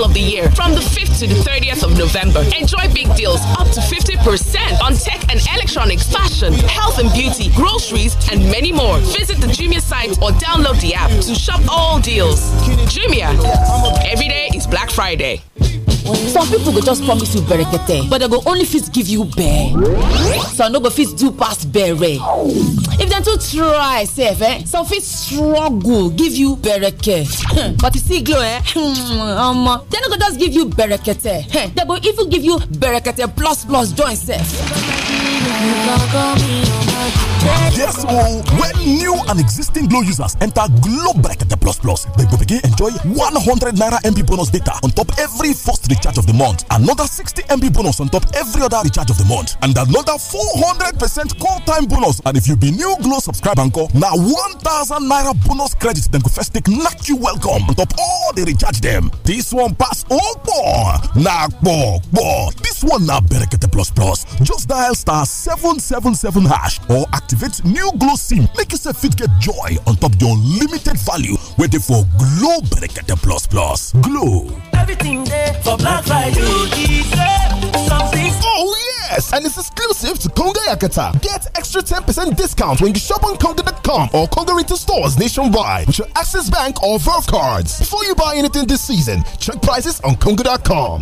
sale of the year from the 5th to the 30th of November. Enjoy big deals up to 50% on tech and electronics, fashion, health and beauty, groceries, and many more. Visit the Jumia site or download the app to shop all deals. Jumia, every day is Black Friday. some people go just promise you berekete but dem go only fit give you bere some no go fit do pass bere if dem too try sef eh some fit struggle give you bereke but you see glow eh omo dem no go just give you berekete dem go even give you berekete plus plus join sef Yes, oh, when new and existing Glow users enter Glow Bracket Plus Plus, they will begin enjoy 100 Naira MB bonus data on top every first recharge of the month, another 60 MB bonus on top every other recharge of the month, and another 400% call time bonus. And if you be new Glow subscriber and now 1000 Naira bonus credit, then go first take knock you welcome on top all the recharge them. This one pass all four. Bo Bo. This one now Bracket Plus Plus. Just dial star 777 hash or activate activate new glow sim make yourself fit get joy on top your unlimited value Waiting for glow the plus plus glow. everything dey for black friday oh yes and it's exclusive to konga yakata get extra ten percent discount when you shop on konga.com or konga retail stores nationwide with your access bank or verve cards before you buy anything this season check prices on konga.com.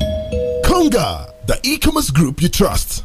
konga the e-commerce group you trust.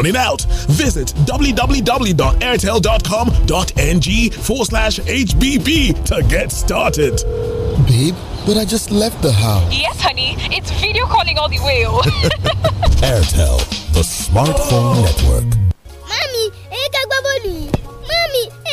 running out. Visit www.airtel.com.ng forward slash HBB to get started. Babe, but I just left the house. Yes, honey. It's video calling all the way. Airtel, the smartphone oh. network. Mommy,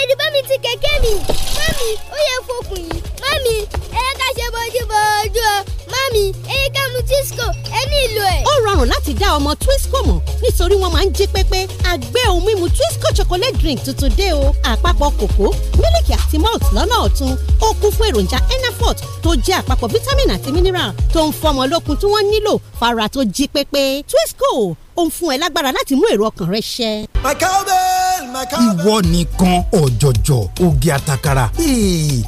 tètè bá mi ti kẹ̀kẹ́ mi mami ó yẹ fokùn yìí mami ẹ yẹ ká ṣe bójúbójú o mami ẹ yẹ ká mu Twisco ẹ ní ìlò ẹ. ó rọrùn láti dá ọmọ Twisco mọ̀ nítorí wọ́n máa ń jí pépé àgbẹ̀ ohun mímu Twisco chocolate drink tuntun dé o àpapọ̀ kòkó mílìkì àti malt lọ́nà ọ̀tun ó kún fún èròjà enafort tó jẹ́ àpapọ̀ vitamin àti mineral tó ń fọmọ lókun tí wọ́n nílò fara tó jí pépé Twisco ó ń fún ẹ lágbára láti mú èrò ọkàn rẹ ṣẹ. àkàbẹ̀ ìwọ nìkan ọ̀jọ̀jọ̀ oge àtàkàrà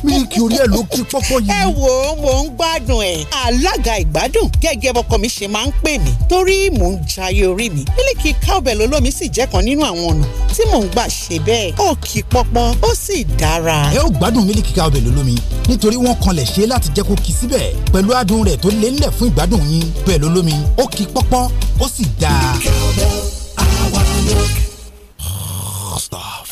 mílíkì orí ẹ̀ ló kí pọ́pọ́ yìí. ẹ wo mò ń gbádùn ẹ alága ìgbádùn gẹ́gẹ́ bọ́kọ mi ṣe máa ń pè mí torí mò ń jayé orí mi mílíkì cowbell olómi sì jẹ́ kan nínú àwọn ọ̀nà tí mò ń gbà ṣe bẹ́ẹ̀ ó kí pọ́pọ́ ó sì dára. ẹ ó gbádùn mílíkì cowbell olómi nítorí wọ́n kanlẹ̀ ṣe láti jẹ́ kó kí síbẹ̀ pẹ̀lú adùn rẹ̀ tó lé fún ìgbádùn yín bẹ́ẹ̀ lolómi ó kí pọ́pọ́ ó sì dáa. cowbell our milk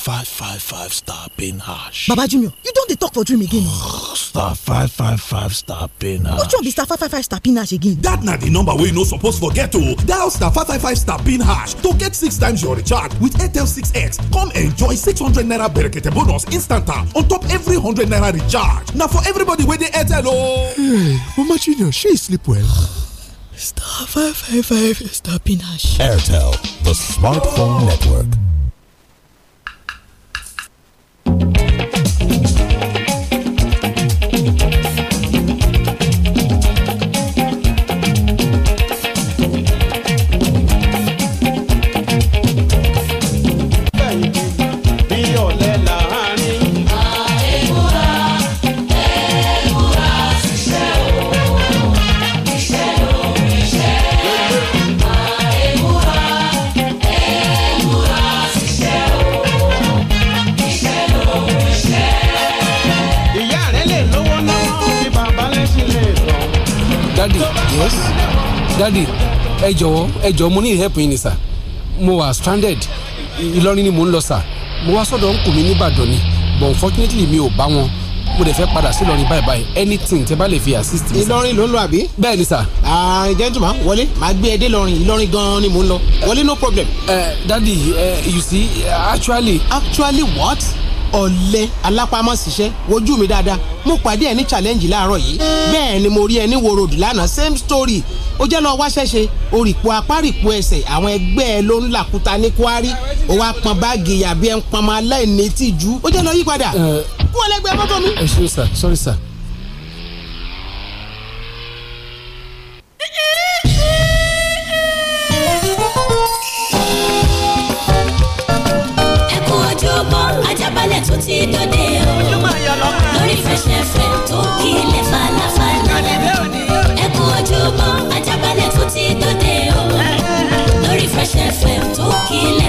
five five five star being harsh, Baba Junior, you don't dey talk for dream again. star five five five star pin hash. Which one be star five five five star being harsh again? That na di number wey you no suppose forget o. Dial star five five five star being harsh to get six times your recharge with Airtel 6x. Come enjoy six hundred naira berekete bonus instanta on top every hundred naira recharge. Na for everybody wey dey Airtel o. Hey, Mama Junior, shey sleep well? star five five five star being harsh. Airtel, the smartphone network. dadi ẹ jọ̀wọ́ ẹ jọ̀wọ́ mo ní help yín ni sà mo wà stranded Ìlọrin ni mo ń lọ sà mo wá sọ́dọ̀ ń kù mí nìbàdàn ni but unfortunately mi ò bá wọn mo dẹ̀ fẹ́ padà sí Ìlọrin báyìí báyìí anything tẹ́ bá lè fi assist mi. Ìlọrin ló ń lọ àbí. bẹ́ẹ̀ ni sà. gentleman wọlé màá gbé ẹ dé Ìlọrin Ìlọrin gan-an ni mo ń lọ wọlé no problem. Uh, eh, dadi uh, eh, you see actually. actually what? ọ̀lẹ alápámọ́síṣẹ́ wojú mi dáadáa mo pàdé ẹ challenge láàárọ̀ yìí bẹ́ẹ̀ ni mo rí ẹ ní wòròdù lánàá same story ó jẹ́ lọ́ọ́ wá orìpọ̀ apárìpọ̀ ẹsẹ̀ àwọn ẹgbẹ́ ẹ ló ń làkúta ní kwari ó wá pọn báàgì yàbí ẹ ń pọn ọmọ aláìní tìjú ó jẹ́ lọ́ọ́ yípadà kú ọlẹ́gbẹ́ mọ́tò mi. ẹ ṣe sà sorry sà ti dòde o lórí fẹsẹ̀fẹ̀ tó kílẹ̀ falafala ẹ kú ojúmọ́ Ajaabale tó ti dòde o lórí fẹsẹ̀fẹ̀ tó kílẹ̀.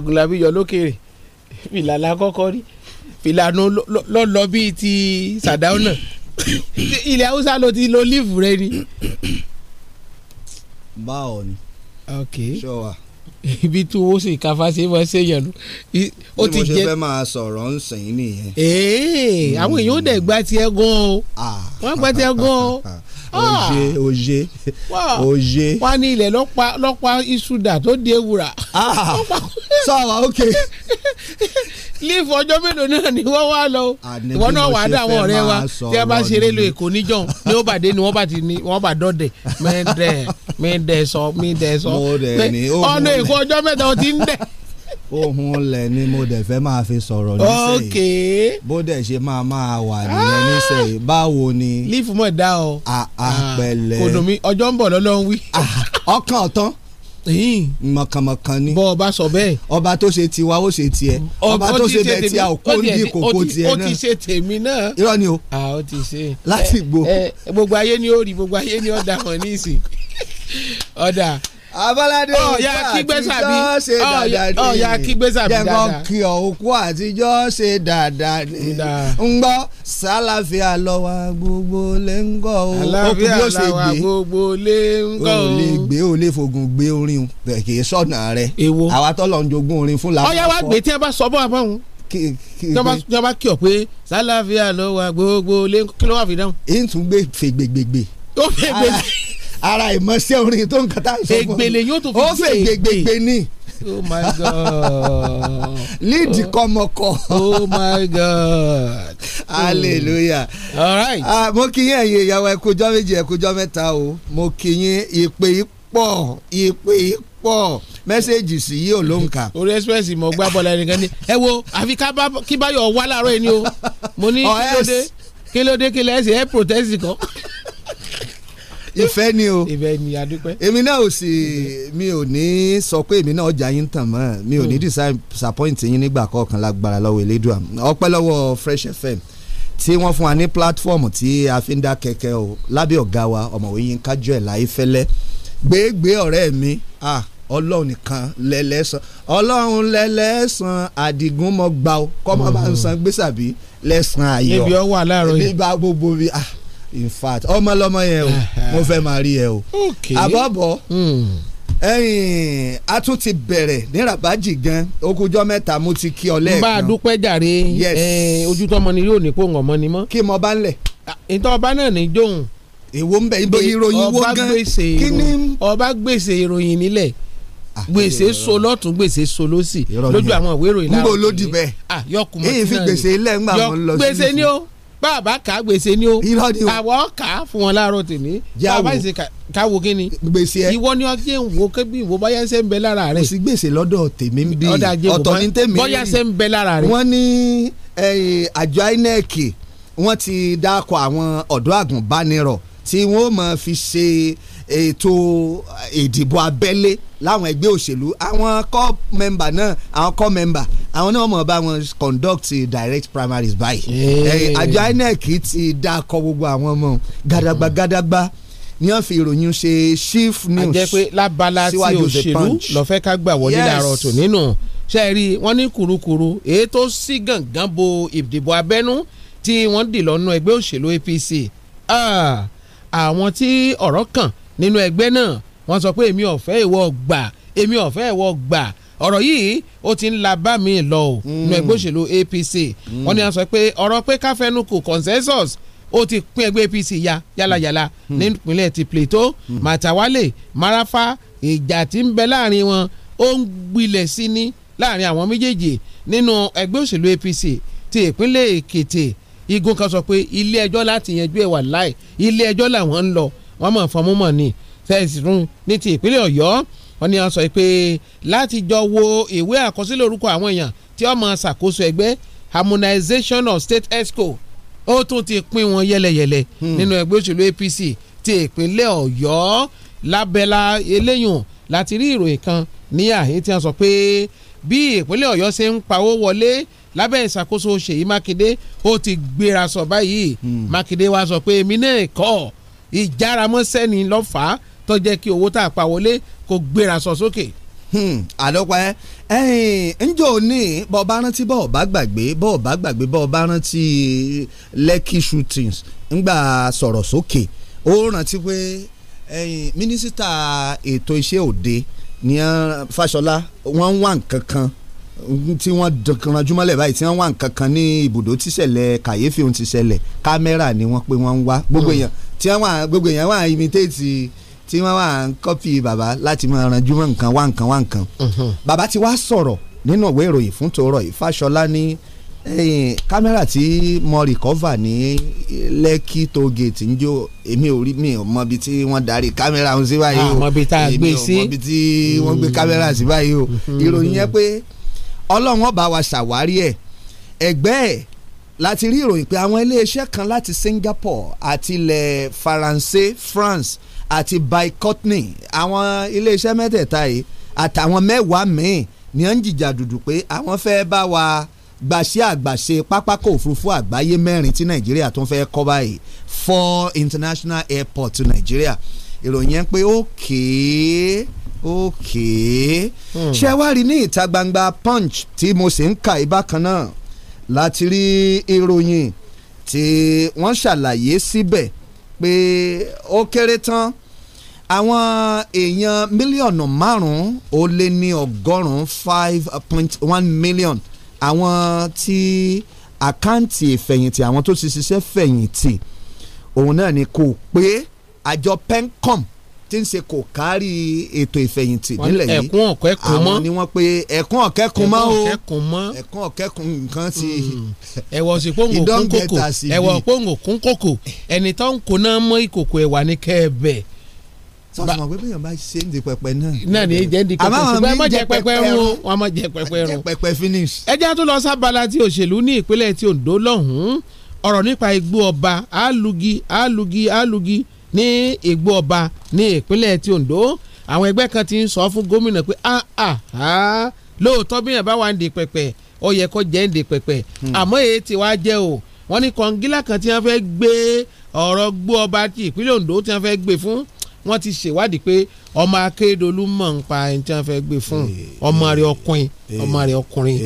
làgùnlàbí yọ lókèrè fìlà lákọ́kọ́ rí fìlà lọ́lọ́ bíi ti sàdáúnà ilẹ̀ haúsá ló ti lo líìfù rẹ ni. báwo ni. ok sọ ibi tí owó sì káfa ṣe máa ṣe yẹn nu. ó ti jẹ bí mo ṣe fẹ́ máa sọ̀rọ̀ ń sìn nìyẹn. àwọn èèyàn ó dẹ̀ gba tiẹ̀ gan o wọ́n gba tiẹ̀ gan o oje oje oje. wọ́n ní ilẹ̀ lọ́pa iṣu dà tó di ewúrà sáwà ok. lífù ọjọ́ mélòó náà ni wọ́n wá lọ ah, ìwọ náà wàá dà wọ́n ọ̀rẹ́ wa tí a bá ṣeré lo èkó níjàn ní ó bàdé ni wọ́n bá ti ní wọ́n bá dọ́dẹ̀ mí dẹ̀ mí dẹ̀ sọ mí dẹ̀ sọ ọ̀nà èkó ọjọ́ mẹ́ta ó ti ń dẹ̀ ohun lẹ ni mo dẹ̀ fẹ́ máa fi sọ̀rọ̀ nísìnyí bó dẹ̀ ṣe máa máa wà nìyẹn nísìnyí báwo ni. lífù mọ̀ dá o. àpẹlẹ. Ah, kò dùn mí ọjọ́ ń bọ̀ lọ́lọ́run wí. Ah, ọkàn ọ̀tán mọ̀kànmọ̀kàn ni. bọ́ ọba sọ bẹ́ẹ̀. ọba tó ṣe tiwa ó ṣe tiẹ̀. ọba tó ṣe bẹ́ẹ̀ tí a ò kó ní ìkòkò tiẹ̀ náà. ó ti ṣe tèmi náà. irọ́ ni o. a ó ti ṣe. láti gbó. gbogbo ayé ni ó rí gbogbo ayé ni ó dà wọ́n ní ìsìn. ọ̀dà Abọ́ládé oh, oh, oh, òkú àtijọ́ ṣe dáadáa ni ọ̀ya kígbe sàbí dáadáa jẹ̀kọ́ kí òkú àtijọ́ ṣe dáadáa ni ń gbọ́ sálàfíà lọ́wọ́ gbogbo lè ń gọ́ o òkú yóò ṣe gbé gbogbo lè ń gọ́ o lè gbé o lè fogun gbé orin kì í sọ̀nà rẹ̀ àwa tọ́lọ̀ ń jogún orin fún làwọn. ọ̀ya wa gbé tí a bá sọ bọ́ àbọ̀hún jọba kí ọ pé sálàfíà lọ́wọ́ gbogbo lè ń kí ló wà fi dáhùn. èyí tún gbé fègbègbègbè. ó fègbègbè ara ìmọ̀ọ́sẹ́ orin tó nǹkan tá a sọ yóò tó fi gbé ègbè. ó fè gbègbè ni. oh my god. líìdì kọmọkọ. oh my god. hallelujah. all right. Ah, mo kí yín ẹ̀yin ìyàwó ẹ̀kújọ́ méjì ẹ̀kújọ́ mẹ́ta o mo kí yín ìpè pọ̀ ìpè pọ̀ mẹ́sẹ̀gì sí yìí ò ló ń kà. orí express mọ̀ gbá bọ́lá ẹnìkan ní ẹ wo àfi kí báyọ̀ wá láàárọ̀ yìí ni o mo ní kí ló dé kí ló dé ẹ̀ protest kan ìfẹ́ ni o ìfẹ́ ni adúpẹ́. èmi náà ò sì mi ò ní sọ pé èmi náà ọjà yín tàn mọ́ mi ò ní hmm. disappoint yín nígbà kọ̀ọ̀kan lágbára lọ́wọ́ elédùà ọpẹ́ lọ́wọ́ Fresh FM tí wọ́n fún wa ní platform tí a fi ń dá kẹ̀kẹ́ o lábẹ́ ọ̀gá wa ọ̀mọ̀wé yín kájọ ẹ̀ láyé fẹ́lẹ́ gbégbé ọ̀rẹ́ mi ah ọlọ́run nìkan lẹ́lẹ́sàn ọlọ́run lẹ́lẹ́sàn àdìgún mọ́ gbà ó kọ́ mọ́ bá ń san gbèsàbí lẹ́sàn ayọ̀ níbi ọwọ́ aláàrọ̀ yìí níbi gbogbo bíi ah in fact ọmọ lọmọ yẹn o mo fẹ́ máa rí ẹ o àbọ̀bọ̀ hmm. ẹyìn a tún ti bẹ̀rẹ̀ ní rabaji gan okujọ́ mẹ́ta mo ti kí ọ lẹ́ẹ̀kan. n bá a dúpẹ́ jàre ojú ni yóò ní kó ńgọ̀mọ́ ni mọ́. kí mo bá ń lẹ̀. ìtọ́ ọba náà ní jóun. èwo ń bẹ ibo ìròyìn wo gan kí ni. ọba gbèsè ìròyìn nílẹ̀ ah, gbèsè so lọ́tún gbèsè so lósì lójú àwọn ìwé ìròyìn láwọn. n bò lódì bẹ́ẹ̀ èyí fi gbèsè ilẹ̀ ń gbà mọ́ lọ sí. gbèsè ni o bàbá kà gbèsè ni o àwọ̀ kà fún wọn láàárọ̀ tèmi bàbá ìsè ká wo kí ni ìwọ ni ọjọ́ ìwò kébí ìwò bóyá ṣe ń bẹ lára rẹ. kò sí gbèsè lọ́dọ̀ tèmi bí ọ̀tọ̀ ní tèmi bóyá ṣe ń bẹ lára rẹ. wọ́n ní àjọ INEC wọ́n ti dákọ̀ àwọn ọ̀dọ́ àgùnbánirọ̀ tí wọ́n máa fi ṣe ètò ìdìbò abẹ́lé láwọn ẹgbẹ́ òṣèlú àwọn core member náà àwọn core member àwọn náà mọ̀ bá wọn conduct direct primaries báyìí àjọ INEC ti dákọ̀ gbogbo àwọn ọmọ gàdàgbà mm. gàdàgbà ni wọ́n fi ìròyìn ṣe chief news síwájú the punch. àjẹpẹ́ lábala tí òṣèlú lọ́fẹ́ ká gbà wọlé làárọ̀ tò nínú ṣe rí wọ́n ní kùrukùru èyí tó sí gàngán bo ìdìbò abẹ́nú tí wọ́n dì lọ́nà ẹgbẹ́ òṣèlú APC ah, àwọn tí ọ̀rọ̀ kàn nínú ẹgbẹ́ náà wọ́n sọ pé èmi ọ̀fẹ́ ìwọ gbà èmi ọ̀fẹ́ ìwọ gbà ọ̀rọ̀ yìí ó ti ń la bá mi lọ o hmm. nínú ẹgbẹ́ òṣèlú APC hmm. wọ́n ní wọ́n sọ pé ọ̀rọ̀ pé káfẹ́nukù consensus ó ti pín ẹgbẹ́ APC ya yálàyàlà hmm. nípínlẹ̀ ti Plateau Màtàwálè Marafa ìjà tí ń bẹ láàrin wọn ó ń gbilẹ̀ sí ní láàrin àwọn méjèèjì nínú ẹgbẹ́ òṣèlú APC ti ìpínlẹ̀ Èkìtì igun kan sọ pé ilé ẹjọ́ láti yanjú ẹ̀ wà láì ilé ẹjọ́ làwọn ń lọ wọ́n mọ̀ fọmú mọ̀ ni sẹ́yìn tún ní ti ìpínlẹ̀ ọ̀yọ́ wọ́n ní wọ́n sọ pé láti jọ wo ìwé àkọsílẹ̀ orúkọ àwọn èèyàn tí ó máa ṣàkóso ẹgbẹ́ harmonization of state exco ó tún ti pín wọn yẹlẹyẹlẹ hmm. nínú ẹgbẹ́ òṣèlú apc ti ìpínlẹ̀ ọ̀yọ́ lábẹ́lá eléyùn láti rí ìròyìn kan ní àyè tí wọ́n sọ pé bí ìpínlẹ̀ ọ̀yọ́ ṣe ń pawó wọlé lábẹ́ ìṣàkóso ṣèyí mákindé ó ti gbéra sọ báyìí hmm. mákindé wá sọ pé èmi náà kọ́ ọ́ ìjáramọ́sẹ́ ni lọ́fà tó jẹ́ kí owó tá a pa wọlé kó gbéra sọ sókè. Hmm, àlọ́pàá ẹ̀yìn ńjọ́ ní bọ́ọ̀ bá rántí bọ́ọ̀ bá gbàgbé bọ́ọ̀ bá gbàgbé bọ́ọ̀ bá rántí Lekki shootings ńgbà sọ̀rọ̀ sókè ó rántí pé mínísítà ètò iṣẹ́ òde ní Fáṣọlá wọ́n ń wá nǹkan kan tí wọ́n kanjú mọ́lẹ̀ báyìí tí wọ́n wà nǹkan kan ní ibùdó tíṣẹ̀lẹ̀ kàyéfì ohun tíṣẹ̀lẹ̀ kámẹ́rà ni wọ́n pé wọ́n ń wá gbogbo hmm. èèyàn tí wọ́n wà gbogbo èèyàn wà imitate tí wọ́n wà ń kọ́pì bàbá láti máa ranjú mọ́ nǹkan wá nǹkan wá nǹkan. Hmm. bàbá ti wá sọ̀rọ̀ nínú ìwé ìròyìn fún tòrọ yìí Fáṣọlá ní kámẹ́rà tí mo rìkọ́fà ní Lẹ́kì tógèètì ń jó èmi ò rí mi ò mọ tí wọ́n darí kámẹ́rà ọ̀hún sí báyìí o ah, èmi ò mọ tí wọ́n gbé kámẹ́rà sí báyìí o hmm. ìròyìn yẹn pé ọlọ́run ọba wa ṣàwárí ẹ̀ ẹ̀gbẹ́ ẹ̀ láti rí ìròyìn pé àwọn iléeṣẹ́ kan láti Singapore àti ilẹ̀ Faransé France àti Bicotney àwọn iléeṣẹ́ mẹ́tẹ̀ẹ̀ta yìí àtàwọn mẹ́wàá míì ni ó ń jìjà dùdù pé àwọn fẹ́ bá wa gbàṣẹ àgbàṣe pápákọ̀ òfurufú àgbáyé mẹ́rin tí Nàìjíríà tó ń fẹ́ kọ́ báyìí four international airport to Nàìjíríà ìròyìn yẹn pé ó Okay okay hmm. ṣé wàá rí ní ìta gbangba punch tí mo sì ń kà í bákan náà láti rí ìròyìn tí wọ́n ṣàlàyé síbẹ̀ pé ó kéré tán àwọn èèyàn mílíọ̀nù márùn-ún ó lé ní ọgọ́rùn-ún five point one million àwọn tí àkáǹtì ìfẹ̀yìntì àwọn tó ti ṣiṣẹ́ fẹ̀yìntì òun náà ni kò pé àjọ pencom tí ń ṣe kò kárí ètò ìfẹ̀yìntì nílẹ̀ yìí ẹ̀kún ọ̀kẹ́kùn mọ́ àwọn ni wọ́n pe ẹ̀kún ọ̀kẹ́kùn mọ́ o ẹ̀kún ọ̀kẹ́kùn nǹkan ti hmm. ẹ̀wọ̀ sí pòǹgò kún kòkò ẹ̀wọ̀ pòǹgò kún kòkò ẹni tó ń koná mọ́ ìkòkò ẹ̀wà ní kẹ́ẹ̀bẹ̀ sọ́sọ́ pé bẹ́ẹ̀ bá ṣe ń di pẹpẹ náà. náà ni jẹ́ ń di pẹpẹ ṣùgbọ́n ẹ má jẹ pẹpẹ run wọn má jẹ pẹpẹ run. pẹpẹ finish. ẹ jẹ́ àtúntò sábàlá ti òṣèlú ní ìpínlẹ̀ ti Ondo lọ́hùn-ún ọ̀rọ̀ nípa igbó ọba alugi alugi alugi ní Ìgbó Ọba ní ìpínlẹ̀ ti Ondo àwọn ẹgbẹ́ kan ti ń sọ fún gómìnà pé ah ah ah lóòótọ́ bí yẹn bá wà ń di pẹ̀pẹ̀ ó yẹ kó jẹ́ ń di pẹ̀pẹ̀ hmm. àmọ́ èyí ti wá jẹ́ o wọ́n ní kọ̀ǹgílà kan tí wọ́n fẹ́ gbé ọ̀rọ̀ Igbó Ọba ti ìpínlẹ̀ Ondo tí wọ́n fẹ́ gbé fún wọ́n ti ṣèwádìí pé ọmọ Akérédolú mọ̀ ń pa ẹni tí wọ́n fẹ́ gbé fún ọmọ rẹ̀ ọkùnrin ọmọ rẹ̀ ọkùnrin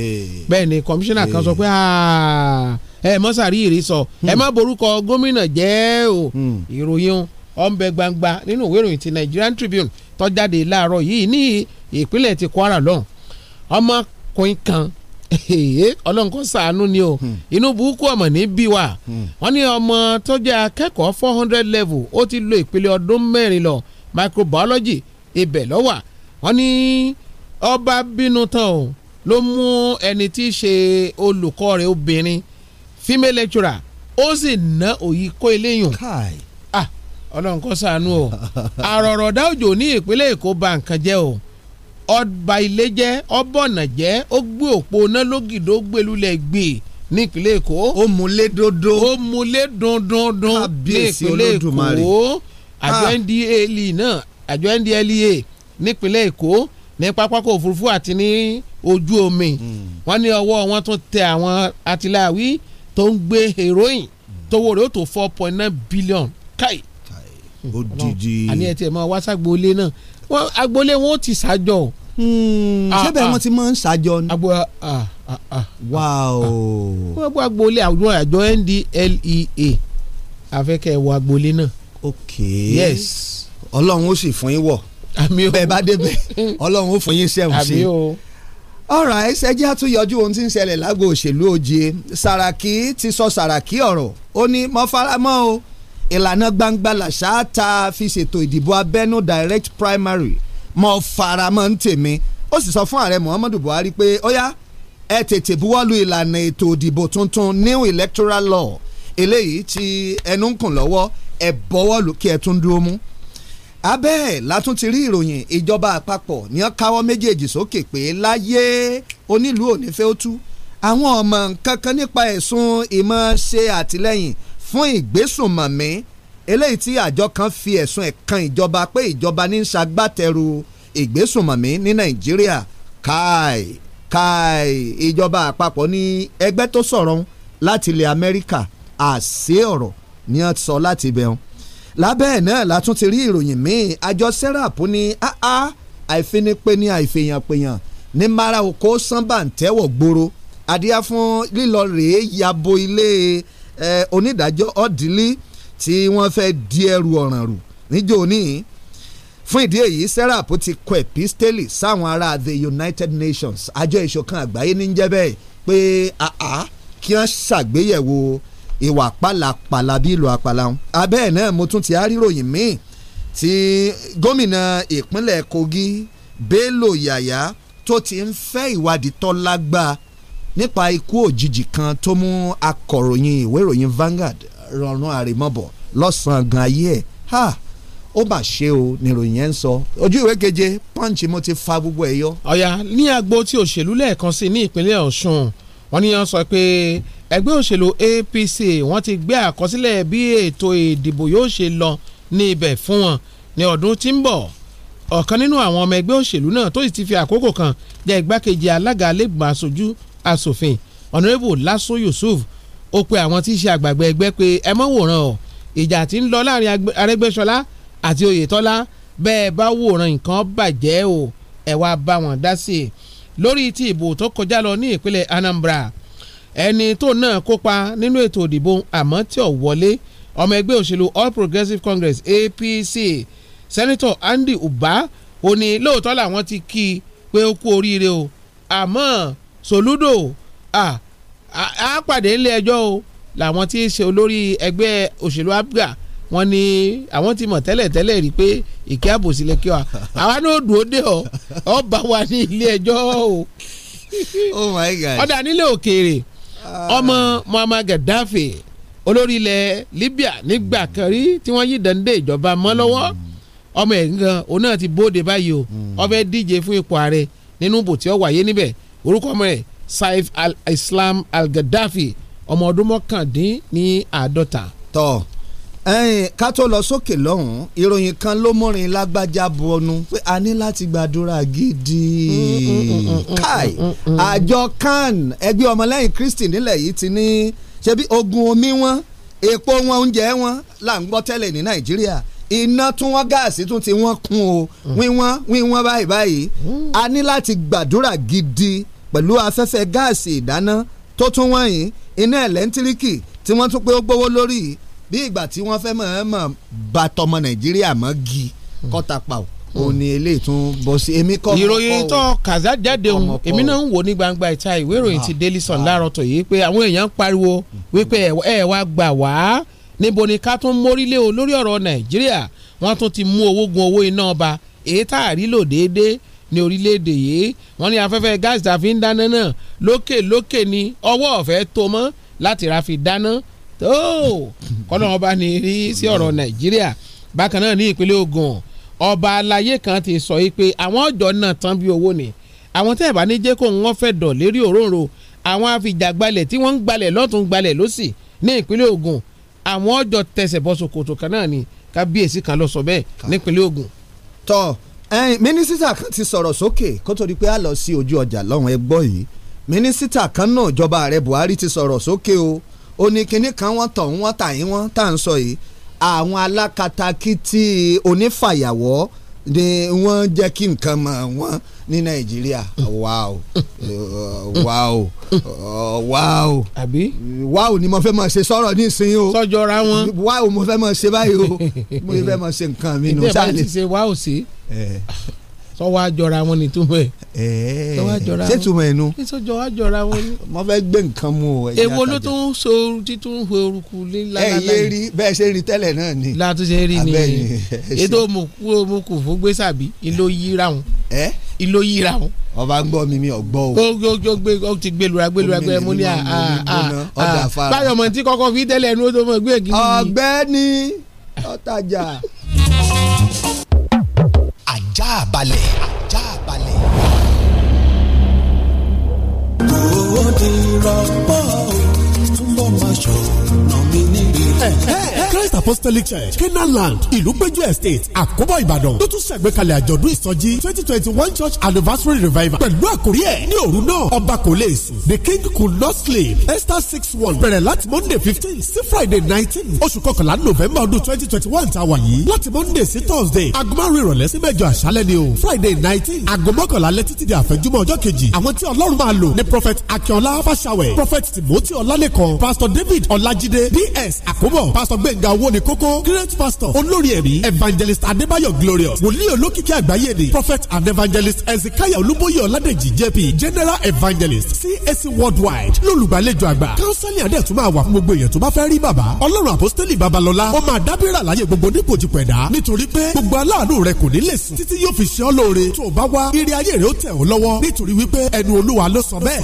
bẹ́ẹ̀ ni kọmíṣánná kan sọ pé ẹ mọ́ sàrí ìrì sọ ẹ má hmm. borúkọ gómìnà jẹ́ o hmm. ìròyìn ọ̀nbẹ gbangba nínú ìwé ìròyìn ti Nigerian Tribune tó jáde láàárọ̀ yìí ní ìpínlẹ̀ ti Kwara lọ́hùn ọmọkùnrin kan ọlọ́run kò ṣàánú ni o hmm. inú burúkú ọmọ ní bí wa hmm. wọ́n ní ọmọ tó jẹ́ akẹ́kọ̀ọ́ four hundred level ó ti lo ìpele ọdún mẹ́rin lọ microbiology ibẹ̀ ló wà wọ́n ní ọba bínú tán o ló mú ẹni tí í ṣe olùkọ́ rẹ̀ obìnrin female lecturer ó sì ná òyì kó eléyùn ah, ọlọ́run kò ṣàánú o àròrọ̀dá òjò ní ìpínlẹ̀ èkó bà nǹkan jẹ́ o ọba ilé jẹ́ ọbọ̀nà jẹ́ ó gbé òpó iná lógìdó gbélulẹ̀ gbé nípínlẹ̀ èkó. ó múlé dodo. ó múlé dundundun nípínlẹ̀ èkó àjọ ah. ndla e náà àjọ ndla e nípínlẹ̀ èkó ní pápákọ̀ òfurufú àti ní ojú omi hmm. wọ́n ní ọwọ́ wọn tún tẹ àwọn atiláwí tó ń gbé heroin hmm. tówó rẹ̀ ó tó four point nine billion káì odidi hmm. àní ẹ tiẹ̀ máa wá ságbolé náà agboolé wọn ó ti ṣàjọ o. sẹ́bẹ̀ wọn ti máa ń ṣàjọ ni. agbo ah, ah, ah, wow. agboolé àwọn àjọ NDLEA afẹ́kẹ́ wọ agboolé náà. ok yes. ọlọ́run ó sì fún yín wọ̀ bẹ́ẹ̀ bá débẹ̀ ọlọ́run ó fún yín sẹ́wọ̀n sí i ọ̀rọ̀ ẹsẹ̀ jẹ́ àtúnyọjú ohun tí ń ṣẹlẹ̀ lágbo òṣèlú oje Sàràkí ti sọ Sàràkí ọ̀rọ̀ ó ní mo faramọ́ o ìlànà gbangba làṣà tá a fi ṣètò ìdìbò abẹ́nú direct primary mo faramọ́ ń tèmi ó sì sọ fún ààrẹ Muhammadu Buhari pé ó yá ẹ tètè buwọ́lu ìlànà ètò ìdìbò tuntun new electoral law eléyìí tí ẹnu ń kùn lọ́wọ́ ẹ bọ́wọ́lu kí ẹ tún dúró mú abẹ́ ẹ̀ látún ti rí ìròyìn ìjọba àpapọ̀ ní ọ́n káwọ́ méjèèjì sókè pé láyé onílùú òní fẹ́ ó tú àwọn ọmọ nǹkan kan nípa ẹ̀sùn ìmọ̀ ṣe àtìlẹ́yìn fún ìgbésùnmọ̀mí eléyìí tí àjọ kan fi ẹ̀sùn ẹ̀kan ìjọba pé ìjọba ní ṣagbátẹrù ìgbésùnmọ̀mí ní Nàìjíríà káì káì ìjọba àpapọ̀ ní ẹgbẹ́ tó sọ̀rọ̀ láti ilẹ̀ Amẹ́ríkà àṣẹ ọ̀rọ̀ ni wọ́n sọ láti bẹ̀rùn lábẹ́ ẹ̀ náà la tún ti rí ìròyìn míì àjọ serap ní áá àìfinipe ní àìfihànpèyàn ní mara oko sanba ntẹ́wọ̀ gbòòrò àdíyá fún lílọ rèé yabo ilé onídàájọ́ ọ̀dìlí tí wọ́n fẹ́ di ẹrù ọ̀ràn rù níjó ní fún ìdí èyí serap ti kọ epistele sáwọn ará the United Nations àjọ ìṣọ̀kan àgbáyé ní jẹ́ bẹ́ẹ̀ pé àá kí wọ́n ṣàgbéyẹ̀wò ìwà pálapàla bí ìlú apàlàun abẹ́ẹ̀ náà mo tún ti àríròyìn míì tí gómìnà ìpínlẹ̀ Kogi Bello Yaya tó ti ń fẹ́ ìwádìí tó nípa ikú òjijì kan tó mú akọ̀ròyìn ìwé ìròyìn Vanguard rọrùn àrèmọ́bọ̀ lọ́sàn-án gan ayé ẹ̀ ha ó bà ṣe o níròyìn yẹn ń sọ ojú ìwé keje punch mo ti fa gbogbo ẹ̀ yọ. ọ̀yà ní agbo tí òṣèlú lẹ́ẹ̀kan sí ní ìpínlẹ̀ Ọ̀ṣun wọ́n ní wọ́n sọ pé ẹgbẹ́ òṣèlú APC wọ́n ti gbé àkọsílẹ̀ bí ètò ìdìbò yóò ṣe lọ ní ibẹ̀ fún wọn ní ọdún tí ń bọ̀ ọ̀kan nínú àwọn ọmọ ẹgbẹ́ òṣèlú náà tó sì ti fi àkókò kan jẹ́ igbákejì alága lẹ́gbọ̀n asòfin ọ̀nàrẹ́bù Lásun Yusuf ó pe àwọn tí í ṣe àgbàgbẹ́ ẹgbẹ́ pé ẹ mọ́ wòran o ìjà tí ń lọ láàrin Arẹ́gbẹ́ṣọlá àti Oyètọ́lá bẹ́ẹ̀ bá wòran nǹkan bàjẹ́ o ẹ wá bá wọn dá sí i lórí ti ìbò tó kọjá lọ ní ìpínlẹ̀ Anambra ẹni tó náà kópa nínú ètò ìdìbò àmọ́ tí ò wọlé ọmọ ẹgbẹ́ òṣèlú All Progressives Congress APC Senator Andy Uba ó ní lóòótọ́ làwọn ti kí i pé ó kú oríire o àmọ́ Soludo a pàdé nílé ẹjọ́ o làwọn tí í ṣe olórí ẹgbẹ́ òṣèlú APGA wọ́n ní àwọn ti mọ̀ tẹ́lẹ̀ tẹ́lẹ̀ rí pé ìkẹ́ àbòsí lẹ́kẹ́ wa àwa náà dùn ó ọ ọ bá wa ní ilé ẹjọ́ o. oh my God. ọ̀dà nílé òkèèrè ah. ọmọ Muammar Gaddafi olórí ilẹ̀ Libya nígbà kan rí tí wọ́n yí dande ìjọba mọ́ lọ́wọ́ hmm. ọmọ ẹ̀ nǹkan òun náà ti bóde báyìí o hmm. ó fẹ́ díje fún ipò ààrẹ nínú bò tí ó wáyé níbẹ̀ orúkọ ọmọ ẹ̀ saif al-islam al-gaddafi ọmọ ọdún mọ́kàndín ní àádọ́ta. tọ́ ká tó lọ sókè lọ́hùn-ún ìròyìn kan ló mọ́rin lágbájá bọnu pé a ní láti gbàdúrà gidi káì àjọ kan ẹgbẹ́ ọmọlẹ́yìn kristi nílẹ̀ yìí ti ní ṣebí ogun omi wọn epo wọn oúnjẹ wọn là ń gbọ́ tẹ́lẹ̀ ní nàìjíríà iná tún wọ́n gáàsì tún ti wọ́n kún o wíwọ́n wíwọ́n báyìí báyìí a ní láti gbàdúrà gidi pẹ̀lú afẹ́fẹ́ gáàsì ìdáná tó tún wọ̀nyí iná ẹ̀lẹ́ńtíríkì tí wọ́n tún pé ó gbówó lórí bí ìgbà tí wọ́n fẹ́ mọ̀ ẹ́ mọ̀ bá tọmọ Nàìjíríà mọ́ gi kọ́ta pa ò ó ní eléyìí tún bọ́ sí èmi kọ́ ìròyìn tó kàzá jáde òun èmi náà ń wò ní gbangba ìta ìwé ìròyìn ti ah. Daily Sun ah. láàárọ̀ tó yìí pé àwọn èèyàn ń pariwo wípé ẹ wá gbà wá níbo ni ká tún mórílé o lórí ọ̀rọ̀ Nàìjíríà wọ́n tún ti mú owó gun owó iná ọba èyí tá a rí lò déédéé ní orílẹ̀-èdè yìí wọ́n ní afẹ́fẹ́ gáàsì tá a fi ń dáná náà lókè lókè ni ọwọ́ ọ̀fẹ́ tó mọ́ láti ra fi dáná tó kọ́nà ọba ní rí sí ọ̀rọ̀ nàìjíríà bákan náà ní ìpínlẹ̀ Ògùn ọba aláyé kan ti sọ yìí pé àwọn ọ̀dọ́ náà tán bí owó ni àwọn tẹ́ ẹ̀ bá ní jẹ́ kó wọ́n fẹ́ dọ̀ lérí òróǹro àwọn afìjàgbalẹ̀ tí wọ́n ń gbalẹ̀ lọ́tún gbalẹ̀ lọ́sì ní ìpínlẹ̀ Ògùn àwọn ọjọ́ tẹsẹ̀ bọ́ ṣòkòtò kan náà ni kábíyèsí kan lọ sọ bẹ́ẹ̀ nípínlẹ̀ Ògùn. tọ́ mínísítà kan ti sọ̀rọ̀ sókè kó tó di pé a lọ sí ojú ọjà lọ́hùn ẹ gbọ́ yìí mínísítà kan náà ìjọba ààrẹ Buhari ti sọ̀rọ̀ sókè o ó ní kinní kan wọ́n tọ̀ wọ́n tà yín wọ́n tá ń sọ yìí àwọn alákatakítí onífàyàwọ́ ni wọ́n jẹ́ kí nǹkan mọ̀ wọ́n ní nàìjíríà wáò wáò wáò àbí wáò ni mo fẹ́ máa ṣe sọ̀rọ̀ nísìnyí o sọ́jọ́ra wọn wáò mo fẹ́ máa ṣe báyìí o mo fẹ́ máa ṣe nǹkan mi nù sáà lè ṣe wáò sí sọwọ́ àjọra wọn ni túmọ̀ ẹ̀. sọwọ́ àjọra wọn ṣé túmọ̀ ẹ̀ nu. sọjọ́ àjọra wọn ni. mo fẹ́ gbé nǹkan mu o. èwo ló tún ń so títún ń horúkú líla láyé. ẹ yé rí bẹ́ẹ̀ ṣe rí tẹ́lẹ̀ náà ni. látúnṣe rí ni ètò òmùkù fún gbèsàbí ìlò yíra wọn. ẹ ìlò yíra wọn ọba ń gbọ́ mi mi ọ̀gbọ́ o. ó ó gbé ó ti gbẹlura gbẹlura gbẹ mú ní àà báyọ̀ mọ̀ tí kọ́kọ́ fi tẹ́lẹ̀ ẹnu ó tó mọ̀ gbé ègì nìyí. ọ̀gbẹ́ni ọ̀tajà ajá balẹ̀. ajá balẹ̀. owó di rọpò túbọ̀ máa ṣọ̀nà mi níbi. Christ Apostolic Church Canaanland Ìlúpéjú Estate Àkóbọ̀ Ìbàdàn ló tún ṣàgbékalẹ̀ àjọ̀dún ìsọjí twenty twenty one church anniversary revival pẹ̀lú àkórí ẹ̀ ní òru náà ọba kò lè sùn the king could not sleep Esther six one bẹ̀rẹ̀ láti Monday fifteen sí Friday nineteen oṣù kọkànlá November ọdún twenty twenty one tá yìí láti Monday sí Thursday aago márùn ìrọ̀lẹ́ sí mẹ́jọ àṣálẹ́ ni o Friday nineteen aago mọ́kànlá alẹ́ títí di àfẹ́júmọ́ ọjọ́ kejì àwọn tí Ọlọ́run máa lò ní prophet Akínọlá Fáṣàwẹ̀ prophet Timothy Ọlálẹ́kan pastor David Ọlájídé DS Akobo. pastor Gbẹ̀ngà owó ni kókó great pastor olórí ẹ̀mí evangelist adébáyọ̀ glorious wòlíì olókìkí àgbáyé ni prophet and evangelist ezekiah olúbóyè ọládèjì jp general evangelist cac worldwide lólùgbàlejò àgbà kánsẹ́lì àdẹ̀tún máa wà fún gbogbo èèyàn tó bá fẹ́ rí bàbá ọlọ́run àpọ́stélì babalọ́lá ó máa dábìrà láyé gbogbo dípò ti pẹ̀dá nítorí pé gbogbo aláàánú rẹ kò ní lè sùn títí yóò fi ṣe ọ́ lóore tó o bá wá ire ayé rẹ ó tẹ̀ ọ́ lọ́wọ́ nítorí wípé ẹnu olúwa ló sọ bẹ́ẹ̀.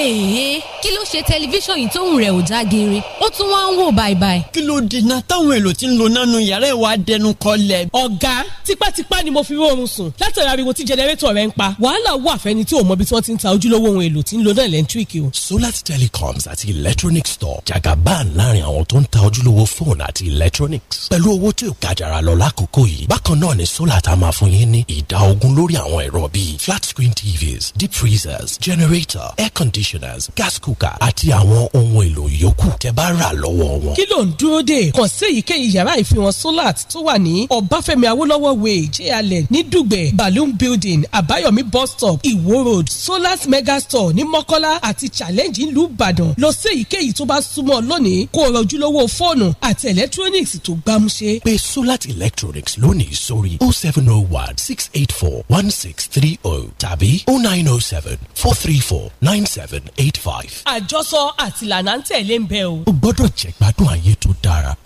èèyàn kí ló ṣe tẹlifíṣàn yìí tóun rẹ̀ ò já geere ó tún wá ń wò bàìbàì kí ló dènà táwọn èlò tí ń lo nánu yàrá ìwà dẹnu kọlẹ̀. ọ̀gá tipátipá ni mo fi rọrùn sùn látara ariwo tí jẹnẹrétọ̀ rẹ̀ ń pa wàhálà wà fẹ́ni tí ò mọ ibi tí wọ́n ti ń ta ojúlówó ohun èlò tí ń lo náà lẹ́ńtíríkì o. solar telecoms àti electronic store jagaban láàrin àwọn tó ń ta ojúlówó fóònù àti electronics pẹ̀lú owó tí ò gàjàrà lọ lákòókò yìí bákan náà ni solar ta máa fún yín ní ìdá ogún lórí àwọn ẹ̀rọ bíi flat screen tvs deep freezers generator air conditioners gas cooker àti àwọn ohun èlò yòókù tẹ́ bá rà lọ́wọ́ wọn. kí ló ń dúró dè kàn sí èyíkéyìí yàrá ìfihàn solat tó wà ní ọbáfẹ́mi awólọ́wọ̀ way jayalẹ̀ ní dùgbẹ̀ balloon building àbáyọ̀mí bus stop iwo road solat mega store ní mọ́kọ́lá àti challenge ìlú ìbàdàn lọ sí èyíkéyìí tó bá súnmọ́ lónìí kó o rọjú lọ́wọ́ fóònù àti electronics tó gbámúṣé. pè solat electronics lónìí sórí oh seven oh one six eight four one six three oh tàbí oh nine oh seven four three four nine seven eight five. àjọsọ àtìlànà ń tẹ̀lé ń bẹ o. o gbọ́dọ̀ jẹ́ gbádùn ayé tó tó dára.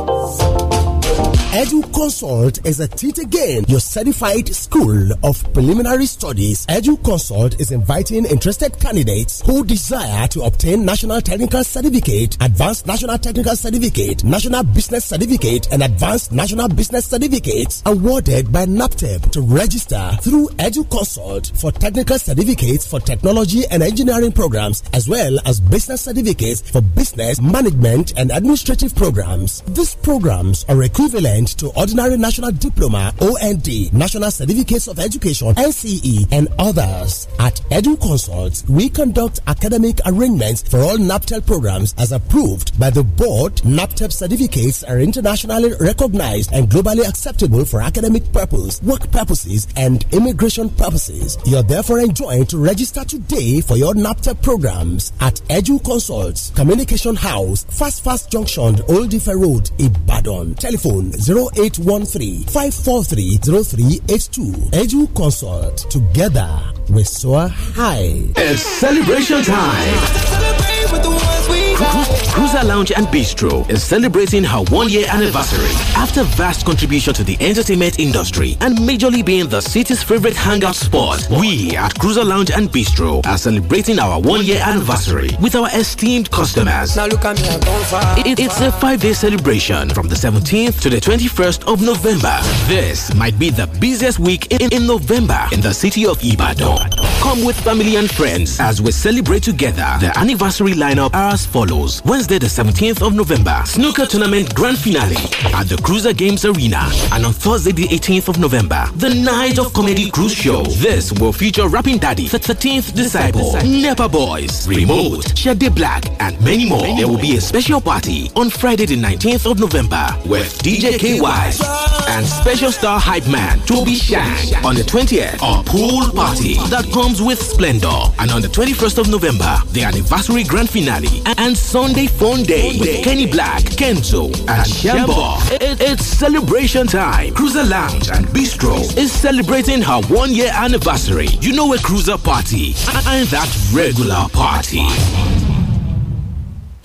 Edu Consult is a it again, your certified school of preliminary studies. Edu Consult is inviting interested candidates who desire to obtain national technical certificate, advanced national technical certificate, national business certificate, and advanced national business certificates awarded by NAPTEP to register through Edu Consult for technical certificates for technology and engineering programs, as well as business certificates for business management and administrative programs programs. These programs are equivalent to ordinary national diploma, OND, national certificates of education, NCE, and others. At Edu Consults, we conduct academic arrangements for all NAPTEL programs as approved by the board. NAPTEL certificates are internationally recognized and globally acceptable for academic purpose, work purposes, and immigration purposes. You're therefore enjoined to register today for your NAPTEL programs at Edu Consults, Communication House, Fast Fast Junction, Old Ife Road, Ibadan. Telephone 0813 543 0382. Edu Consult. Together, we soar high. It's celebration time. Cruiser Lounge and Bistro is celebrating her one-year anniversary. After vast contribution to the entertainment industry and majorly being the city's favorite hangout spot, we at Cruiser Lounge and Bistro are celebrating our one-year anniversary with our esteemed customers. Now look at me, I'm on fire. It's a five this day celebration from the 17th to the 21st of November. This might be the busiest week in, in November in the city of Ibadan. Come with family and friends as we celebrate together. The anniversary lineup are as follows. Wednesday the 17th of November, Snooker Tournament Grand Finale at the Cruiser Games Arena. And on Thursday the 18th of November, the Night of Comedy Cruise Show. This will feature Rapping Daddy, The 13th Disciple, Nepa Boys, Remote, Shade Black, and many more. There will be a special party on Friday the 19th of November with DJ KY and special star hype man Toby Shank on the 20th a pool party that comes with splendor and on the 21st of November the anniversary grand finale and Sunday fun day with Kenny Black, Kenzo and Shambo. It's celebration time. Cruiser Lounge and Bistro is celebrating her one year anniversary. You know a cruiser party and that regular party.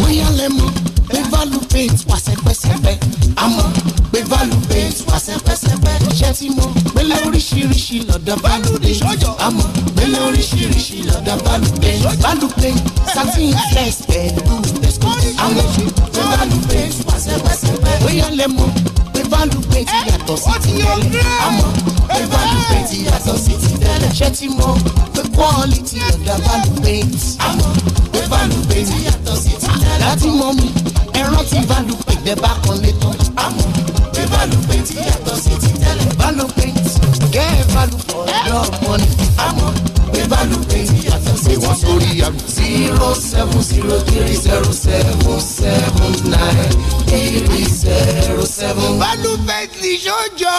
bóyá lẹ mọ̀ pé value paint wà sẹ́pẹ́sẹ́pẹ́ àmọ́ pé value paint wà sẹ́pẹ́sẹ́pẹ́ ṣé ti mọ̀ pélé oríṣiríṣi lọ́dọ̀ value paint àmọ́ pélé oríṣiríṣi lọ́dọ̀ value paint value paint satin flex pẹ̀lú àwọn pé value paint wà sẹ́pẹ́sẹ́pẹ́ bóyá lẹ mọ̀ evaluate yàtọ̀ sí ti tẹ́lẹ̀ àmọ́ evaluate yàtọ̀ sí ti tẹ́lẹ̀ ṣé ti mọ̀ pé quality ọ̀dà evaluate àmọ́ evaluate yàtọ̀ sí ti tẹ́lẹ̀ láti mọ̀ mi ẹ̀rọ ti evaluate bẹ́ẹ̀ bá kan lé tán àmọ́ evaluate yàtọ̀ sí ti tẹ́lẹ̀ evaluate get value for your money àmọ́ evaluate ti tẹ́lẹ̀ pè wọ́n sórí àgbo. zero seven zero three zero seven seven nine three zero seven. balùwẹ̀ ní sọ́jọ́.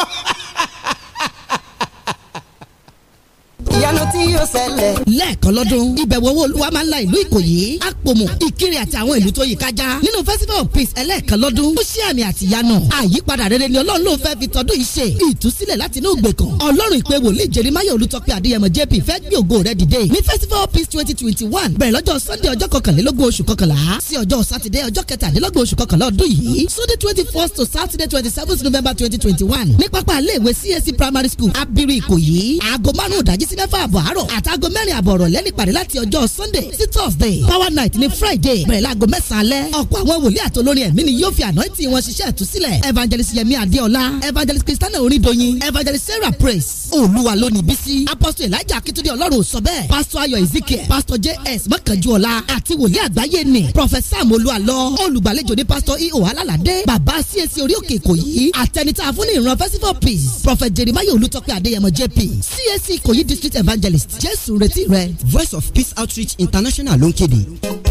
ìyanu tí yóò ṣẹlẹ̀. lẹ́ẹ̀kan lọ́dún ìbẹ̀wò owó olúwa máa ń la ìlú ìkòyí àpòmù ìkirè àti àwọn ìlú tó yí kájá nínú festival of peace ẹlẹ́ẹ̀kan lọ́dún ó ṣí àmì àti ìyanu àyípadà rere ni ọlọ́run ló fẹ́ fi tọdún yìí ṣe ìtúsílẹ̀ láti inú ìgbèkùn ọlọ́run ìpè wòlíì jerimáyà olùtọ́pẹ́ adéyẹmọ jp fẹ́ gbé ògo rẹ̀ festival of peace twenty twenty one bẹ̀rẹ̀ lọ́jọ́ sunday ọjọ́ kọkànlélógún oṣù kọkànlá sí ọjọ́ sátidé ọjọ́ kẹtàdínlógún oṣù kọkànlá ọdún yìí sunday twenty first to saturday twenty seventh november twenty twenty one ní csc e primary school abiri ìkòyí aago márùn-ún ìdájí mẹ́fà àbọ̀ àárọ̀ àtàgọ́ mẹ́rin àbọ̀ ọ̀rọ̀ lẹ́ni pàdé láti ọjọ́ sunday sí thursday power night ní friday bẹ̀rẹ̀ láago mẹ́sàn-án alẹ́ ọ̀pọ̀ àwọn wòlíì àtolórin ẹ̀mí ni yóò fi ànáìtì wọn ṣiṣẹ́ ìtúsílẹ̀ evangelist yemi adeola evangelist christiana orindoyin evangelist sarah praise olúwa lónìí bísí apostle elijah akitunde ọlọ́run sọ bẹ́ẹ̀ pastor ayọ̀ ezekiel pastor js mọ́kànjúọlá àti wòlíì àgbáyé ni professor amolúwa lọ olùgbàlejò ní pastor iho e alalade bàbá cac e orí òkè ìkòyí àtẹnitá fún ní ìran festival peace prophet jeremiah olùtọ́pẹ́ adéyẹmọ jp cac e ìkòyí district evangelist jésù retí rẹ voice of peace outreach international ló ń kéde.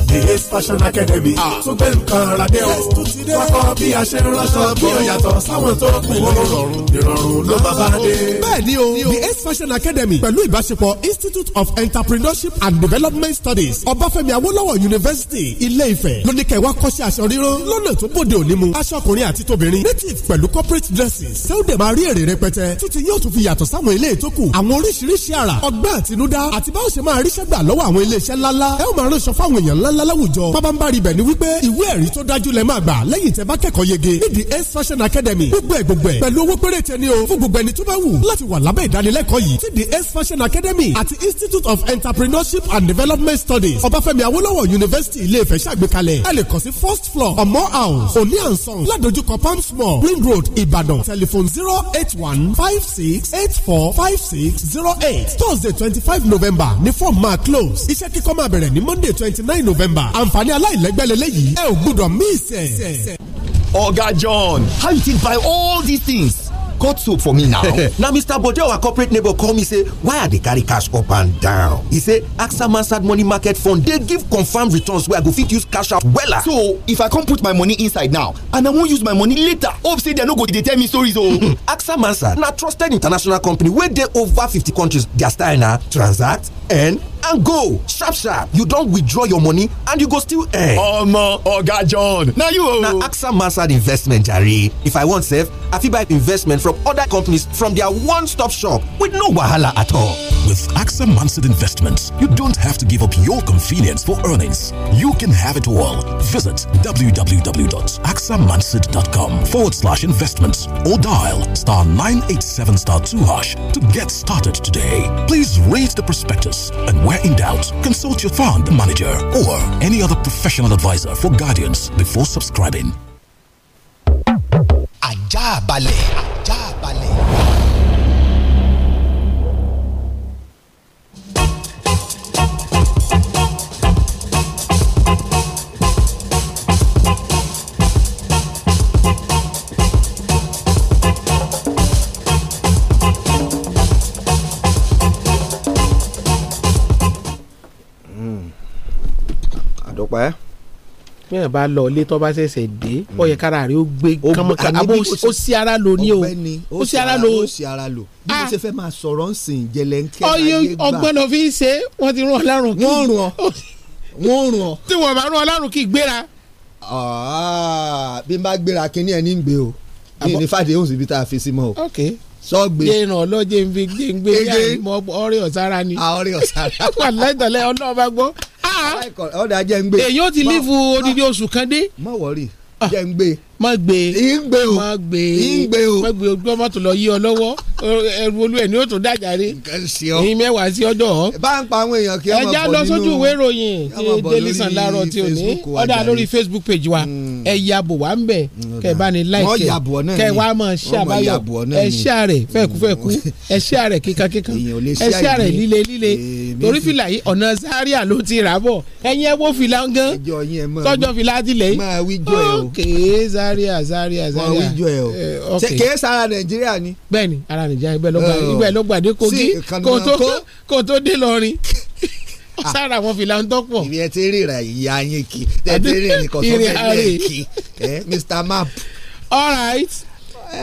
the ace fashion academy ah. tó gbé nǹkan ara dé o wákọ́ bí a ṣe ń rọ́ṣọ bí ó yàtọ̀ sáwọn tó pè ní ìrọ̀rùn ìrọ̀rùn ló bá bá dé. bẹ́ẹ̀ ni o the ace fashion academy pẹ̀lú ìbáṣepọ̀ institute of entrepreneurship and development studies ọbáfẹ́mi awólọ́wọ̀ university ilé-ifẹ̀ lóníkẹ́ wa kọ́ṣẹ́ aṣọ ríro lọ́nà tó bòde òní mu aṣọ ọkùnrin àti tóbìnrin native pẹ̀lú corporate dresses sẹ́wọ́n dẹ̀ máa rí èrè rẹpẹtẹ títí yóò tún fi yàtọ̀ sáwọn ilé ìtókù àwọn oríṣiríṣi àrà ìgbàlagbà ọgbẹ́ àtinúdá àti bá ó ṣe máa ríṣẹ́ gbà lọ́wọ́ àwọn iléeṣẹ́ ńláńlá ẹ ó máa ránṣọ fáwọn èèyàn ńláńlá láwùjọ pábánbárì bẹ̀ ni wípé ìwé ẹ̀rí tó dájú lẹ máa gbà lẹ́yìn tẹ́ bá kẹ́kọ̀ọ́ yege ní the ace fashion academy gbogbo ẹ̀ gbogbo ẹ̀ pẹ̀lú owó péréte ni o fún gbogbo ẹni tó bá wù láti wà lábẹ́ ìdánilẹ́kọ̀ọ́ yìí ti the ace fashion academy àti institute of entrepreneurship and development studies ọbáfẹ́mi awólọ́wọ̀ university ilé-ifẹ̀ ṣàgbékalẹ̀ ẹ lè kàn sí first floor ọmọ house òní ànsán ládojúkọ palms mall road ìbàdàn telephone zero eight one five six eight four five six zero eight thursday twenty five november ní form máa close iṣẹ́ kíkọ́ máa bẹ̀rẹ̀ ní monday twenty nine november àǹfààní aláìlẹ́gbẹ́lẹ́lẹ́ yìí ẹ ò gbúdọ̀ míì sẹ̀. ọ̀gá john how you take buy all these things cut soap for me now Now, mr bode our corporate neighbor call me say why are they carry cash up and down He say axa mansard money market fund they give confirmed returns where i go fit use cash out wella so if i come put my money inside now and i won't use my money later hope say dem no go dey tell me stories Oh, axa mansard now trusted international company where they over 50 countries their style na transact and and go sharp sharp you don withdraw your money and you go still earn. omo oga john na you o. na axa mansard investment jare if i wan save i fit buy investment from other companies from their one-stop shop with no wahala at all. with axa mansard investments you don't have to give up your convenience for earnings you can have it all visit www.axamansard.com forward slash investments or dial star 987 star 2 hash to get started today please read the prospectus and when in doubt, consult your fund manager or any other professional advisor for guidance before subscribing. Ajabale. pẹ́. bí ẹ bá lọ ilé tó bá ṣẹ̀ṣẹ̀ dé ó yẹ kára rẹ ó gbé kánmọ́kánmọ́ àbó ó sí ara lò ní o ó sí ara lò ó sí ara lò bí mo ah. ṣe fẹ́ máa sọ̀rọ̀ ń sìn jẹlẹ̀ ń kẹ́ ayé gbà ọgbọ́n lọ fi ń ṣe wọ́n ti rún ọ lárùn kí wọ́n rún ọ wọ́n rún ọ tí wọ́n bá rún ọ lárùn kí gbéra. Ah, bí n bá gbéra kínní ẹ ní gbé o ní ìfàdé òun a fi sí mọ́ o. okay sọgbe. jẹ́ ìràn ọlọ́jẹ́ ń fi gbé mọ ọrẹ ọ̀sára ni. Ah, ọrẹ ọ̀sára. wà láìtọ̀lẹ́ ọlọ́ọ̀bá gbọ́. Ah. ọ̀dà jẹ́ ń gbé. èyí ó ti lífu odidi oṣù kan dé. má wọrí ah. jẹ́ ń gbé má gbé ìgbé o má gbé ìgbé o má gbé ojú ọmọ tó lọ yí ọ lọ́wọ́ ẹrù olú ẹ̀ ní o tó dàjàre èyí mẹ́wàá sí ọjọ́ ọ. bá ń pa àwọn èèyàn kí ọmọ bọ̀ nínú ẹja lọ sójú ìwé ìròyìn ti daily sun láàárọ̀ tí o ní ọ̀dà lórí facebook page wa hmm. ẹ yàbò wá ń bẹ̀ hmm, kẹ bá ní láìkẹ kẹ wá mọ̀ ṣé àbáyọ ẹ ṣé àrẹ fẹ́ẹ̀kú fẹ́ẹ̀kú hmm. ẹ ṣé àrẹ kíkankíkan ẹ ṣé àrẹ líle líle torí fìlà Zaria Zaria Zaria wọn wíjọ ẹ o eh, kìí sara Nàìjíríà ni. bẹ́ẹ̀ni ara Nàìjíríà ibẹ̀ lọgbà eh, ibẹ̀ lọgbà dé Kogi kò tó dé lọrin sára àwọn fìlà ń tọ́pọ̀. ìrìn ẹ ti rìnrìn ìyá yín kí ẹ ti rìnrìn nìkan tó fẹ́ lẹ́ẹ̀ kí Mr Map. all right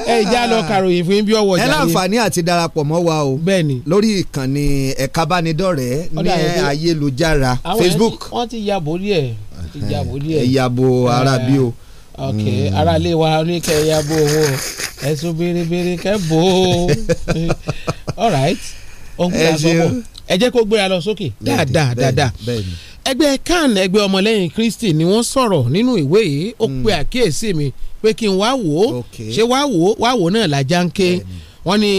ẹ ìjà lọ ah. kàròyìn fún bí ọwọ jàre. ẹ láǹfààní àti darapọ̀ mọ́ wa o. bẹ́ẹ̀ni. lórí ìkànnì ẹ̀ka bánidọ́rẹ̀ẹ́ ní ayélujára Facebook. wọ́n ti yàbò díẹ̀. ẹ yàbò ara eh. o. Eh, ok ara ilé wa oníkẹ́ ya bó owó ẹ̀sùn biribiri kẹ́ bó o all right ohun tí a sọ bọ̀ ẹ jẹ́ kó gbéra lọ sókè dáadáa dáadáa ẹgbẹ́ kan ẹgbẹ́ ọmọlẹ́yìn Kristi ni wọ́n sọ̀rọ̀ nínú ìwé yìí ó hmm. pe àkíyèsí mi pé kí n wá wò ó ṣé wá wò ó wá wò ó náà làjà ń ké wọ́n ní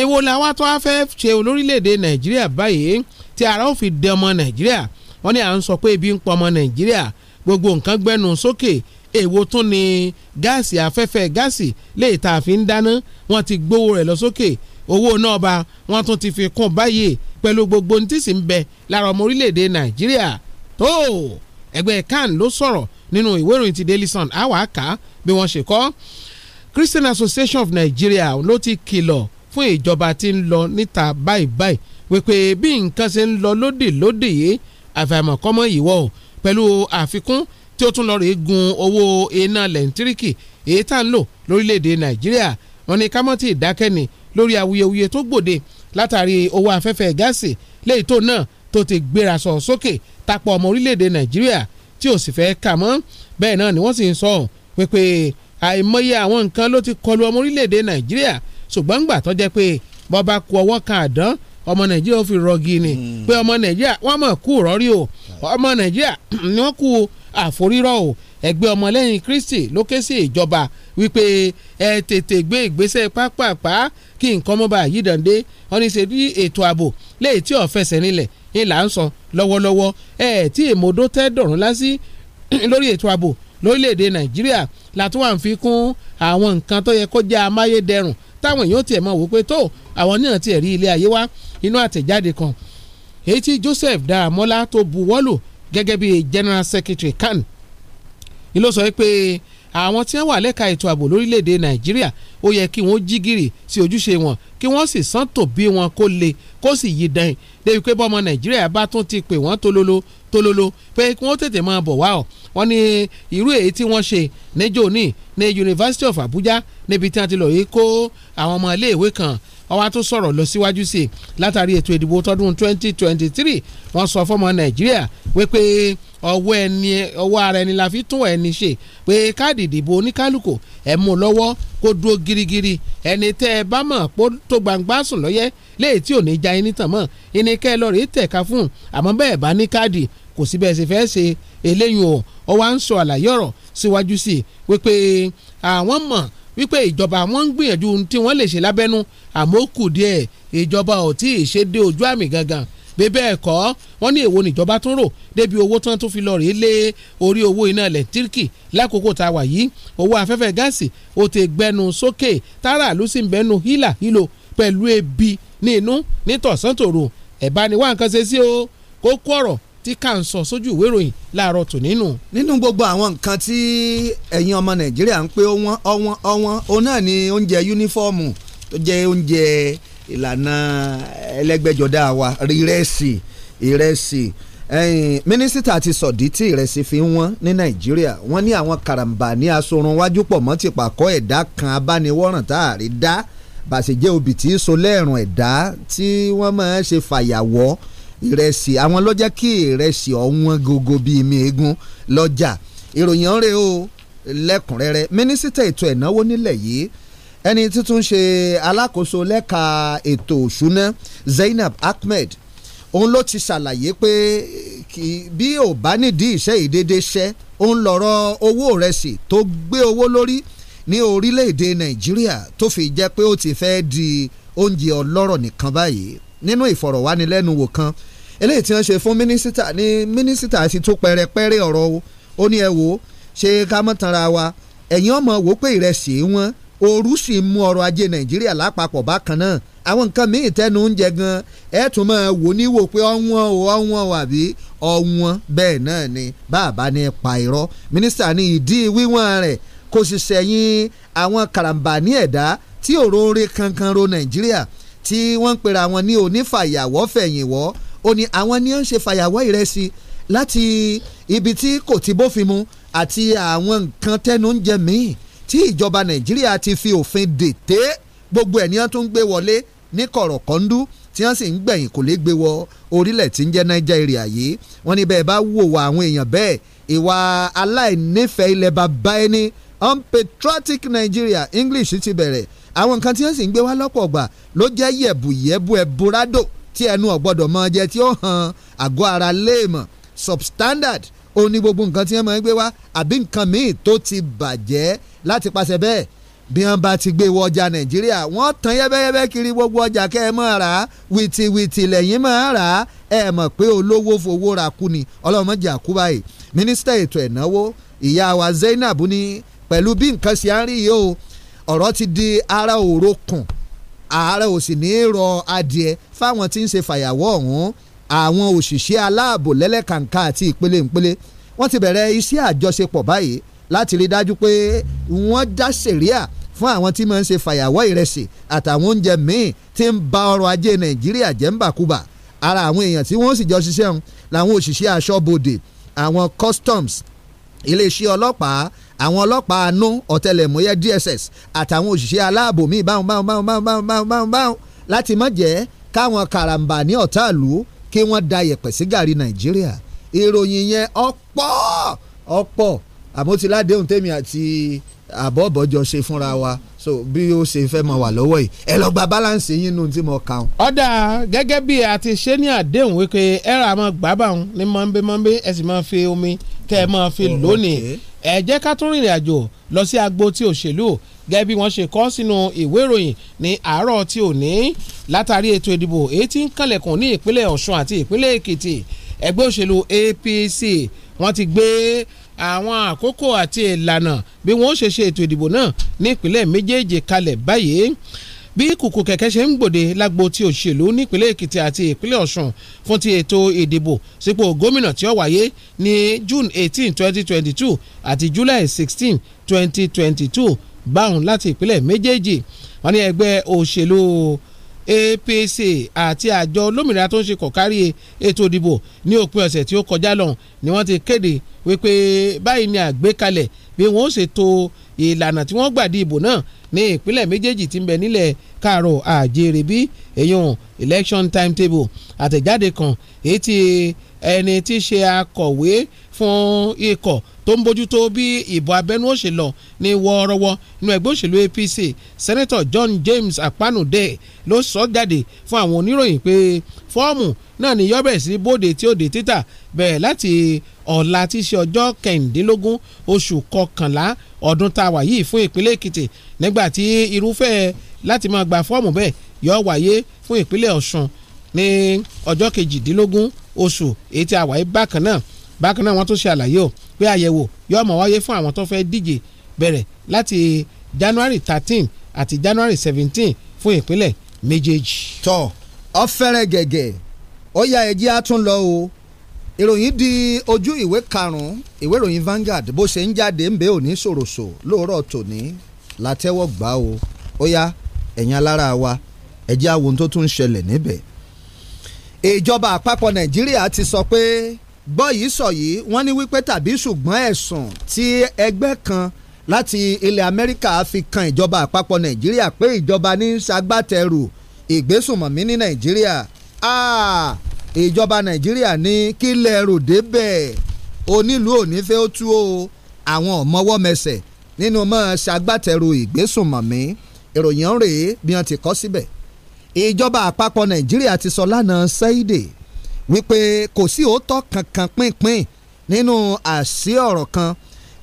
èwo la wá tó wá fẹ́ ṣe olórílẹ̀‐èdè Nàìjíríà báyìí tí ara ó fi dẹ ọmọ Nàìjíríà wọ́n ní à ń sọ pé ebi ń pọ ọmọ Nàìjíríà gbogbo nǹkan gbẹnu sókè èwo tún ni gáàsì afẹ́fẹ́ gáàsì lè tá a fi ń dáná wọ́n ti gbówó rẹ̀ lọ sókè owó náà ba wọ́n tún ti fi kún báyìí pẹ̀lú gbogbo ní tí sì ń bẹ lára ọmọ orílẹ̀-èdè nàìjíríà tó ẹgbẹ́ kan ló sọ̀rọ̀ nínú ìwé ìròyìn ti Daily Sun àwa kà á bí wọ́n ṣe kọ́ Christian Association of Nigeria ló ti kìlọ̀ fún ìjọba tí ń lọ níta báyìí báyìí wípé bí nǹkan ṣe ń lọ lódì lódì yìí àfàìmọ̀kọ́mọ́ ìwọ pẹ̀lú àfikún tí ó tún lọ rèé gun owó iná lẹ́ńtíríkì èyí tá ń lò lórílẹ̀‐èdè nàìjíríà wọ́n ní kámọ́tì ìdákẹ́ni lórí awuyewuye tó gbòde látàrí owó afẹ́fẹ́ gáàsì léyìí tó náà tó ti gbéra sọ sókè tapọ̀ ọmọ orílẹ̀‐èdè nàìjíríà tí ò sì fẹ́ kà mọ́ bẹ́ẹ̀ náà ni wọ́n sì ń sọ pé àìmọye àwọn nǹkan ló ti kọlu ọmọ orílẹ̀‐èdè nàìjíríà ṣùgbọ́n gbà tó jẹ́ pé bọ́ba ku ọwọ́ kan àdán ọmọ nàìjíríà ó fi rọgì ni hmm. pé ọmọ nàìjíríà wọ́n mọ̀ kú rọ́rí o ọmọ nàìjíríà ni wọ́n kú àforírọ̀ o ẹgbẹ́ ọmọlẹ́yìn Kristi ló ké sí ìjọba wípé ẹ tètè gbé ìgbésẹ̀ pápápá kí nǹkan mọ́ba yìí dànde wọ́n ní ṣe bí ètò ààbò léyìí tí ò fẹsẹ̀ nílẹ̀ ni là ń sọ lọ́wọ́lọ́wọ́ ẹ tí èmọdó tẹ́ dọ̀rùn lásì lórí ètò ààbò lórílẹ̀‐èdè Nàìjíríà látún wà ń fi kún àwọn nǹkan tó yẹ kó jẹ́ amáyédẹrùn táwọn èèyàn tiẹ̀ mọ̀ wò tó àwọn náà tiẹ̀ rí ilé ayé wá inú àtẹ̀jáde kan èyí tí Joseph Dàramọ́lá tó buwọ́lù gẹ́gẹ́ bí general secretary kan ni ló sọ pé àwọn tí wọ́n wà lẹ́ka ètò ààbò lórílẹ̀‐èdè nàìjíríà ó yẹ kí wọ́n jí gìrì sí ojúṣe wọn kí wọ́n sì sán tò bí wọn kó le kó sì yí dẹ́yìn débi pé bọ́mọ nàìjíríà bá tún ti pè wọ́n tololo tololo pé kí wọ́n tètè máa bọ̀ wá ọ̀ wọ́n ní irú èyí tí wọ́n ṣe níjó ní ní University of Abuja níbi tí wọ́n ti lọ yìí kó àwọn ọmọ iléèwé kan wọ́n wá tó sọ̀rọ̀ lọ síwájú sí i látàrí ètò ìdìbò tọdún 2023 wọ́n sọ fọ́mọ nàìjíríà wípé ọwọ́ ẹni ọwọ́ ara ẹni la fi tún ẹni ṣe pé káàdì ìdìbò oníkálùkù ẹ̀ mú lọ́wọ́ kó dúró girigiri ẹni tẹ́ ẹ bá mọ̀ pó tó gbangba sùn lọ́yẹ́ léyìí tí ò ní ja ẹni tàn mọ́ ẹni kẹ́ ẹ lọ rèé tẹ̀ka fún un àmọ́ bẹ́ẹ̀ bá ní káàdì kò sí bẹ́ẹ̀ ṣe fẹ́ ṣe eléyìí o ọ wá ń sọ àlàyé ọ̀rọ̀ síwájú sí i wípé àwọn mọ̀ wípé ìjọba wọn ń gbìyànjú tí wọ́n lè ṣe lábẹ́nú àmọ́ kù díẹ̀ ìjọba ò tí ì ṣe dé ojú àmì gangan bébẹ́ ẹ̀kọ́ wọ́n ní èwo níjọba tún rò débi owó tán tó fi lọ rèé lé orí owó iná ẹ̀lẹ́tíríkì lákòókò tá a wà yìí owó afẹ́fẹ́ gáàsì ó ti gbẹnu sókè tààrà ló sì ń bẹnu hílà hílo pẹ̀lú ebi ní inú nítọ̀sán tòru ẹ̀bá ni wá nǹkan ṣe sí o kókó ọ̀rọ̀ tí kà ń sọ sójú ìwé ìròyìn láàárọ̀ tò nínú. nínú gbogbo àwọn nǹkan tí ẹ̀yin ọmọ nàìjíríà ń pé ọwọ́n ọwọ́n ọwọ́n òun náà ni oúnjẹ yúnífọ́ọ̀mù tó jẹ́ oúnjẹ ìlànà ẹlẹ́gbẹ́jọdá wa ìrẹsì ìrẹsì mínísítà ti sọ̀dí tí ìrẹsì fi wọ́n ní nàìjíríà wọ́n ní àwọn karambà ní asorun wájú pọ̀ mọ́ ti pàkọ́ ẹ̀dá kan abániwọ́ràn tá a rí dá obì tí í so lẹ́ẹ̀rùn ẹ̀dá tí wọ́n máa ń ṣe fàyàwọ́ ìrẹsì àwọn ló jẹ́ kí ìrẹsì ọ̀wọ́n gógó bíi mi eégún lọ́jà ìròyìn ọ̀rẹ́ o lẹ́kùnrẹ́rẹ́ mínísítà ètò ẹ̀náwó nílẹ̀ yìí ẹni títún ṣe alákòóso lẹ́ka ètò òṣùná Zainab Ahmed òun ló ti ṣàlàyé pé bí ò bá nídìí iṣẹ́ ìdédé ṣẹ́ òun lọ̀rọ̀ owó ìrẹsì tó gbé owó lórí ní orílẹ̀-èdè Nàìjíríà tó fi jẹ́ pé ó ti fẹ́ di oúnjẹ ọlọ́rọ̀ nìkan báyìí nínú ìfọ̀rọ̀wánilẹ́nuwò kan eléyìí tí wọ́n ṣe fún mínísítà ní mínísítà ti tó pẹ́rẹ́pẹ́rẹ́ ọ̀rọ̀ o ó ní ẹ wò ó ṣe ká mọ́ tanra wa ẹ̀yin ọmọ wò pé ìrẹsì wọn ooru sì ń mú ọrọ̀ ajé nàìjíríà lápapọ̀ bákan náà àwọn nǹkan míì tẹnu ń jẹ gan ẹ tún máa wò níwò pé ọ̀wọ́n o ọ̀wọ́n o àbí ọ̀wọ́n bẹ́ẹ̀ náà ni bàbá ní pa irọ́ mínísítà ní ìdí wíwọ́n rẹ̀ kò sì sẹ́yìn àwọn karambà ní ẹ̀dá tí òróore kankan ro nàìjíríà tí wọ́n ń pera wọn ní onífàyàwọ́ fẹ̀yìnwọ́ ó ní àwọn ni ó ń ṣe fàyàwọ́ ìrẹsì láti ibi tí kò ti bófin mu àti àwọn nǹkan tẹnu ń jẹ míì tí ìjọba nàìjíríà ti fi òfin dètè gbogbo ẹ̀ ni wọ́n tún ń gbé wọlé ní kọ̀rọ̀kọ́ndú tí wọ́n sì ń gbẹ̀yìn kò lè gbé wọ orílẹ̀ tí ń jẹ́ nàìjíríà yìí wọ́n ní bẹ́ẹ̀ bá wò wá àwọn èèyàn bẹ́ẹ̀ ìwà aláìnífẹ̀ẹ́ ilẹ̀ bàbá ẹni unpatriotic Nigeria English ti bẹ̀rẹ̀ àwọn nǹkan tí wọ́n sì ń gbé wá lọ́pọ̀ ọ̀gbà ló jẹ́ yẹ̀bùyẹ̀bù ẹ̀bùrádò tí ẹnu ọ̀gbọ́dọ̀ mọ jẹ tí ó hàn àgọ́ ara léèmọ̀ substandard ó ní gbogbo nǹkan tí wọ́n máa ń gbé wá àbí nǹkan míì tó ti bàjẹ́ láti pàṣẹ bẹ́ẹ̀ bí wọ́n bá ti gbé wọ ọjà nàìjíríà wọ́n tan yẹ́bẹ́yẹ́bẹ́ kiri gbogbo ọjà kẹ́ ẹ máa rà á wìtìwìtì lẹ́yìn máa rà á ẹ mọ̀ pé olówó fowó ra kú ni ọlọ́run mọ̀jà kú báyìí mínísítà ètò ẹ̀náwó ìyá wa Zainab ní pẹ̀lú bí nǹkan ṣe á rí yìí o ọ̀rọ̀ ti di ara òro kùn ààrẹ ò sì ní í rọ adìẹ fáwọn tí ń ṣe fàyàwọ́ ọ̀hún àwọn òṣìṣẹ́ aláàbò lẹ́lẹ́kàǹkà àti ìpele ìpele wọ́n ti bẹ̀rẹ̀ iṣẹ́ àjọṣepọ̀ báyìí láti rí dájú pé wọ́n dá sẹ̀ríà fún àwọn tí máa ń ṣe fàyàwọ́ ìrẹsì àtàwọn oúnjẹ míì tí ń ba ọrọ̀ ajé nàìjíríà jẹ́ ń bàkúbà ara àwọn èèyàn tí wọ́n sì jọ ṣiṣẹ́ làwọn òṣìṣẹ́ aṣọ́bodè àwọn customs iléeṣẹ́ ọlọ́pàá àwọn ọlọ́pàá àánú ọ̀tẹlẹ̀múyẹ́ DSS àtàwọn òṣìṣẹ́ aláàbò míì báwọn báwọn báwọn báwọn báwọn báwọn báwọn láti má jẹ́ káwọn karambà ní ọ̀táàlú kí wọ́n da yẹ̀pẹ̀ sí gàrí Nàìjíríà ìròyìn yẹn ọ̀pọ̀ ọ̀pọ̀ àmótiládéhùn tèmi àti àbọ̀bọ̀jọ ṣe fúnra wa so bí ó ṣe fẹ́ mọ wà lọ́wọ́ yìí ẹ lọ gba balance yín nù tí mo kà ń. ọ̀dà gẹ́gẹ́ bí a ti ṣe ní àdéhùn wípé ẹ̀rọ àmọ́ gbábàá ní mọ́nbé mọ́nbé ẹ sì máa fi omi tẹ́ ẹ máa fi oh, lónìí ẹ jẹ́ ká tún rìnrìn àjò lọ sí agbo ti òṣèlú gẹ́gẹ́ bí wọ́n ṣe kọ sínú ìwé ìròyìn ní àárọ̀ tí ò ní látàrí ètò ìdìbò èyí tí ń kànlẹ̀kùn ní ìpínlẹ̀ Ọ̀ṣun àti ìpínlẹ̀ Èkìtì ẹgbẹ́ òṣèlú APC wọ́n ti gbé àwọn àkókò àti ìlànà bí wọ́n ṣe ṣe ètò ìdìbò náà ní ìpínlẹ̀ méjèèjì kalẹ̀ báyìí bí kùkù kẹ̀kẹ́ ṣe ń gbòde lágbo ti òṣèlú nípínlẹ̀ èkìtì àti ìpínlẹ̀ ọ̀ṣun fún ti ètò ìdìbò sípò gómìnà tí ó wáyé ní june eighteen twenty twenty two àti july sixteen twenty twenty two báwọn láti ìpínlẹ̀ méjèèjì wọ́n ní ẹgbẹ́ òṣèlú APC àti àjọ olómìnira tó ń ṣe kọ̀kárí ètò ìdìbò ní òpin ọ̀sẹ̀ tí ó kọjá lọ́hùn ni wọ́n ti kéde wípé báyìí ni àgbékalẹ̀ bí wọ́n ó to ìlànà tí wọ́n gbà di ìbò náà ní ìpínlẹ̀ méjèèjì tí ń bẹ nílẹ̀ káàrọ̀ àjèrè bí èyàn election timetable àtẹ̀jáde kan èyí tí ẹni tí ṣe akọ̀wé fún ikọ̀ tó ń bójútó bí ìbò abẹ́nú ó ní wọ́ọ́rọ́wọ́ nínú ẹgbẹ́ òṣèlú APC Senator John James Apanude ló sọ jáde fún àwọn oníròyìn pé fọ́ọ̀mù náà ni yọ́ bẹ̀rẹ̀ sí bóde tí ó dé títà bẹ̀rẹ̀ láti ọ̀la tí í ṣe ọjọ́ kẹ̀ǹdínlógún oṣù kọkànlá ọdún tá a wà yìí fún ìpínlẹ̀ Èkìtì nígbà tí irúfẹ́ láti máa gba fọ́ọ̀mù bẹ́ẹ̀ yọ wáyé fún ìpínlẹ̀ Ọ̀ṣun ní ọjọ́ kejìdínlógún oṣù èyí tí a wà bákan náà bákan náà wọ́n tún ṣe àlàyé o pé àyẹ̀wò yóò máa wáyé fún àwọn tó fẹ́ díje bẹ̀rẹ̀ láti January thirteen àti January seventeen fún ìpínlẹ̀ méjèèjì. tọ ọfẹrẹ gẹgẹ ó ya ẹjẹ á tún lọ o ìròyìn di ojú ìwé karùnún ìwé ìròyìn Vanguard bó ṣe ń jáde ń bẹ òní ṣòroṣò lóòrọ̀ tòní látẹ́wọ́ gbà o ó yá ẹ̀yin alára wa ẹjẹ́ àwọn tó tún ń ṣẹlẹ̀ níbẹ̀ ìjọba àpapọ̀ Nàìjíríà ti sọ pé gbọ́ yìí sọ yìí wọ́n ní wípé tàbí ṣùgbọ́n ẹ̀sùn tí ẹgbẹ́ kan láti ilẹ̀ Amẹ́ríkà fi kan ìjọba àpapọ̀ Nàìjíríà pé ìjọba ní ṣagbátẹrù ìgbésùnmọ̀mí ní Nàìjíríà ìjọba Nàìjíríà ní kílẹ̀ ròdé bẹ́ẹ̀ onílùú òní fẹ́ ó tú o àwọn ọ̀mọ́wọ́ mẹsẹ̀ nínú mọ́ ṣagbátẹrù ìgbésùnmọ̀mí ìròyìn rèé bí wọ́n ti kọ́ síbẹ̀ ìjọba àpapọ̀ Nàìjíríà ti sọ lánàá sẹ́yìndè wípé kò sí òótọ́ kankan pínpín nínú àṣì ọ̀rọ̀ kan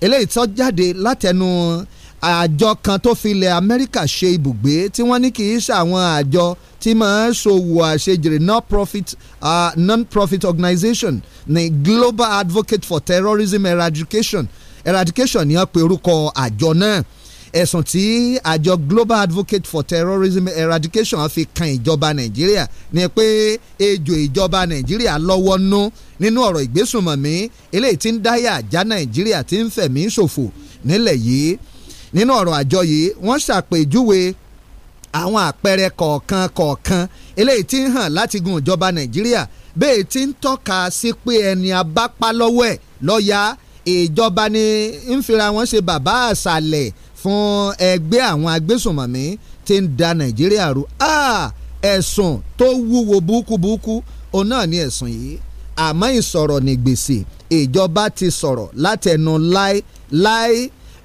eléyìí tó jáde látẹnu àjọ kan tó fi ilẹ̀ Amẹ́ríkà ṣe ibùgbé tí wọ́n ní kì í ṣe àjọ tí máa ń ṣòwò àṣejèrè non-profit uh, non-profit organization ní Global Advocate for Terrorism Eradication Eradication ni wọ́n pe orúkọ àjọ náà ẹ̀sùn tí àjọ Global Advocate for Terrorism Eradication fi kan ìjọba Nàìjíríà ni pé ejò ìjọba Nàìjíríà lọ́wọ́ nú nínú ọ̀rọ̀ ìgbésùnmọ̀mí eléyìí tí ń dáyà àjá Nàìjíríà tí ń fẹ̀mí ṣòfò nílẹ̀ yìí nínú ọ̀rọ̀ àjọ yìí wọ́n ṣàpèjúwe àwọn àpẹẹrẹ kọ̀ọ̀kan kọ̀ọ̀kan eléyìí tí ń hàn láti gun ìjọba Nàìjíríà bẹ́ẹ̀ tí ń tọ́ka sí pé ẹni abápá lọ́wọ́ ẹ̀ lọ́ya ìjọba ni ń fira wọn ṣe bàbá àṣàlẹ̀ fún ẹgbẹ́ àwọn agbésùnmọ̀mí tí ń da nàìjíríà rú ẹ̀sùn tó wúwo búkúbúkú òun náà ni ẹ̀sùn yìí àmọ́ ìsọ̀rọ̀ ní gbèsè ìjọba ti sọ̀rọ̀ látẹnu láí láí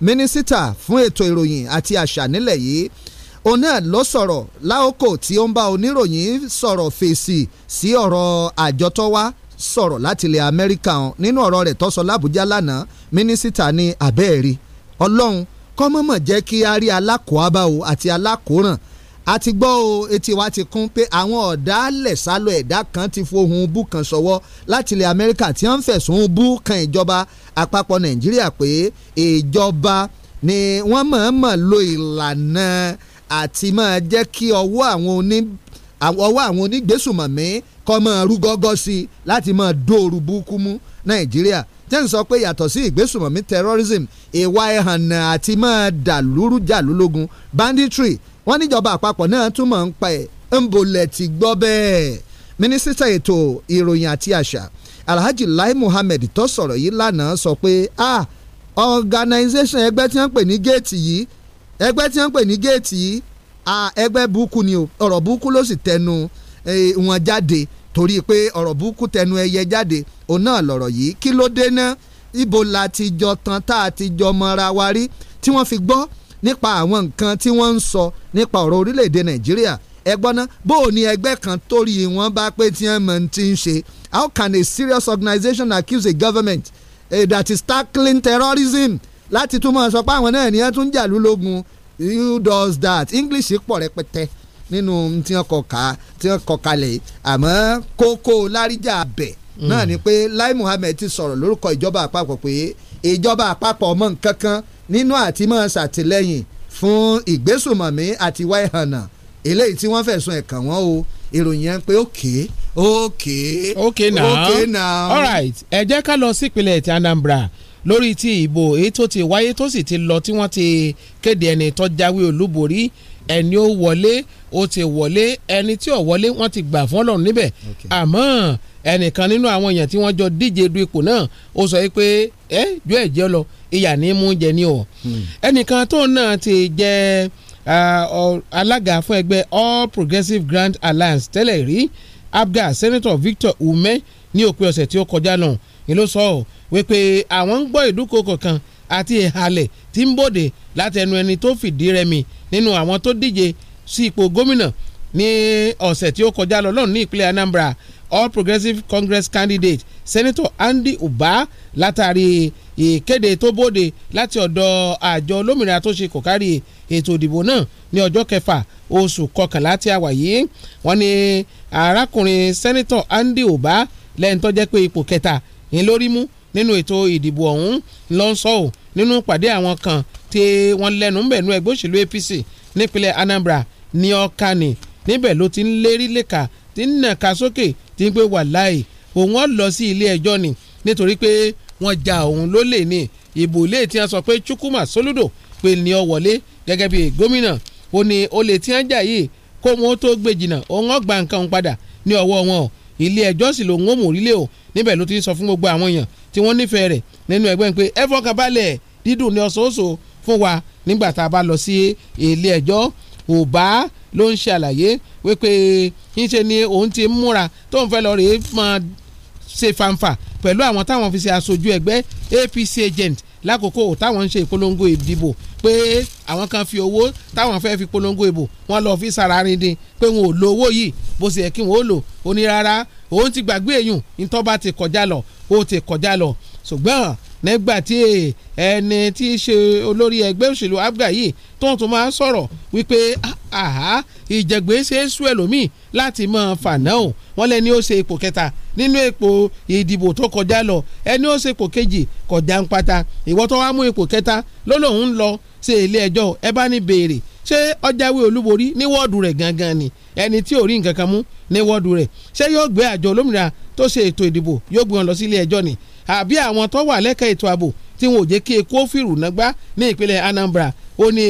mínísítà fún ètò ìròyìn àti àṣà nílẹ̀ yìí òun náà ló sọ̀rọ̀ láòkò tí ó ń bá oníròyìn sọ̀rọ̀ fèsì sí ọ̀rọ̀ àjọ tó wá sọ̀rọ̀ láti ilẹ̀ amẹ́ríkà nínú ọ̀rọ̀ rẹ̀ tó sọ lábújá lánàá mínísítà ní abẹ́ẹ̀rí ọlọ́run kọ́mọ̀mọ̀ jẹ́ kí a rí alákòábá o àti alákòóràn a ti gbọ́ o etí wa ti kún pé àwọn ọ̀dàálẹ̀ sálọ ẹ̀dá kan ti fohùn bú kan sọ́wọ́ láti ilẹ̀ Amẹ́ríkà tí wọ́n ń fẹ̀sùn bú kan ìjọba àpapọ̀ Nàìjíríà pé ìjọba ni wọ́n mọ̀ọ́mọ̀ lo ìlànà àti máa jẹ́ kí ọwọ́ àwọn oní ọwọ́ àwọn onígbésùmọ̀mí kọ́ máa rú gọ́gọ́ sí i láti máa dóoru búkú mú Nàìjíríà jẹ́ ń sọ pé yàtọ̀ sí ìgbésùmọ̀mí terrorism ìwà ẹ̀hànnà àti máa dà lúrú jà lólógun banditry wọ́n níjọba àpapọ̀ náà túmọ̀ ń pa ẹ̀ ń bolẹ̀ ti gbọ́ bẹ́ẹ̀ mínísítà ètò ìròyìn àti àṣà Alhaji Lai Muhammed tó sọ̀rọ̀ yìí lánàá sọ pé ah organisation ẹgbẹ́ tí wọ́n pè ní géètì yìí ẹgbẹ́ tí wọ́n pè ní géètì yìí ah ẹgbẹ́ burúkú ni o ọ̀rọ̀ burúkú ló sì tẹnu wọn jáde torí pé ọ̀rọ̀ burúkú tẹnu ẹyẹ jáde òun náà lọ̀rọ̀ yìí kí ló dé ná ibo la ti jọ tan tá a ti jọ mọ́ra wa rí tí wọ́n fi gbọ́ nípa àwọn nǹkan tí wọ́n ń sọ nípa ọ̀rọ̀ orílẹ̀-èdè Nàìjíríà ẹ gbọ́ná bó o ní ẹgbẹ́ kan torí wọn bá pé tí wọ́n mọ̀ ti ń ṣe how can a serious organization accuse a government eh, that is tackling terrorism láti túmọ̀ sọ pé àwọn náà ni wọ́n tún jà lólógun who does that English pọ̀ rẹpẹtẹ nínú tí wọ́n kọ ká tí wọ́n kọ kalẹ̀ àmọ́ kókó láríjà bẹ̀ náà ni mm. pé Lai Muhammed ti sọ̀rọ̀ lórúkọ ìjọba àpapọ̀ pé ìjọba àpapọ̀ mọ̀ nǹkan nínú àti máa ṣàtìlẹ́yìn fún ìgbésùmọ̀mí àti ìwà eléyìí tí wọ́n fẹ̀sùn ẹ̀ kàn wọ́n o ìròyìn yẹn pé òkè òkè òkè náà òkè náà. all right ẹ jẹ́ ká lọ sípínlẹ̀ ti Anambra lórí ti ìbò èyí tó ti wáyé tó sì ti lọ tí wọ́n ti kéde ẹni tó olúborí ẹni ó wọlé ó ti wọlé ẹni tí ò wọlé wọ́n ti gbà fún ọlọ́run níbẹ̀ àmọ́ ẹnìkan nínú àwọn èèyàn tí wọ́n jọ díje du ipò náà ó sọ pé ẹ jọ ẹ jẹ lọ ìyà ní mú jẹ ní ọ hmm. ẹnìkan tó náà ti jẹ alága fún ẹgbẹ́ All progressive Grand Alliance tẹ́lẹ̀ rí abga Senator Victor Ume ní òpin ọ̀sẹ̀ tí ó kọjá náà ni ló sọ ọ́ wípé àwọn ń gbọ́ ìdúkokò kan àti ìhalẹ̀ tí ń bòde láti ẹnu ẹni tó fìdí rẹmi nínú àwọn tó díje sí ipò gómìnà ní ọ̀sẹ̀ tí ó kọjá lọ lọ́nà ní ìpínlẹ̀ Anambra All Progressives Congress candidate Senator Andy Uba látàrí ìkéde tó bóde láti ọ̀dọ̀ àjọ olómìnira tó ṣe kò kárí ètò ìdìbò náà ní ọjọ́ kẹfà oṣù kọkànlá tí a wà yìí wọ́n ní arákùnrin Senator Andy Uba lẹ́yìn tó jẹ́ pé ipò kẹta ní lórí mú nínú ètò ìdìbò ọ̀hún ló ń sọ ọ́ nínú pàdé àwọn kan tí wọ́n lẹ́nu ń bẹ̀ nú ẹgbẹ́ òṣèlú APC nípínlẹ̀ Anambra ní ọ̀ka ni níbẹ̀ ló ti ń lérí lẹ́ka ti ń nàka sókè ti ń pé wàláì òun ọ̀ lọ sí ilé ẹjọ́ ni nítorí pé wọ́n ja òun lólè ní ìbò ilé tí wọ́n sọ pé Chukwuma Soludo pé ní ọ wọlé gẹ́gẹ́ bí gómìnà ó ní olè tí wọ́n jà yìí kó wọn ó tó gbé jìnnà òun ọgbà nǹkan padà ní ọwọ́ wọn o ilé ẹjọ́ sì lòun ó mú orílẹ̀ o níbẹ̀ ló ti sọ fún gbogbo àwọn èèyàn tí wọ́n nífẹ̀ẹ́ rẹ̀ nínú ẹgbẹ́ pé ẹ fọkàn balẹ̀ dídùn ní ọ̀sọ̀ọ̀sọ̀ fún wa nígbà tá a bá lọ sí ilé ẹjọ́ Uba ló ń ṣàlàyé wípé ńṣe ni òun ti múra tó ń fẹ́ lọ rèé fún ṣe fanfa pẹ̀lú àwọn táwọn fi ṣe aṣojú ẹgbẹ́ APC agent lákòókò táwọn ń ṣe ìpolongo ìdìbò pé àwọn kan fi owó táwọn fẹ́ fi polongo ìbò wọn lọ fi sararin din pé wọn ò lo owó yìí bó ṣe yẹ kí wọn ó lò ó ní rárá òun ti gbàgbé èyàn ìtọ́ba ti kọjá lọ ó ti kọjá lọ ṣùgbọ́n nígbà tí ẹni tí í ṣe olórí ẹgbẹ́ òṣèlú abga yìí tó ń tún máa sọ̀rọ̀ wípé àhá ìjẹ̀gbẹ́ ṣe é sú ẹlòmíì láti máa fànà o wọ́n lẹ́ni ó ṣe ipò kẹta nínú ipò ìdìbò tó kọjá lọ ẹni ó ṣe ipò kejì kọjá ń pata ìwọ́ tó wá mú ipò kẹta lọ́lọ́hún ń lọ ṣe ilé ẹjọ́ ẹ bá ní béèrè ṣé ọjàwé olúborí ní wọ́ọ̀dù rẹ̀ gangan ni ẹni tí ò rí nǹkan kan mú ní wọ́ọ̀dù rẹ̀ ṣé yóò gbé àjọ olómìnira tó ṣe ètò ìdìbò yóò gbé wọn lọ sí ilé ẹjọ́ ni àbí àwọn tó wà lẹ́ka ètò ààbò tí wọn ò jẹ́ kí eku fìrù nágbá ní ìpínlẹ̀ Anambra ó ní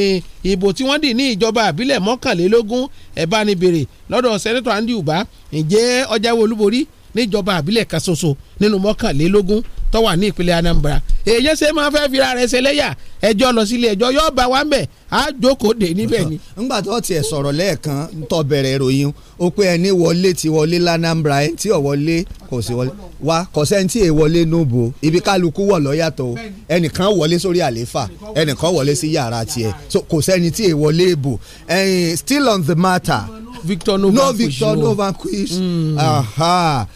ìbò tí wọ́n dì ní ìjọba àbílẹ̀ mọ́kànlélógún ẹ̀ bá ní bèrè lọ́dọ̀ sẹ́nẹ́tọ̀ Andy Uba ǹjẹ́ ó jáwé olúborí níjọba àbílẹ̀ kan ṣoṣo nínú mọ́kànlélógún tó wà ní ìpínlẹ̀ Anambra èyí ṣe máa fẹ́ fira rẹ̀ ṣe lẹ́yà ẹjọ́ lọ sílé ẹjọ́ yóò bá wa ń bẹ̀ á jókòó dé níbẹ̀ ni. ńgbà tó tiẹ̀ sọ̀rọ̀ lẹ́ẹ̀kan ń tọ́ bẹ̀rẹ̀ ìròyìn ó pé ẹni wọlé ti wọlé lánàmbra ẹ tí ò wọlé kò sí wọlé wa kò sẹ́ni tí wọlé nóbo ibi kálukú wọ̀ lọ́yàtọ̀ o ẹnìkan wọlé sórí àléfà ẹnìkan wọlé sí yàrá tiẹ̀ kò sẹ́ni tí wọlé èbò still on the matter Victor Novanquish no Victor Novanquish. Mm.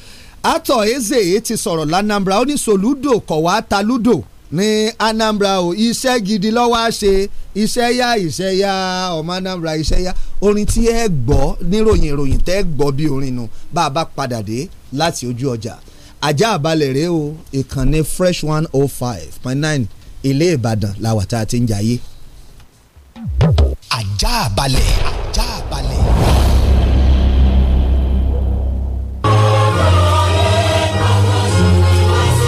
Atọ Ezeye ti sọ̀rọ̀ l'Anambra ó ní Soludo kọ̀ wá ta ludo ní Anambra o iṣẹ́ gidi lọ́wọ́ á ṣe iṣẹ́ yá iṣẹ́ yá ọmọ Anambra iṣẹ́ yá orin tí ẹ gbọ́ níròyìn ìròyìn tẹ́ gbọ́ bí orin nu bá a bá padà dé láti ojú ọjà ajá àbálẹ̀ rèé o ìkànnì fresh one oh five point nine ilé Ìbàdàn làwà tá a ti ń jayé. ajá àbálẹ̀ ajá àbálẹ̀.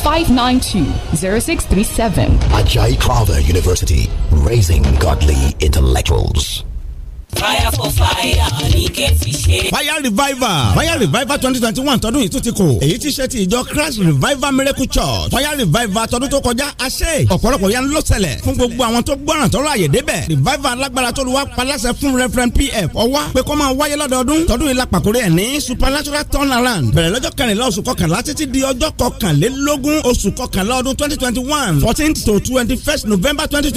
592-0637. Ajay Carver University, raising godly intellectuals. fire for fire ní kẹ́ẹ̀fì ṣe. fire revival fire revival twenty twenty one tọdún yìí tún ti kù èyí ti ṣe ti ìjọ christ revival miracle church fire revival tọdún tó kọjá a ṣe ọ̀pọ̀lọpọ̀ yẹn ló ṣẹlẹ̀ fún gbogbo àwọn tó gbọ́ràn tọ́lọ́ àyè débẹ̀ revival alágbára tó lu wá paláṣẹ fún referent pf ọwá pé kó máa wáyé lọ́dọọdún tọdún yìí la pàkórí ẹ̀ ní supernatural turnaround bẹ̀rẹ̀ lọ́jọ́ kẹrìnlá oṣù kọkànlá títí di ọjọ́ kọkànlélógún oṣù kọkànlá ọdún twenty twenty one fourteen to twenty first november twenty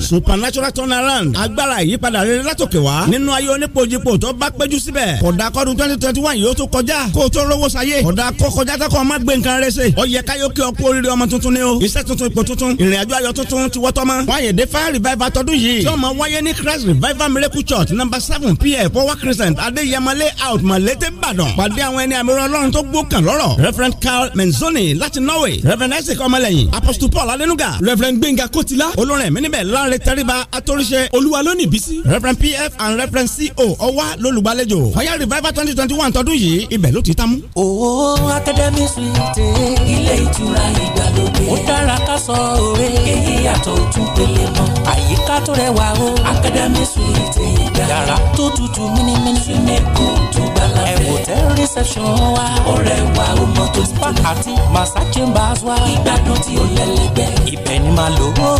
supernatural turnaround agbára ìyípadà rere látòkè mọ́ nínú ayé onípojípo tó bá péjú síbẹ̀ kódà kọ́dún twenty twenty one yóò tó kọjá kó o tó rówó sayé kódà kó kọjá tó kọ́ ọ má gbé nǹkan rẹ ṣe ó yẹ káyọ̀ kí ọkú oríire ọmọ tuntun ni o iṣẹ́ tuntun ipò tuntun ìrìn ayọ̀ tuntun ti wọ́tọ́ mọ́ wáyédè fire revival tọdún yìí tí ó máa wáyé ní Christ revival miracle church number seven pf power crescent adéyẹmọlé out malete Ìbàdàn pàdé àwọn ẹni àmì Ọlọ́run tó gbókàn lọ́rọ̀ reverend Carl Menzoni láti Norway reverend Isaac ọmọlẹ́yìn apostle Paul Alenuga reverend Gbénga Kotila olórin ẹ̀mí níbẹ̀ láre tẹ́ríba atóríṣẹ́ olúwa lónìí bísí reverend pf and reference co e ọwá lólùgbàlejò fire revival twenty twenty one tọdún yìí ibẹ̀ ló ti tán mú. owó academy suite ilé ìtura ìgbàlódé ó dára ká sọ òwe èyí yàtọ̀ òtún pélé mọ́ àyíká tó rẹwà o academy suite yàrá tó tutù mímímí swimming pool tó gbala fẹ́ reception wa ó rẹwà ó mọ́ tó ti tó àti massa chambers wa ìgbádùn tí ó lẹ́lẹ́gbẹ́ ibẹ̀ ni màá lò ó.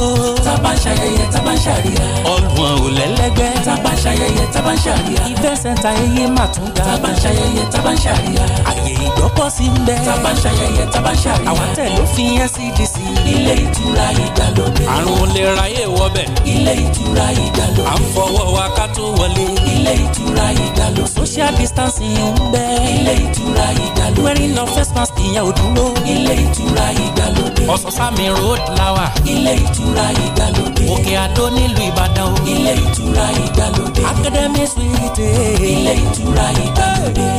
tá ń ṣayẹyẹ tá ń ṣàríyá ọlùwọ̀n ò lẹ́lẹ́gbẹ́ tá ń ṣayẹyẹ ṣayẹyẹ tá bá ń ṣàríyá. ìfẹ́ sẹ́ńtà ẹyẹ máa tún ga. tá bá ń ṣayẹyẹ tá bá ń ṣàríyá. àyè ìgbọ́kọ̀ sí ń bẹ. tá bá ń ṣayẹyẹ tá bá ń ṣàríyá. àwọn tẹ̀ ló fi NCDC. E ilé ìtura ìgbàlódé. àrùn olè ráyè wọbẹ̀. ilé ìtura ìgbàlódé. à ń fọwọ́ wa ká tó wọlé. ilé ìtura ìgbàlódé. social distancing ń bẹ. ilé ìtura ìgbàlódé. wearing no face mask ìyẹn ò dúró. ilé ìtura ìgbàlódé. ọ̀sán-sámi road lawa. ilé ìtura ìgbàlódé. òkè àdó nílùú Ìbàdàn o. ilé ìtura ìgbàlódé Academy Suite. Eh. Ilé ìtura ìgbàlódé.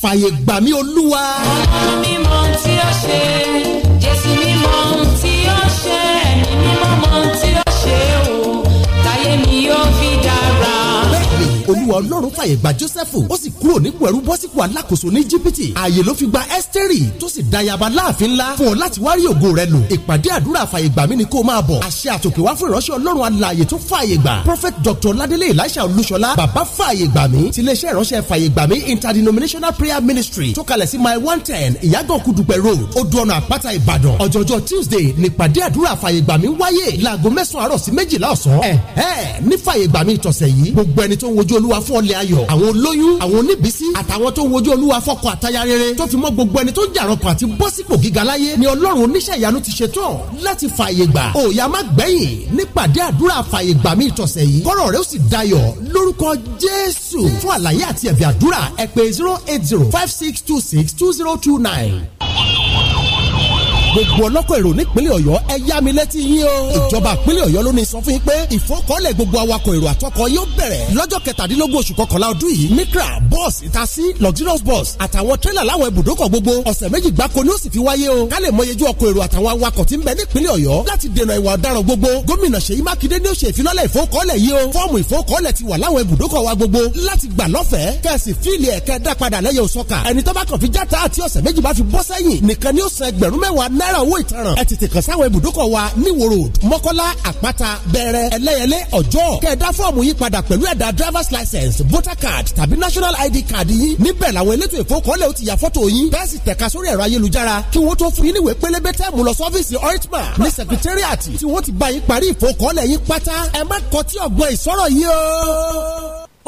Fàyè gbà mí Olúwa. Ọlọ́run mímọ̀ tí ó ṣe. olúwa ọlọ́run fàyè gba Jósẹ́fù ó sì kúrò nípò ẹrú bọ́ sípò alákòóso ní Íjíbítì ààyè ló fi gba Ẹ́sítérì tó sì dayaba láàfin ńlá fún ọ láti wá rí ògo rẹ lò ìpàdé àdúrà fàyè gbà mí ni kó máa bọ̀ àṣẹ àtòkè wá fún ìránṣẹ́ ọlọ́run alààyè tó fàyè gbà Prophet Dr. Ládélé Elisha Olúṣọlá bàbá fàyè gbà mí tiléeṣẹ́ ìránṣẹ́ fàyè gbà mí interdenominational prayer ministry tó kalẹ̀ sí mile one ten ìyàgàn kudupẹ road odò ọ̀nà àpáta Ìbàdàn ọ̀jọ̀jọ̀ Tuesday nípàdé àdúrà fàyè gbà mí wáyé láago mẹ́sàn-án àárọ̀ sí méjìlá ọ̀sán ẹ̀ẹ́ ní fàyè gbà mí ìtọ̀sẹ̀ yìí gbogbo ẹni tó ń wojú olúwa fún ọlẹ̀ ayọ̀ àwọn olóyún àwọn oníbísí àtàwọn tó wojú olúwa fọkọ àtaya rere tó fi mọ́ gbogbo ẹni tó ń jàrọ̀pọ̀ àti bọ́ sípò gíga láyé ni ọlọ́run oníṣẹ́ ìyanu ti ṣe tán láti fààyè gbà òòyà má gbẹ̀yìn nípàdé àdúrà fààyè gbà mí ìtọ̀sẹ̀ yìí kọ́rọ̀ rẹ ó sì dayọ̀ lórúkọ jésù fún àlàyé àti ẹ̀bì àdúrà ẹ zero eight zero five six two six two zero two nine gbogbo ọlọ́kọ̀ èrò nípínlẹ̀ ọ̀yọ́ ẹ yá mi létí yín o. ìjọba ìpínlẹ̀ ọ̀yọ́ ló ní sọ fún yín pé ìfọkànlẹ̀ gbogbo awakọ̀ èrò àtọkọ̀ yóò bẹ̀rẹ̀ lọ́jọ́ kẹtàdínlógún oṣù kọkànlá ọdún yìí micra bus itasi luxurious bus àtàwọn tírélà láwọn ibùdókọ̀ gbogbo ọ̀sẹ̀ méjì gbáko ni ó sì fi wáyé o ká lè mọyejú ọkọ̀ èrò àtàwọn awakọ̀ tí ń bẹ nípínlẹ̀ ọ̀yọ́ láti dènà ìwà ọ̀daràn gbogbo gómìnà ṣèyí mákindé ni ó ṣe ìfilọ́lẹ̀ ìfowókọ́lẹ̀ yìí o fọ́ọ̀mù ìfowókọ́lẹ̀ ti wà láwọn ibùdókọ̀ wa gbogbo láti gbà lọ́fẹ̀ẹ́ kẹ̀sì fíìlì ẹ̀kẹ́ dá padà lẹ́yẹ òsọ́ka ẹni tó bá kàn fi játa àti ọ̀sẹ̀ náírà owó ìtanràn ẹ tètè kàn sáwọn ibùdókọ̀ wa níwò road mọ́kọ́lá àpáta bẹ̀rẹ̀ ẹlẹ́yẹlé ọjọ́ kẹ̀ẹ́dá fọ́ọ̀mù yìí padà pẹ̀lú ẹ̀dà driver's license voter card tàbí national id card yín níbẹ̀ làwọn elétò ìfowópamọ́lẹ̀ ó ti yà fọ́tò yín bẹ́ẹ̀ sì tẹ̀ka sórí ẹ̀rọ ayélujára kí wọ́n tó fún yín níwèé pélébé secretariat tí wọ́n ti bá yín parí ìfowópamọ́lẹ̀ yín pátá ẹ má kọtí ọ̀gbọ́n ìsọ̀rọ̀ yìí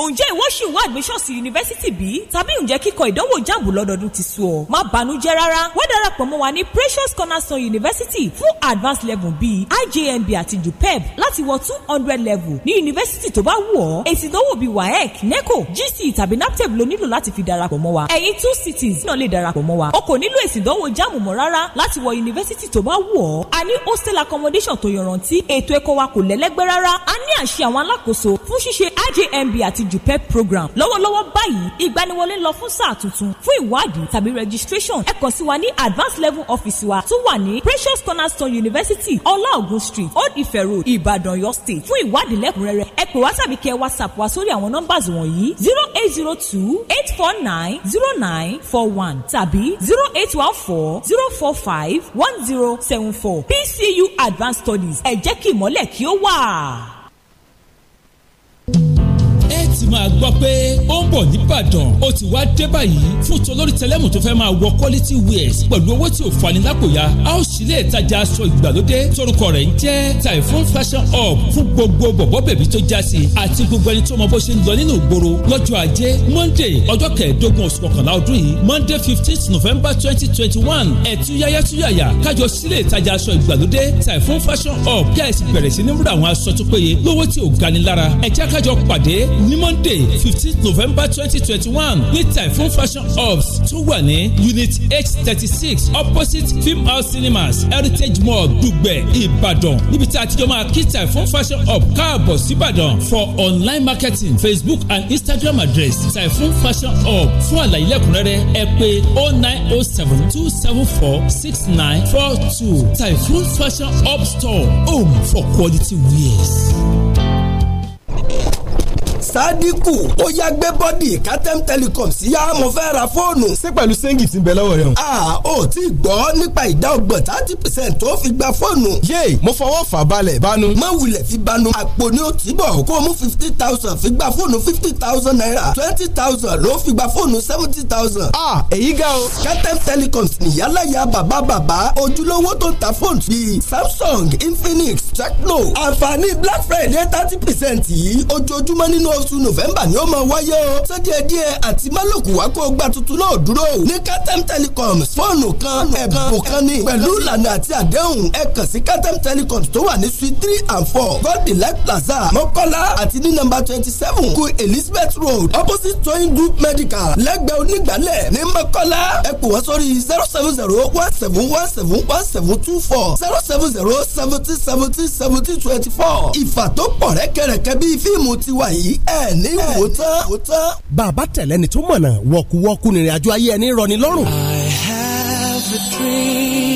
ǹjẹ́ ìwọ ṣì wá admission sí yunifásítì bí? tàbí ǹjẹ́ kíkọ ìdánwò jáàbù lọ́dọọdún ti sú ọ? má bànújẹ́ rárá wá darapọ̀ mọ́ wa ní Precious Cornerstone University fún advanced level bíi IJMB àti JUPEB láti wọ two hundred level ní yunifásítì tó bá wù ọ́ èsì ìdánwò bíi WAEC NECO GC e tàbí NAPTEP e ló nílò láti fi darapọ̀ mọ́ wa ẹ̀yin two cities náà lè darapọ̀ mọ́ wa o kò nílò èsì ìdánwò jáàmù mọ́ rárá láti wọ yunifásítì tó bá wù ọ́ a ní hostel accommodation tó yọrantí ètò ẹ̀kọ́ wa kò lẹ́lẹ́gbẹ́ rárá a ní àṣẹ àwọn alákòóso fún ṣíṣe IJMB àti jupep program lọ́wọ́lọ́wọ́ báyìí ìgbaniwọlé lọ fún sáà tuntun fún ìwádìí tàbí registration ẹ kàn sí wa ní advanced level office wa tó wà ní precious cornerstone university ọláògùn street old ife road ìbàdàn yọ state fún ìwádìí lẹ́kùnrẹ́rẹ́ ẹ pè wá tàbí kẹ whatsapp wa sórí àwọn nọ́mbàs wọ̀nyí zero eight zero two eight four nine zero nine four one tàbí zero eight one four zero four five one zero seven four pcu advanced studies ẹ jẹ́ kí ìmọ́lẹ̀ kí ó wà. thank you ti máa gbọ́ pé ó ń bọ̀ nìbàdàn ó ti wá dé báyìí fún tolórí tẹlẹ́mù tó fẹ́ máa wọ quality wears pẹ̀lú owó tí ò fani lápòyà a ó sì lè tajà aṣọ ìgbàlódé torúkọ rẹ̀ ń jẹ́ typhoon fashion hub fún gbogbo bọ̀bọ̀ bèbí tó já sí àti gbogbo ẹni tó mọ bó ṣe ń lọ nínú ìgboro lọ́jọ́ ajé monday ọjọ́ kẹẹ̀ẹ́dógún oṣù kọkànlá ọdún yìí monday fifteenth november twenty twenty one ẹ̀túyáyá túyàyà kájọ sílé ìtajà aṣọ ìgbàlódé typhoon fashion hub kí àìsí bẹ̀rẹ̀ sí ní múra àwọn aṣọ tó péye lówó tí ò ga lára ẹ̀jẹ̀ kájọ pàdé ní monday Monday fifteenth November twenty twenty one ní Typhoon Fashion Hubs tó wà ní unit H thirty six opposite film house cinemas Heritage Mall Dùgbẹ̀ Ìbàdàn níbi tí a ti jọ máa kí Typhoon Fashion Hub káàbọ̀ síbàdàn for online marketing Facebook and Instagram address Typhoon Fashion Hub fún àlàyé lẹ́kùnrẹ́rẹ́ ẹ pé oh nine oh seven two seven four six nine four two Typhoon Fashion Hub store home for quality wears sádìkù ó yá gbé bọ́dì Katem Telecom sí yá mo fẹ́ ra fóònù. ṣé pẹ̀lú sẹ́ńgì ti ń bẹ lọ́wọ́ rẹ̀ o. a ò tí gbọ́ nípa ìdá ọgbọ̀n thirty percent tó fi gba fóònù. yéè mo fọwọ́ fà balẹ̀ bánu. má wulẹ̀ fi bánu àpò ni ó ti bọ̀ kó o mú fifty thousand fi gba fóònù fifty thousand naira twenty thousand ló fi gba fóònù seventy thousand. a èyí ga o. Katem Telecom. Telecoms nìyálàyà bàbá bàbá ojúlówó tó ta fóònù bíi Samsung Infinix Tecno àǹfààní Black Friday thirty percent yìí ojoojúmọ́ nínú oṣù november ni ó máa wáyé o sọdíẹdíẹ àti málòkù wá kó gba tuntun náà dúró ní katem telecoms fóònù kan ẹ̀bùn kan ní pẹ̀lú ìlànà àti àdéhùn ẹ kàn sí katem telecoms tó wà ní suite three and four goldenlight plaza mọ́kọ́lá àti ní nọ́mbà twenty seven ku elizabeth road opposite toyin group medical lẹ́gbẹ̀ẹ́ onígbàlẹ̀ ní mọ́kọ́lá ẹ pè wá sórí zero seven zero one seven one seven one seven two four zero seven zero seventy seventy seventy twenty four ìfà tó pọ̀ rẹ́kẹrẹ̀kẹ́ bíi fíìmù tiwa yìí ẹ ní wò tán. bàbá tẹ̀lẹ́ni tó mọ̀nà wọ̀kúwọ́kú nìrìnàjò ayé ẹni rọ̀ ní lọ́rùn. I have a dream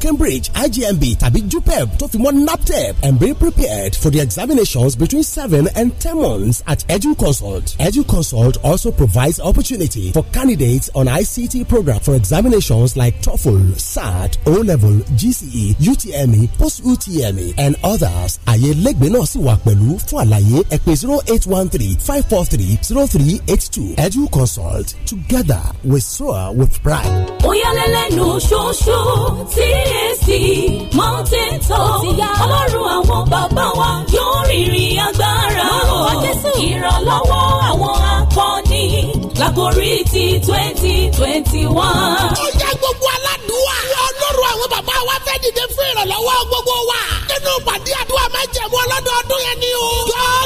Cambridge IGMB tàbí JUPEB tó fi mọ́ NAPTEP and be prepared for the examinations between seven and ten months at EduConsult. EduConsult also provides opportunity for candidates on ICT program for examinations like TOEFL, SAT, O-Level, GCE, UTME, Post-UTME and others. Àyè lẹ́gbẹ̀ẹ́ náà sì wà pẹ̀lú fún àlàyé ẹ pè zero eight one three five four three zero three Edu Consult together we soar with pride. Oyalelenu ṣoṣo tí CAC mountain top ọlọ́run àwọn bàbá wa yóò rìnrìn agbára o ìrànlọ́wọ́ àwọn akọni lágorí ti twenty twenty one. ó yá gbogbo aládùúwà ọlọ́run àwọn bàbá wa fẹ́ dìde fún ìrànlọ́wọ́ gbogbo wa nínú pàdé àdúrà májẹ̀mú ọlọ́dọọdún yẹn ni o.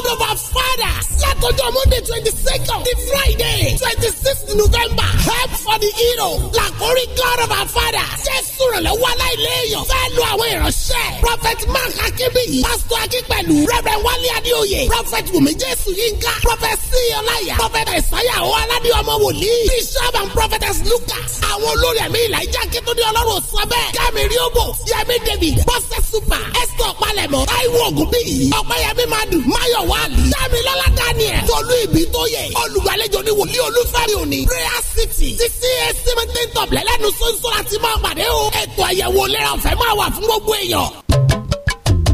God of our fathers látọjọ́ Monday twenty second the Friday twenty sixth November help for the hero làkórí God of our fathers Jésù rẹ̀ lọ́wọ́ aláìléèyàn fẹ́ lo àwọn ìránṣẹ́ Prophet Mark Akínbíyì Pastor Akínpẹ̀lú Reverend Wálé Adéoyè Prophet Wùmí Jésù Yínká Prophet C. Ọláyà Prophet Isaiah Ọ̀làdé ọmọ wòlíì Bishop and Prophetess Lucas àwọn olórí ẹ̀mí ìlà ìjà kíntúndé ọlọ́run sọ bẹ́ẹ̀ Kẹ́mi Ríóbò Yẹmi David Bọ́sẹ̀ Super Esther Palẹ̀mọ́ Táíwò Ògúnbíyì Ọ̀pẹ́yẹmí Madu Máyọ̀wá wali. Dámilọ́lá Daniel. Tolú ibi tó yẹ. Olùgbàlejò ni wòlíì olúfẹ́rí òní. Prayer city. Ti CAC maintain tọ̀blẹ̀ lẹ́nu sọ́nsọ́ láti máa pàdé o. Ètò àyẹ̀wò ìlera ọ̀fẹ́ máa wà fún gbogbo èèyàn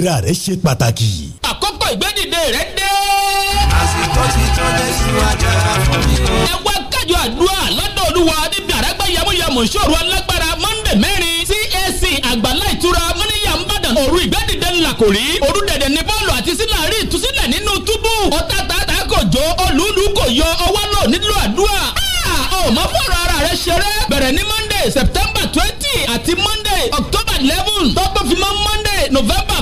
ìlera rẹ ṣe pàtàkì. àkókò ìgbẹ́dìde rẹ dé. àsìkò ti tó síwájú ara fún mi ẹ wá kájọ àdúrà lọ́dọ̀ olúwa níbi àrẹ́gbẹ́ yamuyamu ṣòro alágbára monday mẹ́rin CAC àgbàlá ìtura mọ́níyà ń bàdàn òru ìgbẹ́dìde ńlá kò rí òru dẹ̀dẹ̀ ní bọ́ọ̀lù àti sílẹ̀ ìtúsílẹ̀ nínú túbú ọ̀tá tààtà kò jó olúùlú kò yọ ọwọ́ lò nílò àdúrà ọmọ ah, fọ̀rọ̀ ara rẹ̀ ṣeré bẹ̀rẹ̀ ní monday september twenty àti monday october eleven tọ́gbọ́n fi mọ́ monday november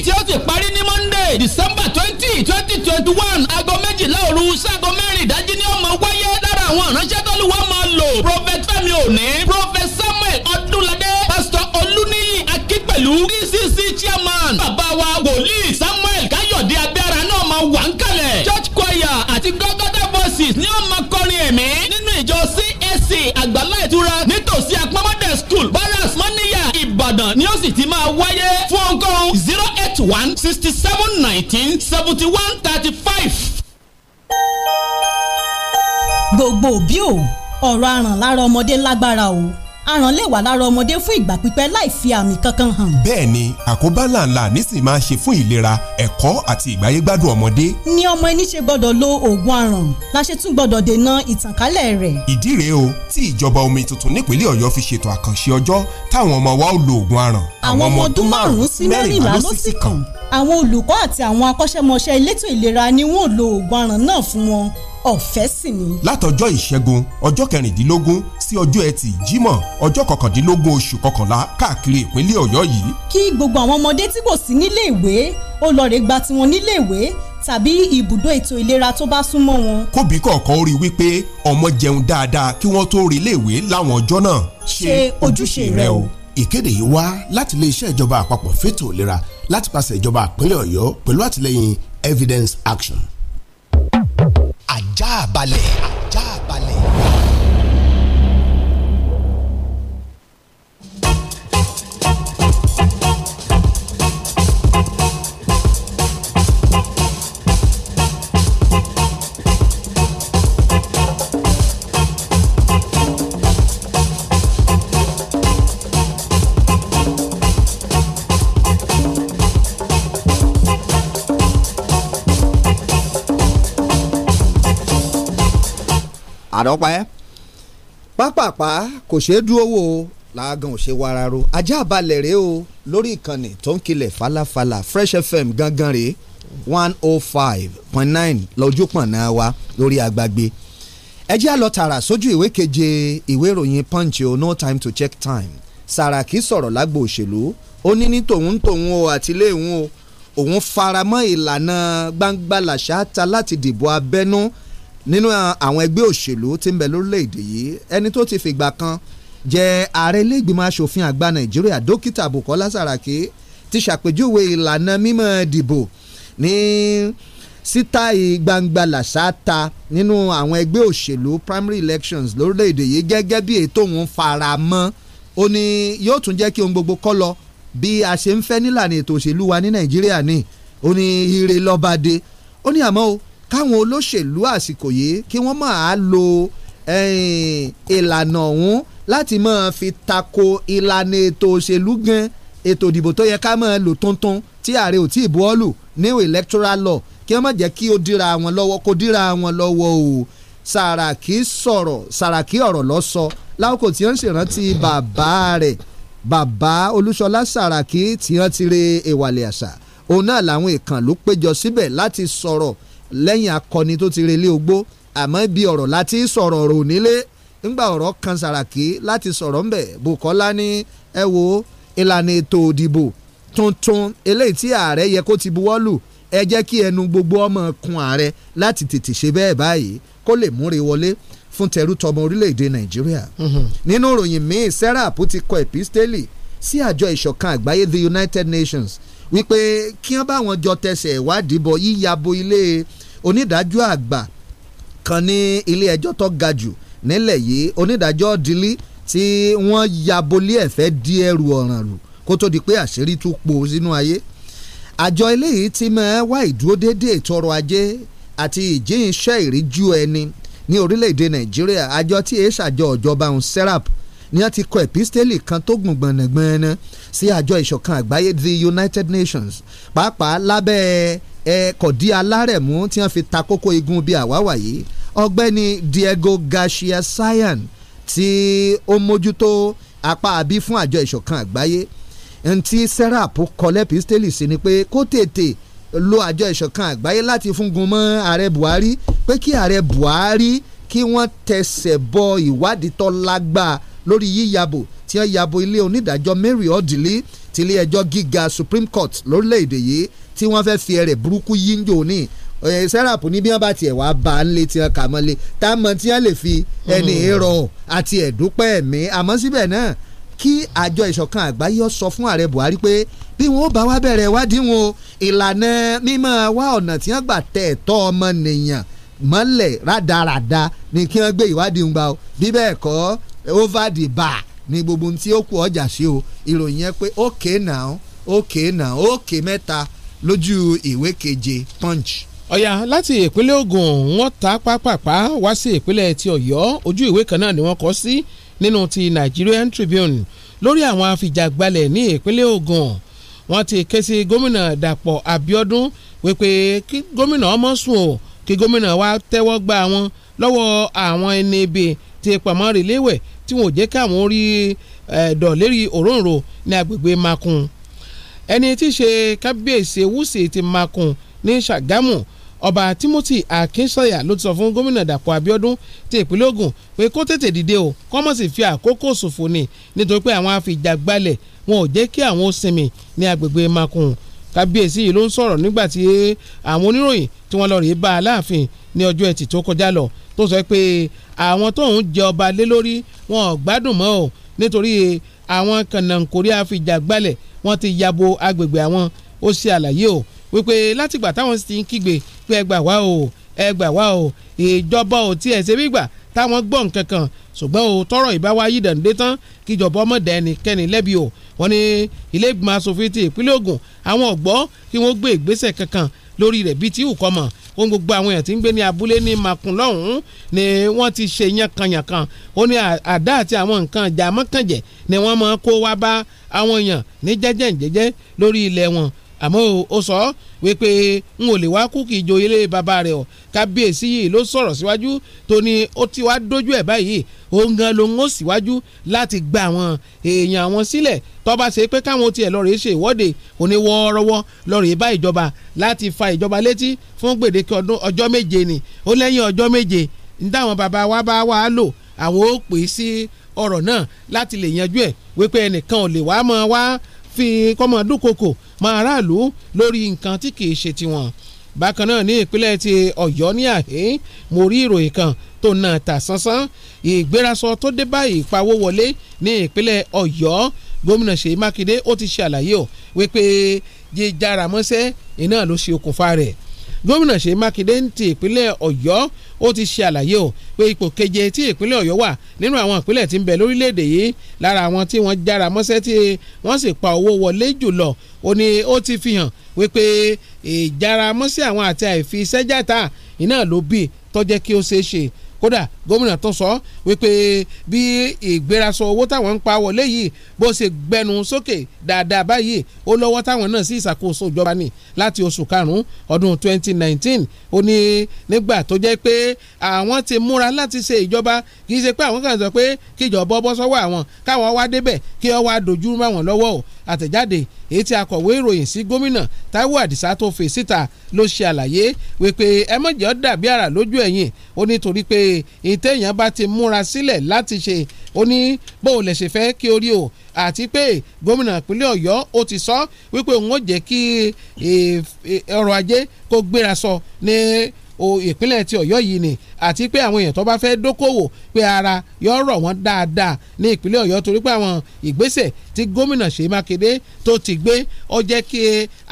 tí ó ti parí ní Monday December twenty twenty twenty one aago méjìlá òru ságo mẹ́rin ìdájí ni ó máa wáyé lára àwọn ìránṣẹ́ tọ́lúwa máa lò Prophet Fẹ́mi Òní Prophet Samuel Ọdúnladé Pastor Olúníyì Akínpẹ̀lú DCC e chairman bàbá wa wòlíì Samuel Káyọ̀dé Abẹ́ra náà máa wà ń kalẹ̀ church choir àti gọ́gọ́dá voices ni ó máa kọrin ẹ̀mí nínú ìjọ CAC àgbàlá ìtura nítòsí apámọ́ ìbàdàn ni ó sì ti máa wáyé fún ohunkóhun zero eight one sixty seven nineteen seventy one thirty five. gbogbo òbí o ọ̀rọ̀ aràn lára ọmọdé lágbára o aràn lè wà lára ọmọdé fún ìgbà pípẹ́ láì fi àmì kankan hàn. bẹ́ẹ̀ni àkóbá ńláńlá nísìnyí máa ṣe fún ìlera ẹ̀kọ́ àti ìgbáyégbádùn ọmọdé. ni ọmọ ẹni ṣe gbọ́dọ̀ lo oògùn aràn la ṣe tún gbọ́dọ̀ dènà ìtànkálẹ̀ rẹ̀. ìdí rèé o tí ìjọba omi tuntun nípínlẹ̀ Ọ̀yọ́ fi ṣètò àkànṣe ọjọ́ táwọn ọmọ wa ó lo oògùn aràn. àwọn ọmọ ọdún márùn-ún sí mẹ́rìnlá ló sì kàn àwọn olùkọ́ àti àwọn akọ́ṣẹ́mọṣẹ́ elétò ìlera ni wọ́n lo oògùn aràn náà fún wọn ọ̀fẹ́ sì ni. látọjọ́ ìṣẹ́gun ọjọ́ kẹrìndínlógún sí ọjọ́ ẹtì jímọ̀ ọjọ́ kọkàndínlógún oṣù kọkànlá káàkiri ìpínlẹ̀ ọ̀yọ́ yìí. kí gbogbo àwọn ọmọdé tí kò sí nílé ìwé ó lọ rè gba tiwọn nílé ìwé tàbí ibùdó ètò ìlera tó bá súnmọ́ wọn. kóbì kọ̀ọ̀kan ó rí wípé ọmọ jẹun dáadáa kí wọ́n tó rí iléèwé láwọn ọjọ́ náà. ṣe ojúṣe rẹ o ìkéde yìí wá láti iléeṣẹ́ ìjọba àpapọ̀ fẹ́tò ìlera láti pàṣẹ ìjọba àpínlẹ̀ ọ̀yọ́ pẹ̀lú àtìlẹ́yìn evidence action. ajá balẹ̀. àrọ́pá ẹ́ pápápá kò ṣeé dúró wò ó làágàn ò ṣe wàrà ro ajá balẹ̀ rèé o lórí ìkànnì tó ń kilẹ̀ falafala Fresh FM gangan rèé one oh five point nine lọ́jọ́ pọ̀n náà wá lórí agbágbé ẹ lọ tààrà sójú ìwé keje ìwé ìròyìn punch o no time to check time Sàràkí sọ̀rọ̀ lágbo òṣèlú ó ní ní tòun tòun o àti ilé o òun faramọ́ ìlànà gbangba làṣáta láti dìbò abẹ́nú nínú àwọn ẹgbẹ́ òṣèlú tí ń bẹ lórílẹ̀‐èdè yìí ẹni tó ti fìgbà kan jẹ́ ààrẹ ilé-ìgbìmọ̀ asòfin àgbà nàìjíríà dókítà bukola saraki ti ṣàpèjúwe ìlànà mímọ́ dìbò ní sítáì gbangba làṣáta nínú àwọn ẹgbẹ́ òṣèlú primary elections lórílẹ̀‐èdè yìí gẹ́gẹ́ bí ètò òun fara mọ́ ó ní yóò tún jẹ́ kí ohun gbogbo kọ́ lọ bí a ṣe ń fẹ́ nílànà ètò òṣèlú wa ní nàìjíríà ni ó ní ire lọ́ba dé ó ní àmọ́ o káwọn olóṣèlú àsìkò yìí kí wọ́n máa lo eh, ìlànà ọ̀hún láti máa fi tako ìlànà ètò òṣèlú gan ètò ìdìbò tó yẹ ká máa lò tuntun tí ààrẹ ò tí ì buwọ́lù new electoral law kí wọ́n má jẹ́ kí ó dira wọn lọ́wọ́ kó dira wọn lọ́wọ́ o Sàràkí sọ̀rọ̀ Sàràkí ọ̀rọ̀ lọ sọ láwùkọ tí wọ́n ń ṣèrántí bàbá rẹ̀ bàbá Olúṣọlá Sàràkí tí wọ́n ti re ìwàlẹ̀ àṣà òun náà làwọn ìkànnì ló péjọ síbẹ̀ láti sọ̀rọ̀ lẹ́yìn akọni tó ti relé ogbó àmọ́ bí ọ̀rọ̀ láti sọ̀rọ̀ ọ̀rọ̀ onílé ńgbà ọ̀rọ̀ kan Sàràkí láti sọ̀rọ̀ ńbẹ̀ Bùkọ́lá ní ẹ wo ìlànà ètò òdìbò tuntun eléyìí tí ààrẹ yẹ kó ti buwọ́ lù ẹ jẹ́ kí ẹnu gbogbo ọmọ kun ààrẹ láti tètè ṣe bẹ́ẹ̀ báyìí kó lè múre wọlé fún tẹrú tọmọ orílẹ̀-èdè Nàìjíríà. Mhm. nínú ìròyìn míì Serap ti kọ episteli sí àjọ ìṣọ̀kan àgbáyé the United Nations wípé kí wọ́n bá wọn jọ tẹsẹ̀ ìwádìí bọ̀ yíyabo ilé onídàájọ́ àgbà kan ní ilé ẹjọ́ tó ga jù nílẹ̀ yìí onídàájọ́ Dilí tí wọ́n yabolé ẹ̀fẹ́ di ẹrù ọ̀ràn rù kó tó di pé àṣírí tún po sínú ayé àjọ eléyìí ti máa wá ìdúródédé ètò ọrọ̀ ajé àti ìjíhìnṣẹ́ ìríjú ẹni ní orílẹ̀-èdè Nàìjíríà àjọ tí èé ṣàjọ ìjọba ń SERAP ni wọ́n ti kọ epistelli kan tó gùn gbọ̀nàgbọ̀nà sí àjọ ìṣọ̀kan àgbáyé the United Nations pàápàá lábẹ́ ẹ kọ̀dí alárẹ̀mú tí wọ́n fi ta kókó igun bíi àwáwá yìí ọ̀gbẹ́ni Diego Garcia Cyan tí ó mójútó apá àbí fún àjọ ìṣọ̀kan àgbáyé ntí serap kọlẹ́pì stélì sí ni pé kó tètè lo àjọ ìṣọ̀kan àgbáyé láti fúngun mọ́ ààrẹ buhari pé kí ààrẹ buhari kí wọ́n tẹsẹ̀ bọ ìwádìí tó lágbàá lórí yíyabò tí wọ́n yabo ilé onídàájọ́ Mary Odili ti ilé ẹjọ́ gíga Supreme Court lórílẹ̀‐èdè yìí tí wọ́n fẹ́ fi ẹ̀rẹ̀ burúkú yíjò ní sẹ́ràpù ní bí wọ́n bá tiẹ̀ wá bá a lé tiẹ̀ kà mọ́ lé tá a mọ̀ tí wọ́n lè fi ẹni mm-hmm. rọ̀ àti ẹ̀dúpẹ́ ẹ̀mí àmọ́ síbẹ̀ náà kí àjọ ìṣọ̀kan àgbáyé ó sọ fún ààrẹ Buhari pé bí wọn ó bá wá bẹ̀rẹ̀ ìwádìí wọn ìlànà mímọ́ wá ọ̀nà tí wọ́n gbà tẹ̀ ẹ̀tọ́ ọmọnìyàn mọ́lẹ̀ rádaràda ní kí wọ́n gbé ìwádìí ń gbà ó bí bẹ́ẹ̀ kọ́ over the bar ni gbogbo ohun tí ó kù ọjà sí o ìròyìn yẹn pé okay now okay now okay mẹ́ta lójú ìwé keje punch. ọ̀yà láti ìpínlẹ̀ Ògùn wọ́n ta pápápá wá sí ìpínlẹ̀ ti Ọ̀yọ́ ojú ìwé kan náà ni wọ́n kọ sí nínú ti Nigerian Tribune lórí àwọn afìjàgbalẹ̀ ní ìpínlẹ̀ Ògùn wọ́n ti ké sí gómìnà Dàpọ̀ Abíọ́dún wípé kí gómìnà ọmọ sùn o kí gómìnà wa tẹ́wọ́ gbà wọ́n lọ́wọ́ àwọn ẹni ibi ti pamọ́ rìléwẹ̀ tí wọn ò jẹ́ káwọn rí ẹ̀dọ̀ lérí òróǹro ní agbègbè makun ẹni tí í ṣe kábíyèsí ewúsì ti makun ní ṣàgámù ọba timothy akinsanya ló ti sọ fún gómìnà dàpọ̀ abíọ́dún ti ìpínlẹ̀ ògùn pé kó tètè dìde o kọ́mọ̀ sì fi àkókò ṣòfò ni nítorí pé àwọn afìjàgbalẹ̀ wọn ò jẹ́ kí àwọn ó sinmi ní agbègbè makun kábíyèsí yìí ló ń sọ̀rọ̀ nígbà tí àwọn oníròyìn tí wọ́n lọ rèé bá aláàfin ní ọjọ́ ẹtì tó kọjá lọ tó sọ pé àwọn tóun jẹ ọba lé lórí wọn ò gbádùn mọ́ o nítorí àwọn kànáńkórí àfijàgbálẹ̀ wọ́n ti yabo agbègbè àwọn ó ṣe àlàyé o wípé látìgbà táwọn ti ń kígbe pé ẹ wá o ẹ wá o ìjọba ò tiẹ̀ ṣe bí táwọn gbọ́ nǹkan kan ṣùgbọ́n o tọrọ ìbáwá yìí dàndé tán kíjọba ọmọdé ẹnikẹ́ni lẹ́bi o wọ́n ní ilé ìgbìmọ̀ asòfin ti ìpínlẹ̀ Ògùn àwọn ọ̀gbọ́ kí wọ́n gbé ìgbésẹ̀ kankan lórí rẹ̀ bíi tí ìkọ́ mọ̀ ohun gbogbo àwọn èèyàn tí ń gbé ní abúlé ní makùn lọ́hùn-ún ni wọ́n ti ṣe yankanyankan ó ní àdá àti àwọn nǹkan ìjà mọ́kànjẹ́ ni wọ́n máa kó wá bá àwọn èèyàn ní jẹ́jẹ́ jẹ́jẹ́ lórí ilẹ̀ wọn àmọ́ ó sọ wípé n ò lè wá kúkì jo ilé bàbá rẹ̀ o kábíyèsí yìí ló sọ̀rọ̀ síwájú tó ní ó ti wá dójú ẹ̀ báyìí òun gan ló ń ó síwájú láti gba àwọn èèyàn àwọn sílẹ̀ tó bá ṣe pé káwọn tiẹ̀ lọ́ọ̀rẹ́ ṣe ìwọ́de oníwọ́ọ́rọ́wọ́ lọ́ọ̀rẹ́ bá ìjọba láti fa ìjọba létí fún gbèdéke ọdún ọjọ́ méje ni ó lẹ́yìn ọjọ́ méje ní táwọn bàbá wa bá wà á lò àwọn ó pè é sí ọ̀rọ̀ náà láti lè yanjú ẹ̀ wípé ẹnìkan ò lè wá mọ́ wá fi kọ́mọ dúnkokò mọ aráàlú lórí nǹkan tí kìí ṣe tiwọn bákan náà ní ìpínlẹ̀ ti ọ̀yọ́ ní àhẹ́ mo rí ìròyìn kan tó na tà sánsán ìgbérasọ tó dé bá ìpawó wọlé ní ìpínlẹ̀ ọ̀yọ́ gómìnà ṣèyí mákindé ó ti ṣàlàyé o wípé jíjára mọ́sẹ́ iná ló ṣe okùnfà rẹ̀ gómìnà Ṣèyí Mákindé ń ti ìpínlẹ̀ Ọ̀yọ́ ó ti ṣe àlàyé o pé ipò keje tí ìpínlẹ̀ Ọ̀yọ́ wà nínú àwọn ìpínlẹ̀ tí ń bẹ lórílẹ̀‐èdè yìí lára àwọn tí wọ́n jára mọ́sẹ́ tí wọ́n sì pa owó wọlé jùlọ ó ní ó ti fi hàn wípé ìjára mọ́sẹ́ àwọn àti àìfi iṣẹ́ játa iná ló bí tó kí ó ṣeé ṣe kódà gómìnà tó sọ wípé bí ìgbérasọ owó táwọn ń pa wọlé yìí bó ṣe gbẹnu sókè dáadáa báyìí ó lọ́wọ́ táwọn náà sí ìṣàkóso ìjọba ni láti oṣù karùn-ún ọdún 2019 ó ní nígbà tó jẹ́ pé àwọn ti múra láti ṣe ìjọba kì í ṣe pé àwọn kàn sọ pé kíjọba bọ́ sọ́wọ́ àwọn káwọn wá débẹ̀ kí wọ́n wá dojú mọ́ àwọn lọ́wọ́ o àtẹ̀jáde èyí tí akọ̀wé ìròyìn sí gómìnà Táíwò Àdìsá tó fè síta ló ṣe àlàyé wípé ẹ má jẹ́ ó dàbí àrà lójú ẹ̀yìn ó ní torí pé ìtẹ̀yàn bá ti múra sílẹ̀ láti ṣe ó ní bó o lè ṣe fẹ́ kí orí o àti pé gómìnà ìpínlẹ̀ Ọ̀yọ́ ó ti sọ wípé òun ó jẹ́ kí eh, eh, ọrọ̀ ajé kó gbéra sọ ní ìpínlẹ̀ ti ọ̀yọ́ yìí ni àti pé àwọn èèyàn tó bá fẹ́ dókòwò pé ara yọ rọ̀ wọ́n dáadáa ní ìpínlẹ̀ ọ̀yọ́ torí pé àwọn ìgbésẹ̀ tí gómìnà ṣèyí mákindé tó ti gbé ó jẹ́ kí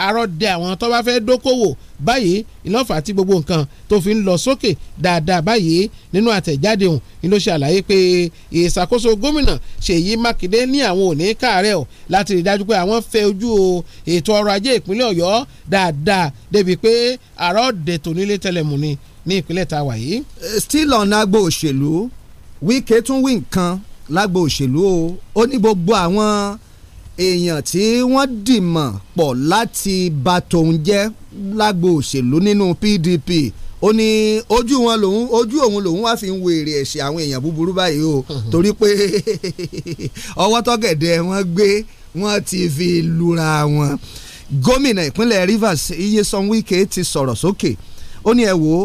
arọ́ dẹ àwọn tó bá fẹ́ dókòwò báyìí ìlọ́fà tí gbogbo nǹkan tó fi ń lọ sókè dáadáa báyìí nínú àtẹ̀jáde òun ni ló ṣe àlàyé pé ìṣàkóso gómìnà Ṣèyí Mákindé ní àwọn òní káàárẹ̀ ọ̀ láti rí dájú pé àwọn fẹ́ ojú ètò ọrọ̀ ajé ìpínlẹ̀ Ọ̀yọ́ dáadáa débi pé àrọ́ dẹ̀tò nílé tẹlẹ̀mù ni ní ìpínlẹ̀ ta wà yìí. still on agbo òṣèlú Wike tún wí nǹkan lágbo òṣèlú o ó ní gbogbo àwọn èèyàn tí wọ́n dìmọ̀ pọ̀ láti bà tòun jẹ́ lágbo òṣèlú nínú PDP ó ní ojú wọn lòun ojú òun lòun wá fi ń wèrè ẹ̀ṣẹ̀ àwọn èèyàn búburú báyìí o torí pé ọwọ́ tọ́gẹ̀dẹ̀ wọ́n gbé wọ́n ti fi lura wọn gómìnà ìpínlẹ̀ Rivers Iyesan Wike ti sọ̀rọ̀ sókè ó ní ẹ wo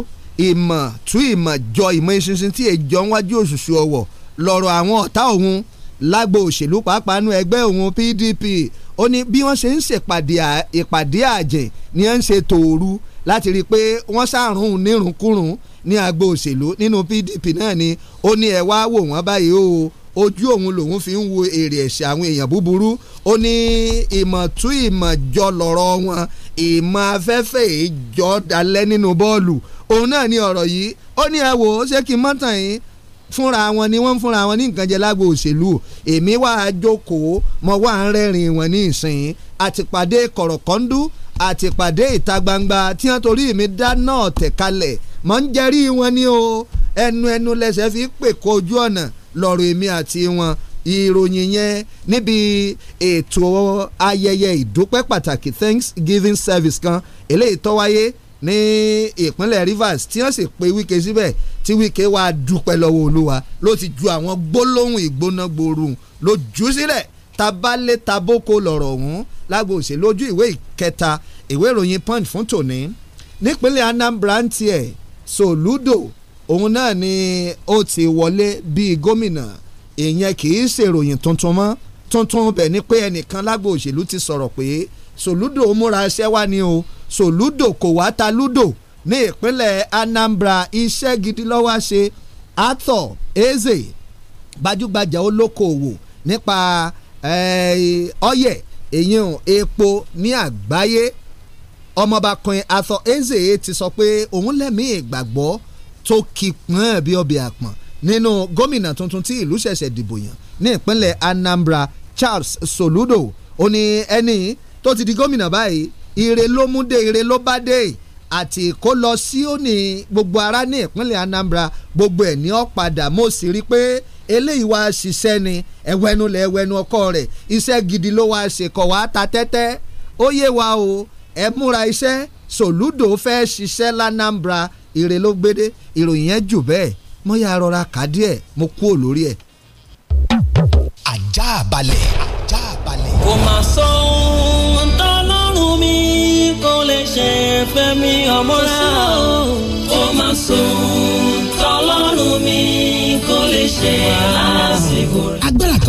ìmọ̀ tún ìmọ̀ jọ ìmọ̀ ìṣinṣin tí èjọ́ wájú òṣùṣù ọ̀wọ̀ lọ́rọ̀ àwọn ọ̀tá òun lágbo òṣèlú pàápàá nú ẹgbẹ́ òun PDP ó ní bí wọ́n ṣe ń ṣèpàdé ìpàdé àjẹ́ ni wọ́n ń ṣe tòòru láti rí i pé wọ́n ṣàrùn nírùnkúrùn ní agbo òṣèlú nínú PDP náà ni ó ní ẹ wá wò wọ́n báyìí o ojú òun lòun fi ń wo èrè ẹ̀ṣẹ̀ àwọn èèyàn búburú ó ní ìmọ̀ tú ìmọ̀ jọ lọ́rọ̀ wọn ìmọ̀ afẹ́fẹ́ ìjọ dalẹ̀ nínú bọ́ọ̀lù òun náà ní ọ̀rọ̀ yìí ó ní ẹ wò ó ṣé kí n mọ́tàn yín fúnra wọn ni wọ́n ń fúnra wọn ní nǹkan jẹ lágbo òṣèlú èmi wà á jókòó mo wà á rẹ́rìn wọn ní ìsìn àtìpàdé kọ̀rọ̀kọ́ndú àtìpàdé ìta gbangba tí wọ́n torí mi dá náà tẹ̀ kalẹ̀ mọ̀ ń jẹ́rí wọn ni o ẹnu ẹnu lẹ́sẹ̀ fi pè kó ojú ọ̀nà lọ́rọ̀ èmi àti wọn ìròyìn yẹn níbi ètò ayẹyẹ ìdúpẹ́ pàtàkì Thanksgiving service kan eléyìí tó wáyé ní ìpínlẹ̀ Rivers tí wọ́n sì pe Wike síbẹ̀ tí Wike wá dúpẹ́ lọ́wọ́ Olúwa ló ti ju àwọn gbólóhùn ìgbóná gbòòrùn ló jù sílẹ̀ tabalé taboko lọ̀rọ̀ ọ̀hún lágbo òṣèlú ojú ìwé ìkẹta ìwé ìròyìn Punch fún tòní nípínlẹ̀ Anambra ń tiẹ̀ Soludo òun náà ni ó ti wọlé bíi gómìnà ìyẹn kì í ṣèròyìn tuntun mọ́ tuntun bẹ̀ ni pé ẹnìkan lágbo òṣèlú ti sọ̀rọ̀ pé Soludo múra iṣẹ́ wá ni o sòlúdò kò wá ta lúdò ní ìpínlẹ̀ Anambra iṣẹ́ gidi lọ́wọ́ ṣe Arthur Eze gbajúgbajà olókoòwò nípa ọyẹ̀ eh, èyàn epo ní àgbáyé ọmọbakùnrin Arthur Eze ti sọ pé òun lẹ́mìí ìgbàgbọ́ tó kì pọ́n bí ọbẹ̀ àpọ̀n nínú gómìnà tuntun tí ìlú ṣẹ̀ṣẹ̀ dìbò yàn ní ìpínlẹ̀ Anambra Charles Soludo ó ní ẹni tó ti di gómìnà báyìí ire ló mú dé ire ló bá dé àti kó lọ sí òní gbogbo ara ní ìpínlẹ̀ Anambra gbogbo ẹ̀ ní ọ̀padà mo sì rí i pé eléyìí wá ṣiṣẹ́ ni ẹ̀wẹ́nu lẹ̀ ẹ̀wẹ́nu ọkọ rẹ̀ iṣẹ́ gidi ló wá ṣe wá ta tẹ́tẹ́ ó yé wa o ẹ múra iṣẹ́ sòlúdò fẹ́ ṣiṣẹ́ lánàmbra ire ló gbédé ìròyìn yẹn jù bẹ́ẹ̀ mọ́yà rọra kà díẹ̀ mo kú olórí ẹ̀. ajá balẹ̀ ajá balẹ̀. kò máa sọ ṣe fẹ́mi ọmọlá o. ó máa sùn tọ́lọ́run mi kó lè ṣe lásìkò rẹ̀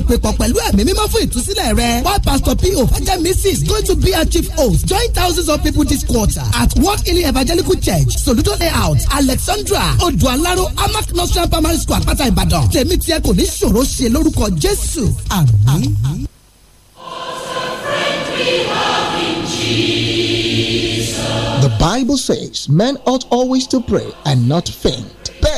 ìpèpọ̀ pẹ̀lú ẹ̀mí mímọ́ fún ìtúsílẹ̀ rẹ. Paul Pastor P.O. Fajemisi is going to be our chief host. Join thousands of people this quarter at World Healing Evangelical Church, Soludo Layout, Alexandra, Odualaro, Amak Nostra Primary School, Àpáta Ìbàdàn. Tèmi tiẹ̀ kò ní ṣòro ṣe lórúkọ Jésù. Àmín. The Bible says, men ought always to pray and not faint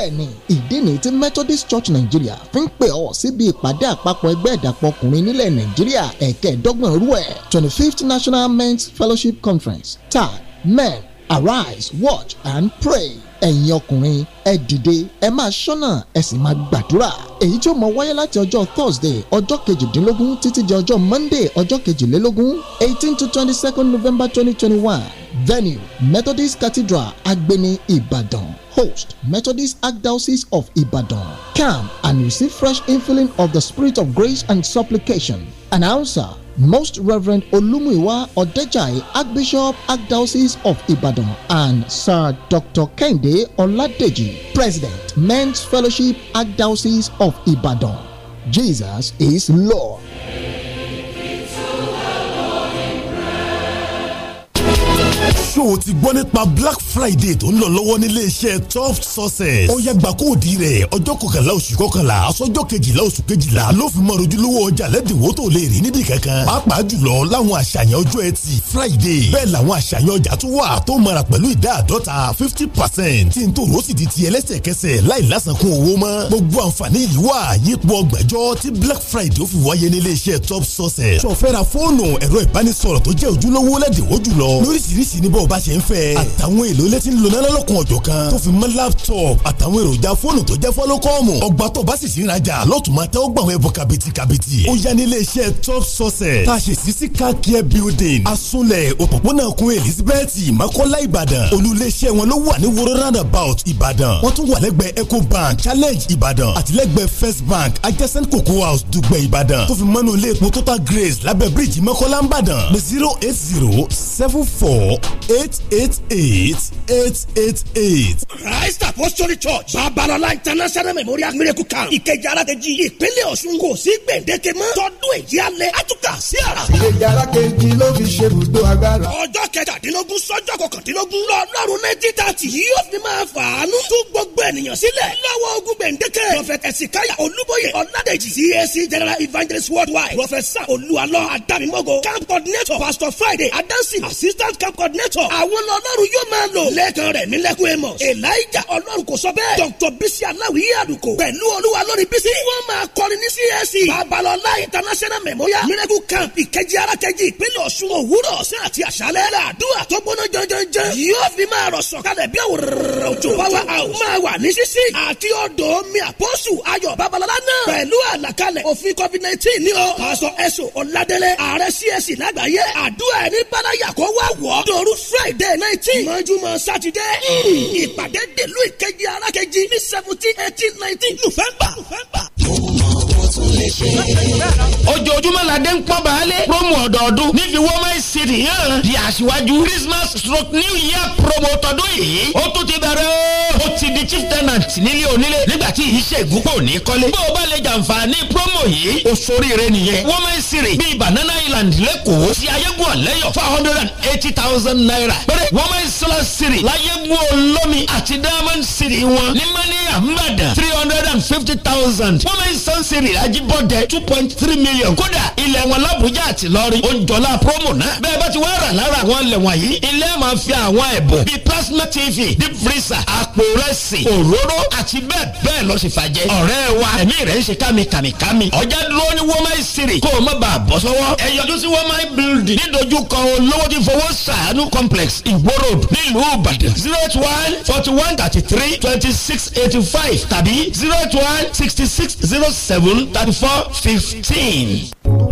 bẹ́ẹ̀ni ìdí nìyí tí Methodist Church Nigeria fi ń pè ọ́ síbi ìpàdé àpapọ̀ ẹgbẹ́ ìdàpọ̀ ọkùnrin nílẹ̀ Nàìjíríà ẹ̀kẹ́ẹ̀dọ́gbọ̀n rú ẹ̀ twenty fifth National Men's Fellowship Conference tag men arise watch and pray ẹ̀yin ọkùnrin ẹ dìde ẹ máa ṣọ́nà ẹ sì máa gbàdúrà èyí tí ó mọ wáyé láti ọjọ́ thursday ọjọ́ kejìdínlógún títí di ọjọ́ monday ọjọ́ kejìlélógún eighteen to twenty second november twenty twenty one venue methodist cathedral agbeni ibadan host methodist archdiocese of ibadan come and receive fresh infilling of the spirit of grace and supplication announcer Most Reverend Olumuyiwa Odejai, Archbishop, Archdiocese of Ibadan, and Sir Dr. Kende Oladeji, President, Men's Fellowship, Archdiocese of Ibadan. Jesus is Lord. ṣòwò ti gbọ́ nípa black friday tó ń lọ lọ́wọ́ nílé iṣẹ́ top success. ó yàgbà kóòdì rẹ̀ ọjọ́ kọkànlá oṣù kọkànlá aṣọ́jọ́ kejìlá oṣù kejìlá ló fi mọ ojúlówó ọjà lẹ́dínwó tó lè rí níbi kankan. pàápàá jùlọ láwọn àṣàyàn ọjọ́ ẹtì friday bẹ́ẹ̀ làwọn àṣàyàn ọjà tó wà tó mara pẹ̀lú ìdá àdọ́ta fifty percent tí n tó rọ́ọ̀sì di ti ẹlẹ́sẹ̀kẹsẹ̀ láì lásàkún owó mọ́. gbogbo àǹfààní yìí wà yípo ọgbẹ́jọ́ tí black friday ó fi wáyé nílé iṣẹ́ top success. sọfẹ́ra fóònù ẹ̀rọ ìbánisọ̀rọ̀ tó jẹ́ ojúlówó lẹ́dínwó jùlọ lóríṣiríṣi níbọ̀ bọ́rọ̀ bá ṣe ń fẹ́. àtàwọn èlò ilé tí ń lona lọ́lọ́kun ọ̀jọ̀ kan tó fi mọ́ laptop àtàwọn èròjà fóònù tó jẹ́ fọ́lọ́kọ́ọ̀mù ọgbà tó bá sì sí ìrajà lọ́tùmọ̀ tẹ́ ó gbà wọ́n ẹ̀bù kàbìtì kàbìtì. ó yá ní iléeṣẹ́ top sources tá a ṣe sí sí car care building asunlẹ̀ òpópónà kun elizabeth makola ìbàdàn olùléeṣẹ́ wọn ló wà ní woro roundabout ìbàdàn wọ́n tún wà lẹ́gbẹ̀ẹ́ eco bank challenge ìbàdàn àtìlẹ́gbẹ̀ẹ́ first bank adjacent cocoa house dùgbẹ̀ ìbàdàn tó fi mọ́nú grace lábẹ́ bíríìjì makola ìbàdàn zero eight zero seven four eight eight eight eight eight eight. Christ Apostolic Church Babalọla International Memorial Miracle Camp Ìkejì Alákejì ìpínlẹ̀ Ọ̀ṣun kò sí gbèǹdéke mọ́ tọdún èyí alẹ́ àtúkà sí àrà. Ìkejì Alákejì ló fi ṣe ibùdó agbára. Ọjọ́ kẹtàdínlógún sọ́jọ́ kọkàndínlógún lọ́ọ̀lọ́run nineteen thirty yóò fi máa fàánú tún gbogbo ènìyàn sílẹ̀ lọ́wọ́ ogun gbèǹdéke. Prọfẹ̀tẹ̀sì Káyà Olúbóyè Ọ̀nàdèjì CAC General Evangelist Worldwide Prọfẹ̀sà Olúwalọ́ Adámimọ́go Camp Coordinator Pastor Friday Adansi Assistant Camp Coordinator pọ̀ àwọn ọlọ́run yóò máa lò lẹ́ẹ̀kan rẹ̀ nílẹ̀kùn amos elijah ọlọ́run kò sọ bẹ́ẹ̀ dr bisi aláwìyí àdùkò pẹ̀lú olúwa lórí bisi wọ́n máa kọrin ní csc e. babalọla international memorial miracle camp ìkẹjì arákẹjì ìpínlẹ̀ ọ̀ṣun òwúrọ̀ ọ̀sẹ̀ àti àṣálẹ́ làdúrà tó gbóná jẹjẹjẹ yóò fi máa rọ̀ sọ̀kalẹ̀ bí òwúrọ̀ òjò power house máa wà ní sísí àti ọ̀dọ̀ omi àpọ́sù ayọ̀ babalọla náà pẹ̀lú àlàkalẹ̀ òfin covid nineteen ní o pásọ ẹ̀sùn ọ̀làdẹ́lẹ̀ ààrẹ csc e lágbàáyé àdúrà ẹni bálayà kó wá wọ̀ ọ́ dòrú f friday nineteen mọ́júmọ́ sátidé hmm. ìpàdé dèlú ìkejì arákejì ní seventeen eighteen nineteen november. mo mọ owó tó lè ṣe. ojoojúmọ́ la dé ń pọ́n baálé promo ọ̀dọ́ọdún nífi woman city hàn di aṣíwájú christmas stroke new year promo tọdún yìí ó tún ti bẹ̀rẹ̀ ó ti di chief tenant nílé onílé nígbà tí iṣẹ́ ìgúnpọ̀ ní kọ́lé bó o bá lè jàǹfààní promo yìí o ṣoríire nìyẹn woman city bíi banana island lẹ́kọ̀ọ́ ti ayégun ọ̀lẹ́yọ̀ four hundred and eighty thousand naira péré woman solar city láyégun olómi àti diamond city wọn ní mania mbàdàn three hundred and fifty thousand woman sun city Ajib bọ́dẹ two point three million kódà ilẹ̀ wọn l'Àbújá àti lọ́rí ó ń promo náà bẹ́ẹ̀ bá ti wá rà lára àwọn ilẹ̀ wọ̀nyí ilé máa fi àwọn ẹ̀bùn bíi plasma tv deep freezer àpò rẹsì òróró àti bẹ́ẹ̀ bẹ́ẹ̀ lọ sí fàjẹ́ ọ̀rẹ́ wa ẹ̀mí rẹ̀ ń ṣe kàmìkàmìkàmì ọjà dúró ní wọ́máì sírì kó o má bàa bọ́ sọ́wọ́ ẹ yọjú sí wọ́máì building nídojúkọ olówó ti fowó sàánú complex ìgbó road nílùú ìbàdàn zero eight one forty one thirty three twenty six eighty five tàbí zero eight one sixty six zero seven thirty four fifteen.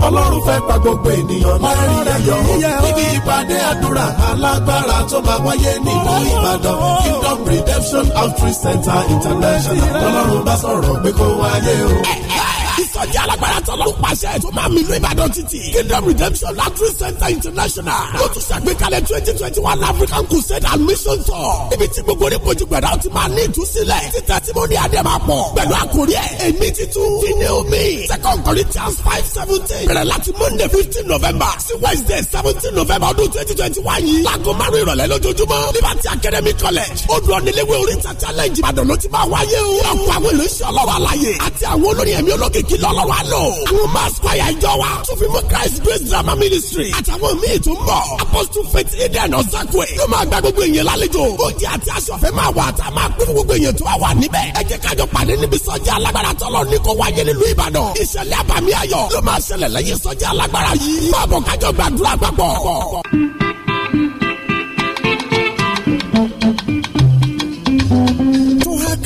ọlọ́run fẹ́ pa gbogbo ènìyàn láàrin ẹ̀yọ́ níbi ìpàdé àdúrà alágbára tó máa wáyé nílùú ìbàdàn kingdom redemption outreach center international ọlọ́run bá sọ̀rọ̀ pé kó wáyé o. Eh, eh ìsọjí alágbára tọ́lọ́run pàṣẹ tó máa mi ìlú ìbàdàn títì. kingdom redemption latin center international ló tún ṣàgbékalẹ̀ twenty twenty one african crusade and mission tour. ibi tí gbogbo onípojú gbẹ̀dá ti máa ní ìtúsílẹ̀ tí testimony àdèmà pọ̀ pẹ̀lú àkórí ẹ̀ èmi titun fíni omi second corinthians five seventeen bẹ̀rẹ̀ láti monday fifteen november sí wednesday seventeen november ọdún twenty twenty one yìí láago márùn ìrọ̀lẹ́ lójoojúmọ́ liberty academy college odò ọ̀nìlẹ́wẹ̀ oríta challenge ìbàdàn ló ti máa wáyé o. ọ̀pọ̀ àwọn ìrẹsì ọlọ́run àlàyé àti àwọn olórin ẹ̀mí ológ kìkì lọ́lọ́wọ́ lò. àwọn mass ìjọ wa tún fi mú Christ Grace Drama Ministry àtàwọn míì tó ń bọ̀. Apostle Faith Eden Ọ̀sàkùn yóò máa gba gbogbo èèyàn lálejò. oúnjẹ àti aṣọ fẹ́ máa wà tá a máa pín gbogbo èèyàn tó wà níbẹ̀. ẹ jẹ́ kájọ pàdé níbi sọ́jà alágbára tọ́lọ̀ ní kò wáyé nílùú Ìbàdàn. ìṣẹ̀lẹ̀ àbàmì ayọ̀ ló máa ṣẹlẹ̀ lẹ́yìn sọ́jà alágbára yìí. báàbọ̀ kájọ gbàdúrà gbàgbọ́.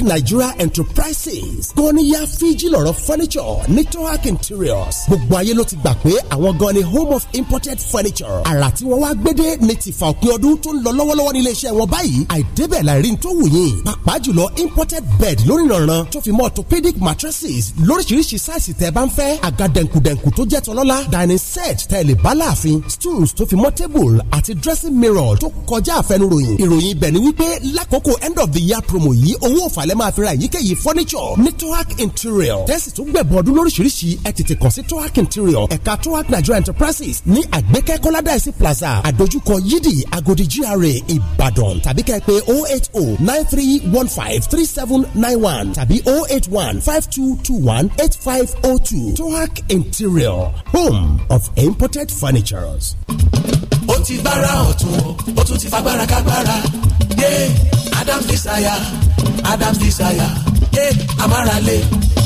Nigeria Enterprises gọ́níyà fíjì lọ́rọ̀ furniture ní tohac interiors gbogbo ayé ló ti gbà pé àwọn gan ni home of imported furniture àrà tí wọ́n wá gbédé ní tìfà òpin ọdún tó ń lọ lọ́wọ́lọ́wọ́ nílé iṣẹ́ wọn báyìí àìdébẹ̀ láìrí ní tó wù yín pàápàá jùlọ imported bed lórí ìrànràn tó fi mọ́ orthopedic mattresses lóríṣiríṣi sáìsì tẹ́ bá ń fẹ́ àga dẹ̀nkùdẹ̀nkù tó jẹ́ tọ́lọ́lá dining set tẹ́ lè bá stools tó fi mọ́ table àti dressing mirror tó kọjá àfẹnuròyìn ìròyìn ibẹ̀ ni wípé lákòókò end of the year promo yìí owó òfàlẹ́ lẹ́ máa fi ra èyíkéyìí furniture ní tohac interior tẹ́sí tó gbẹ̀bọ̀ ọdún lóríṣiríṣi ẹ̀ tètè kàn sí tohac interior ẹ̀ka tohac nigeria enterprises ní àgbẹ̀kẹ́ kọ́ládàísí plaza àdójúkọ yídì agodi gra ìbàdàn tàbí kẹ́ pé oh eight oh nine three one five three seven nine one tàbí oh eight one five two two one eight five oh two tohac interior home of imported furnitures tún ti gbára ọ̀tún ó tún ti fagbára kágbára yé yeah. Adam's Desire Adam's Desire yé yeah. amárale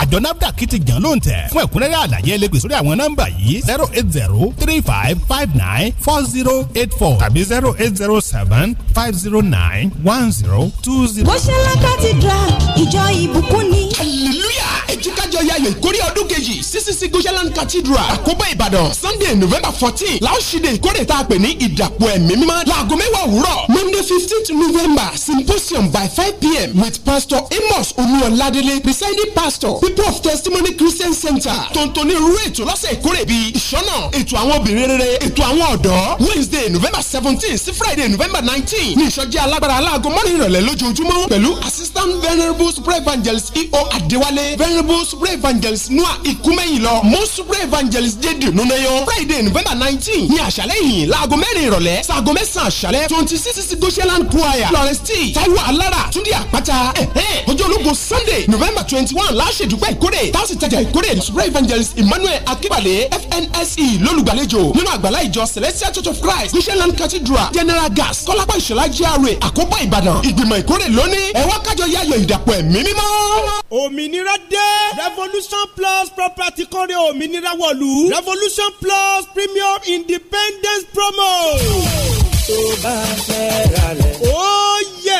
àjọ nafdac ti jàn ló ń tẹ̀ fún ẹ̀kúnrẹ́rẹ́ àlàyé lè sórí àwọn nọ́mbà yìí zero eight zero three five five nine four zero eight four tàbí zero eight zero seven five zero nine one zero two zero. mọ́ṣálá cathedral ìjọ ìbùkún ni. hallelujah ejukajọ yayọ ìkórè ọdún kejì ccc goshaland cathedral àkóbọ̀ ìbàdàn sunday november fourteen láòṣìdè ìkórè tá a pè ní ìdàpọ̀ ẹ̀mí mímọ́ láago mẹ́wàá òwúrọ̀ 15 fifteenth November symposium by 5 pm with Pastor Amos Oluwaladele presiding pastor people of testimony Christian Center tontoni irú ètò lọ́sẹ̀ ìkórè bíi ìṣọ́nà ètò àwọn obìnrin rere ètò àwọn ọ̀dọ́ Wednesday November 17 sí Friday November 19. nineteen ní ìsọjí alágbára aláàgọ́ mọ́rin ìrọ̀lẹ́ lójoojúmọ́ pelu assistant venerable super evangelist E.O. Adewale venerable super evangelist Noah Ikumeyilọ most super evangelist J.D. Nunayo Friday November 19 ní àṣálẹ́ yìí láago mẹ́rin ìrọ̀lẹ́ sáago san án 26 twenty six Lucian Choir Florence T Taiwo Alara Túndé Àpáta eh, eh, ọjọ́ ológun Sunday November twenty one láṣẹ̀dúpẹ́ ìkórè táwọn sì tajà ìkórè Super Evangelist Emmanuel Akíbalẹ̀ FNSE lólùgbàlejò nínú àgbàlá ìjọ Celestial Church of Christ Lucian Cathedral General Gas Kọ́lápá Ìṣọ̀lá GRA Àkóbọ̀ Ìbàdàn ìgbìmọ̀ ìkórè lónìí ẹ̀wá kájọ yáyọ ìdàpọ̀ ẹ̀mí mímọ́. òmìnira dé Revolution Plus Property kọ́rẹ́ òmìnira wọ̀lú Revolution Plus Premium Independence Promo tó bá fẹ́ ralẹ̀. ó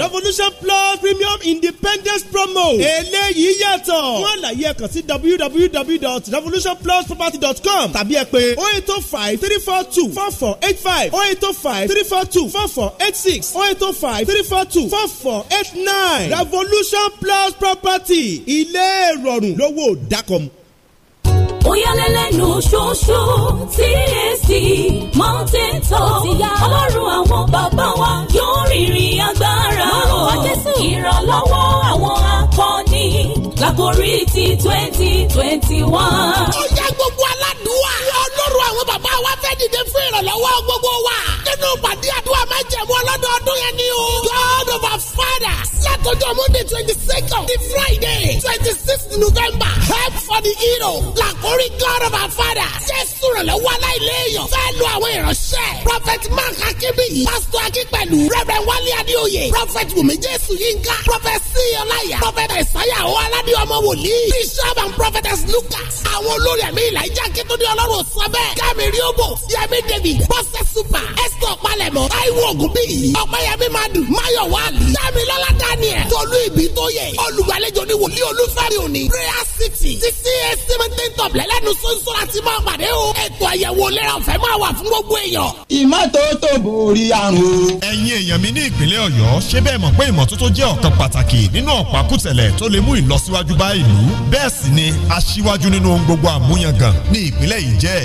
revolution plus premium independence promo. eléyìí yàtọ̀. wọ́n àlàyé ẹ kàn sí www.revolutionplusproperty.com tàbí ẹ pè oh eight oh five three four two four four eight five oh eight oh five three four two four four eight six oh eight oh five three four two four four eight nine revolution plus property ilé ìrọ̀rùn lówó dákọ̀mù òyàlélẹ́nu ṣoṣo tsd mountain top ọlọ́run àwọn bàbá wa yóò rìnrìn agbára o ìrànlọ́wọ́ àwọn akọni lágorí ti twenty twenty one. ó yá gbogbo ọlọ́run àwọn bàbá wa fẹ́ dìde fún ìrànlọ́wọ́ gbogbo wa nínú pàdé àdúrà májẹ̀mú ọlọ́dọọdún yẹn ni o God of our father látọjọ́ monday twenty second di friday twenty sixth november help for the hero làkórí God of our father jésù ìrànlọ́wọ́ aláìléèyàn fẹ́ lo àwọn ìránṣẹ́ prophet mark akínbíyì pastor akínpẹ̀lú reverend wálé adéoyè prophet wùmí jésù yínká prophet sí ọláyà prophet ẹ̀sáyà ó aládé ọmọ wòlíì bishop and prophetess lucas àwọn olórí ẹ̀mí ìlà ìjà kí tó ní ọlọ́run sọ bẹ́ẹ̀ bẹ́ẹ̀ kámi rí ògbò yẹmi david bọ́sẹ̀ super esther palẹ̀mọ́ táíwò ògùnbíyì ọ̀pẹ́yẹmí madu mayowa ali dámilọ́lá daniel tolú olóyè olùgbàlejò ni wòlíì olúfẹ́rì òní prayer city ti csc maintain top lẹ́lẹ́nu sọ́nsọ́ láti máa pàdé o ètò àyẹ̀wò ìlera ọ̀fẹ́ máa wà fún gbogbo èèyàn. ìmọ́tótó borí àrùn. ẹ̀yin èèyàn mi ní ìpínlẹ̀ ọ̀yọ́ ṣé bẹ́ẹ̀ mọ̀ pé ìmọ́tótó jẹ́ ọ̀kan pàtàkì nínú ọ̀pákùtẹ̀lẹ̀ tó lè mú ìlọsíwájú bá ìlú bẹ́ẹ̀ sì ni aṣíwájú nínú gbogbo àmúyangàn ní ìpínlẹ̀ yìí jẹ́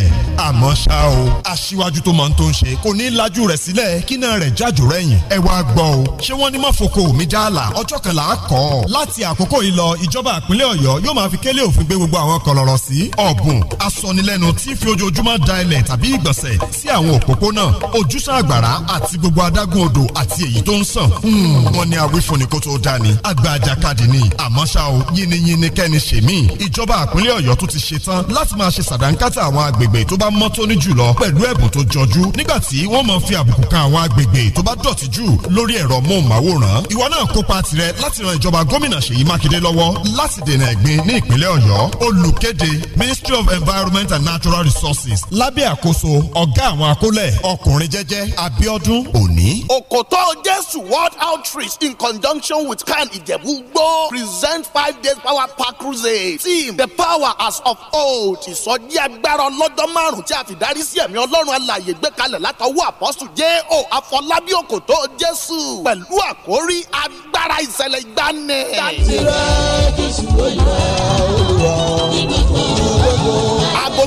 àmọ́ ṣá o aṣíwájú tó máa ń tó ń ṣe kò ní lajú rẹ̀ sílẹ̀ kí náà rẹ̀ jájò rẹ̀yìn ẹ wá gbọ́ o ṣé wọ́n ní mọ́fokò mi jáàlà ọjọ́ kan là á kọ́ ọ hàn láti àkókò yìí lọ ìjọba ìpínlẹ̀ ọ̀yọ́ yóò máa fi kélé òfin gbé gbogbo àwọn kọlọ̀rọ̀ sí ọ̀bùn asọnilẹ́nu tí ń fi ojoojúmọ́ da ilẹ̀ tàbí ìgbọ̀nsẹ̀ sí àwọn òpópónà ojúṣàn àgbàrá àti gbogbo adágún odò àti èyí tó ń sàn. Hmm, wọ́n ní awífúnni kó tó dá ni àgbà àjàkadì ni àmọ́ ṣá o yínníyínní kẹ́ni ṣe mí. ìjọba ìpínlẹ̀ ọ̀yọ́ tún ti ṣe tán láti máa ṣe sàdánkátà fi àbùkù kan àwọn agbègbè tó bá dọ̀tí jù lórí ẹ̀rọ móhùnmáwòrán. ìwọ náà kópa tirẹ̀ gómìnà Ṣèyí Mákindé lọ́wọ́ láti dènà ẹ̀gbin ní ìpínlẹ̀ Ọ̀yọ́ olùkéde Ministry of Environment and Natural Resources lábẹ́ àkóso ọ̀gá àwọn akólẹ̀ ọkùnrin jẹ́jẹ́ Abíọ́dún Òní. Òkòtó Jésù World Outreach in conjunction with CAN Ìjẹ̀bú-Gbó present five days power pack cruise team the power as of old ìsọjí agbára ọlọ́jọ́ márùn-ún tí a fi darí sí ẹ̀mí Ọlọ́run alàyè gbé kalẹ̀ látọwọ́ àpọ́sù J.O. Afọlábí Òkòtó Jésù pẹ̀lú àkórí agbára ìṣẹ̀lẹ̀ ìgbani lálẹ́. tàbí rẹ kí sùúrù yẹ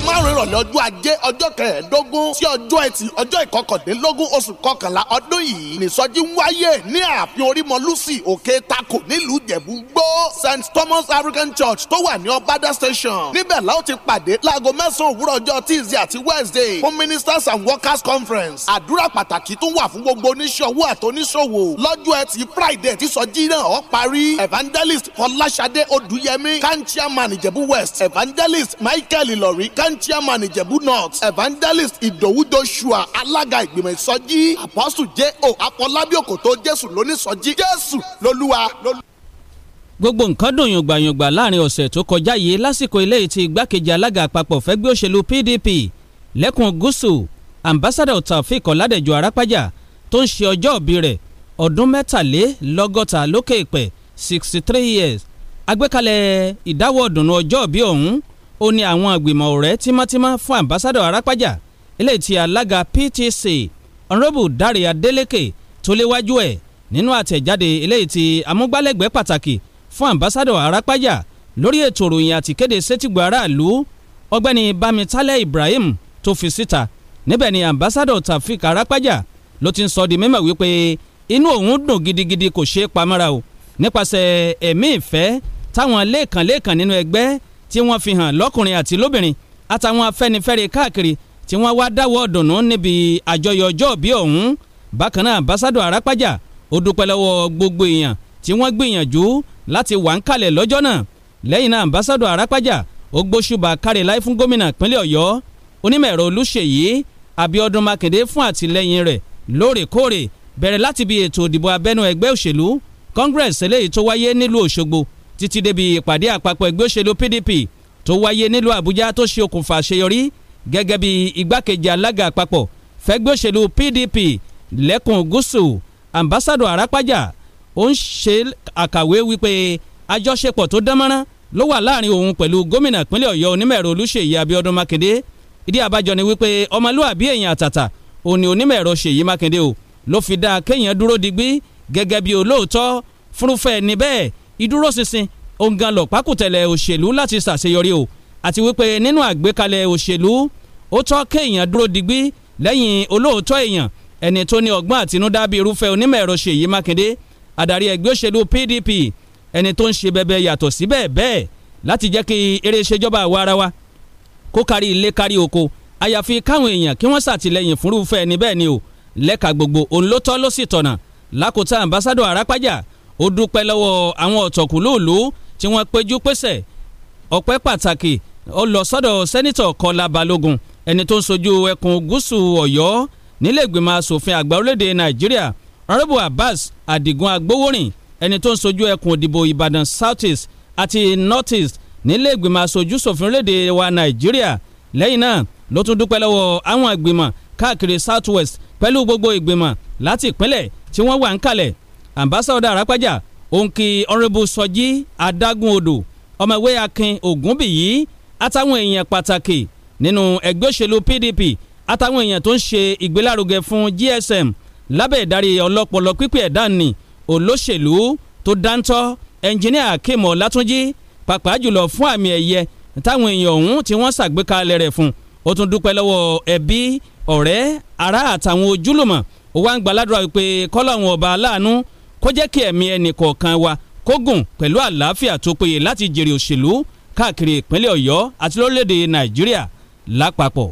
márùn ìrọ̀lẹ́ ọjọ́ ajé ọjọ́ kẹẹ̀ẹ́dógún sí ọjọ́ ẹtì ọjọ́ ìkọkàndínlógún oṣù kọkànlá ọdún yìí nìsọjí wáyé ní ààfin orímọlúsì òkè tako nílùú jẹ̀bú-gbó st thomas african church tó wà ní ọbádà station níbẹ̀ la ó ti pàdé láago mẹ́sàn-án òwúrọ̀ ọjọ́ tuesday àti wednesday fún ministers and workers conference àdúrà pàtàkì tún wà fún gbogbo oníṣòwò àtòníṣòwò lọ́jọ́ ẹtì friday tí sọjí náà ó parí evangelist fọláṣadé odúyẹmí kan chairman ìjẹ̀bú west evangelist michael ìlọ̀rí kan grand chairman ìjẹ̀bú north evangelist ìdòwú joshua alága ìgbìmọ̀ ìsọjí apostle j.o. afọlábí òkòtó jésù lónìsọjí jésù lolúwa. gbogbo nǹkan dùn yùngbàyùngbà láàrin ọ̀sẹ̀ tó kọjá yìí lásìkò ilé tí igbákejì alága àpapọ̀ fẹ́gbẹ́ òṣèlú pdp lẹ́kùn gúúsù ambassador taofik ọ̀làdẹ̀jọ arápájà tó ń ṣe ọjọ́ òbí rẹ̀ ọdún mẹ́tàlélọ́gọ́ta lókè ìpẹ́ sixty three years agbékalẹ̀ ìdáwọ́ ọ̀dùnnú ọjọ́ òbí ọ̀hún ó ní àwọn ìgbìmọ̀ ọ̀rẹ́ tímọ́tímọ́ fún ambassadọ̀ arápájà eléyìí tí alága PTC ọ̀nrọ́bù dáre adélèké tó léwájú ẹ̀ nínú àtẹ̀jáde eléyìí tí amúgbálẹ́gbẹ̀ẹ́ pàtàkì fún ambassadọ̀ arápájà lórí ètò ìròyìn àtìkéde sétígbọ̀ aráàlú ọgbẹ́ni bámitálẹ̀ ibrahim tó fi síta níbẹ̀ ni ambassadọ̀ taofik arápájà ló ti ń sọ di mímọ̀ wípé inú òun dùn gidigidi kò ṣeé pamọ́ra o nípasẹ̀ ẹ̀mí ìfẹ́ táwọn lẹ́ẹ̀kan lẹ́ẹ̀kan nínú ẹgbẹ́ tí wọ́n fi hàn lọ́kùnrin àti lóbìnrin àtàwọn afẹ́nifẹ́re káàkiri tí wọ́n wá dáwọ́ dùnú níbi àjọyọ̀ ọjọ́ bí ọ̀hún bákan náà ambassador arápájà ó dúpẹ́ lọ́wọ́ gbogbo èèyàn tí wọ́n gbìyànjú láti wà ń kalẹ̀ lọ́jọ́ náà lẹ́yìn náà ambassador arápájà ó gbóṣùbà káre láì fún gómìnà ìpínlẹ̀ ọ̀yọ́ onímọ̀ẹ̀rọ olúṣèyí abíọ́dún makinde fún àtìlẹ́yìn rẹ̀ lóòrèkóòrè bẹ̀rẹ̀ láti bí ètò ìdìbò abẹ́nú ẹgbẹ́ òṣèlú títí débi ìpàdé àpapọ̀ ẹgbẹ́ òṣèlú PDP tó wáyé nílùú Àbújá tó ṣe okùnfà àṣeyọrí gẹ́gẹ́ bí igbákejì alága àpapọ̀ fẹ́gbẹ́ òṣèlú PDP lẹ́kùn gúúsù ambassadọ̀ Àràpájà ó ń ṣe àkàwé wípé àjọṣepọ̀ tó dánmọ́rán ló wà láàrin òun pẹ̀lú gómìnà ìpínlẹ̀ Ọ̀yọ́ onímọ̀ẹ̀rọ Olúṣèyí Abíọ́dún Mákindé ìdí àbájọ ni wípé ọmọlúwàbí èèyàn àtàtà òní onímọ̀ẹ̀rọ Ṣèyí Mákindé o ló fi dáa kéèyàn dúró digbí gẹ́gẹ́ bí olóòótọ́ fúnrúfẹ́ ni bẹ́ẹ̀ ìdúróṣinṣin òǹgàn lọ̀pá kùtẹ̀lẹ̀ òṣèlú láti ṣàṣeyọrí o àti wípé nínú àgbékalẹ̀ òṣèlú ó tọ́ kéèyàn dúró digbí lẹ́yìn olóòótọ́ èèyàn ẹni tó ní ọgbọ́n àtinúdá bíi irúfẹ́ onímọ̀ ẹ̀rọ Ṣèyí Mákindé adarí ẹgbẹ́ òṣèlú PDP ẹni tó ń ṣe bẹbẹ yàtọ̀ síbẹ̀ bẹ́ẹ̀ láti jẹ́ kí eré ìṣèjọba àwa ara wa kó kárí ilé kárí oko àyàfi káwọn èèyàn kí wọ́n ṣàtìlẹ́yìn fúnrúfẹ́ ẹni bẹ́ẹ̀ ni o lẹ́ka gbogbo òun ló tọ́ ló sì tọ̀nà lákòótá ambassadọ Arápájà ó dúpẹ́ lọ́wọ́ àwọn ọ̀tọ̀kùlóòló tí wọ́n péjú pésẹ̀ ọpẹ́ pàtàkì ó lọ sọ́dọ̀ sẹ́nitọ̀ Kọ́lá Balógun ẹni tó ń sojú ẹkùn gúúsù Ọ̀yọ́ nílẹ̀ ìgbìmọ̀ asòfin àgbà orílẹ̀-èdè Nàìjíríà Honorable Abbas Adigun Agbowórin ẹni tó ń sojú ẹkùn òdìbò Ìbàdàn South East àti North East nílẹ̀ ìgbìmọ̀ aṣojú ṣòfin orílẹ̀-èdè wa Nàìjíríà lẹ́yìn náà ló tún dúpẹ́ lọ́wọ́ àwọn ìgbìmọ̀ káàkiri South West pẹ̀lú gbogbo ìgbìmọ̀ láti ìpínlẹ̀ tí wọ́n wà ń kalẹ̀ ambassador Arapaja òǹkì honourable Sọjí adágún odò ọmọ ìwé akin ògúnbíyí àtàwọn èèyàn pàtàkì nínú ẹgbẹ́ òṣèlú PDP àtàwọn èèyàn tó ń ṣe ìgbélárugẹ fún GSM lábẹ́ ìdarí ọlọ́pọlọ pípẹ́ ẹ̀dánì olóṣèlú tó dáńtọ́ ẹnjìníà Akeem Ọlátúnjí pàápàá jùlọ fún àmì ẹ̀yẹ táwọn èèyàn ọ̀hún tí wọ́n ṣàgbékalẹ̀ rẹ̀ fún ó tún dúpẹ́ lọ́wọ́ ẹbí ọ̀rẹ́ ará àtàwọn ojúlùmọ̀ ó wá ń gbàládùra wípé kọ́lọ́hún ọba aláàánú kó jẹ́ kí ẹ̀mí ẹnì kọ̀ọ̀kan wa kó gùn pẹ̀lú àlàáfíà tó péye láti jèrè òṣèlú káàkiri ìpínlẹ̀ ọ̀yọ́ àti lórílẹ̀‐èdè nàìjíríà lápapọ̀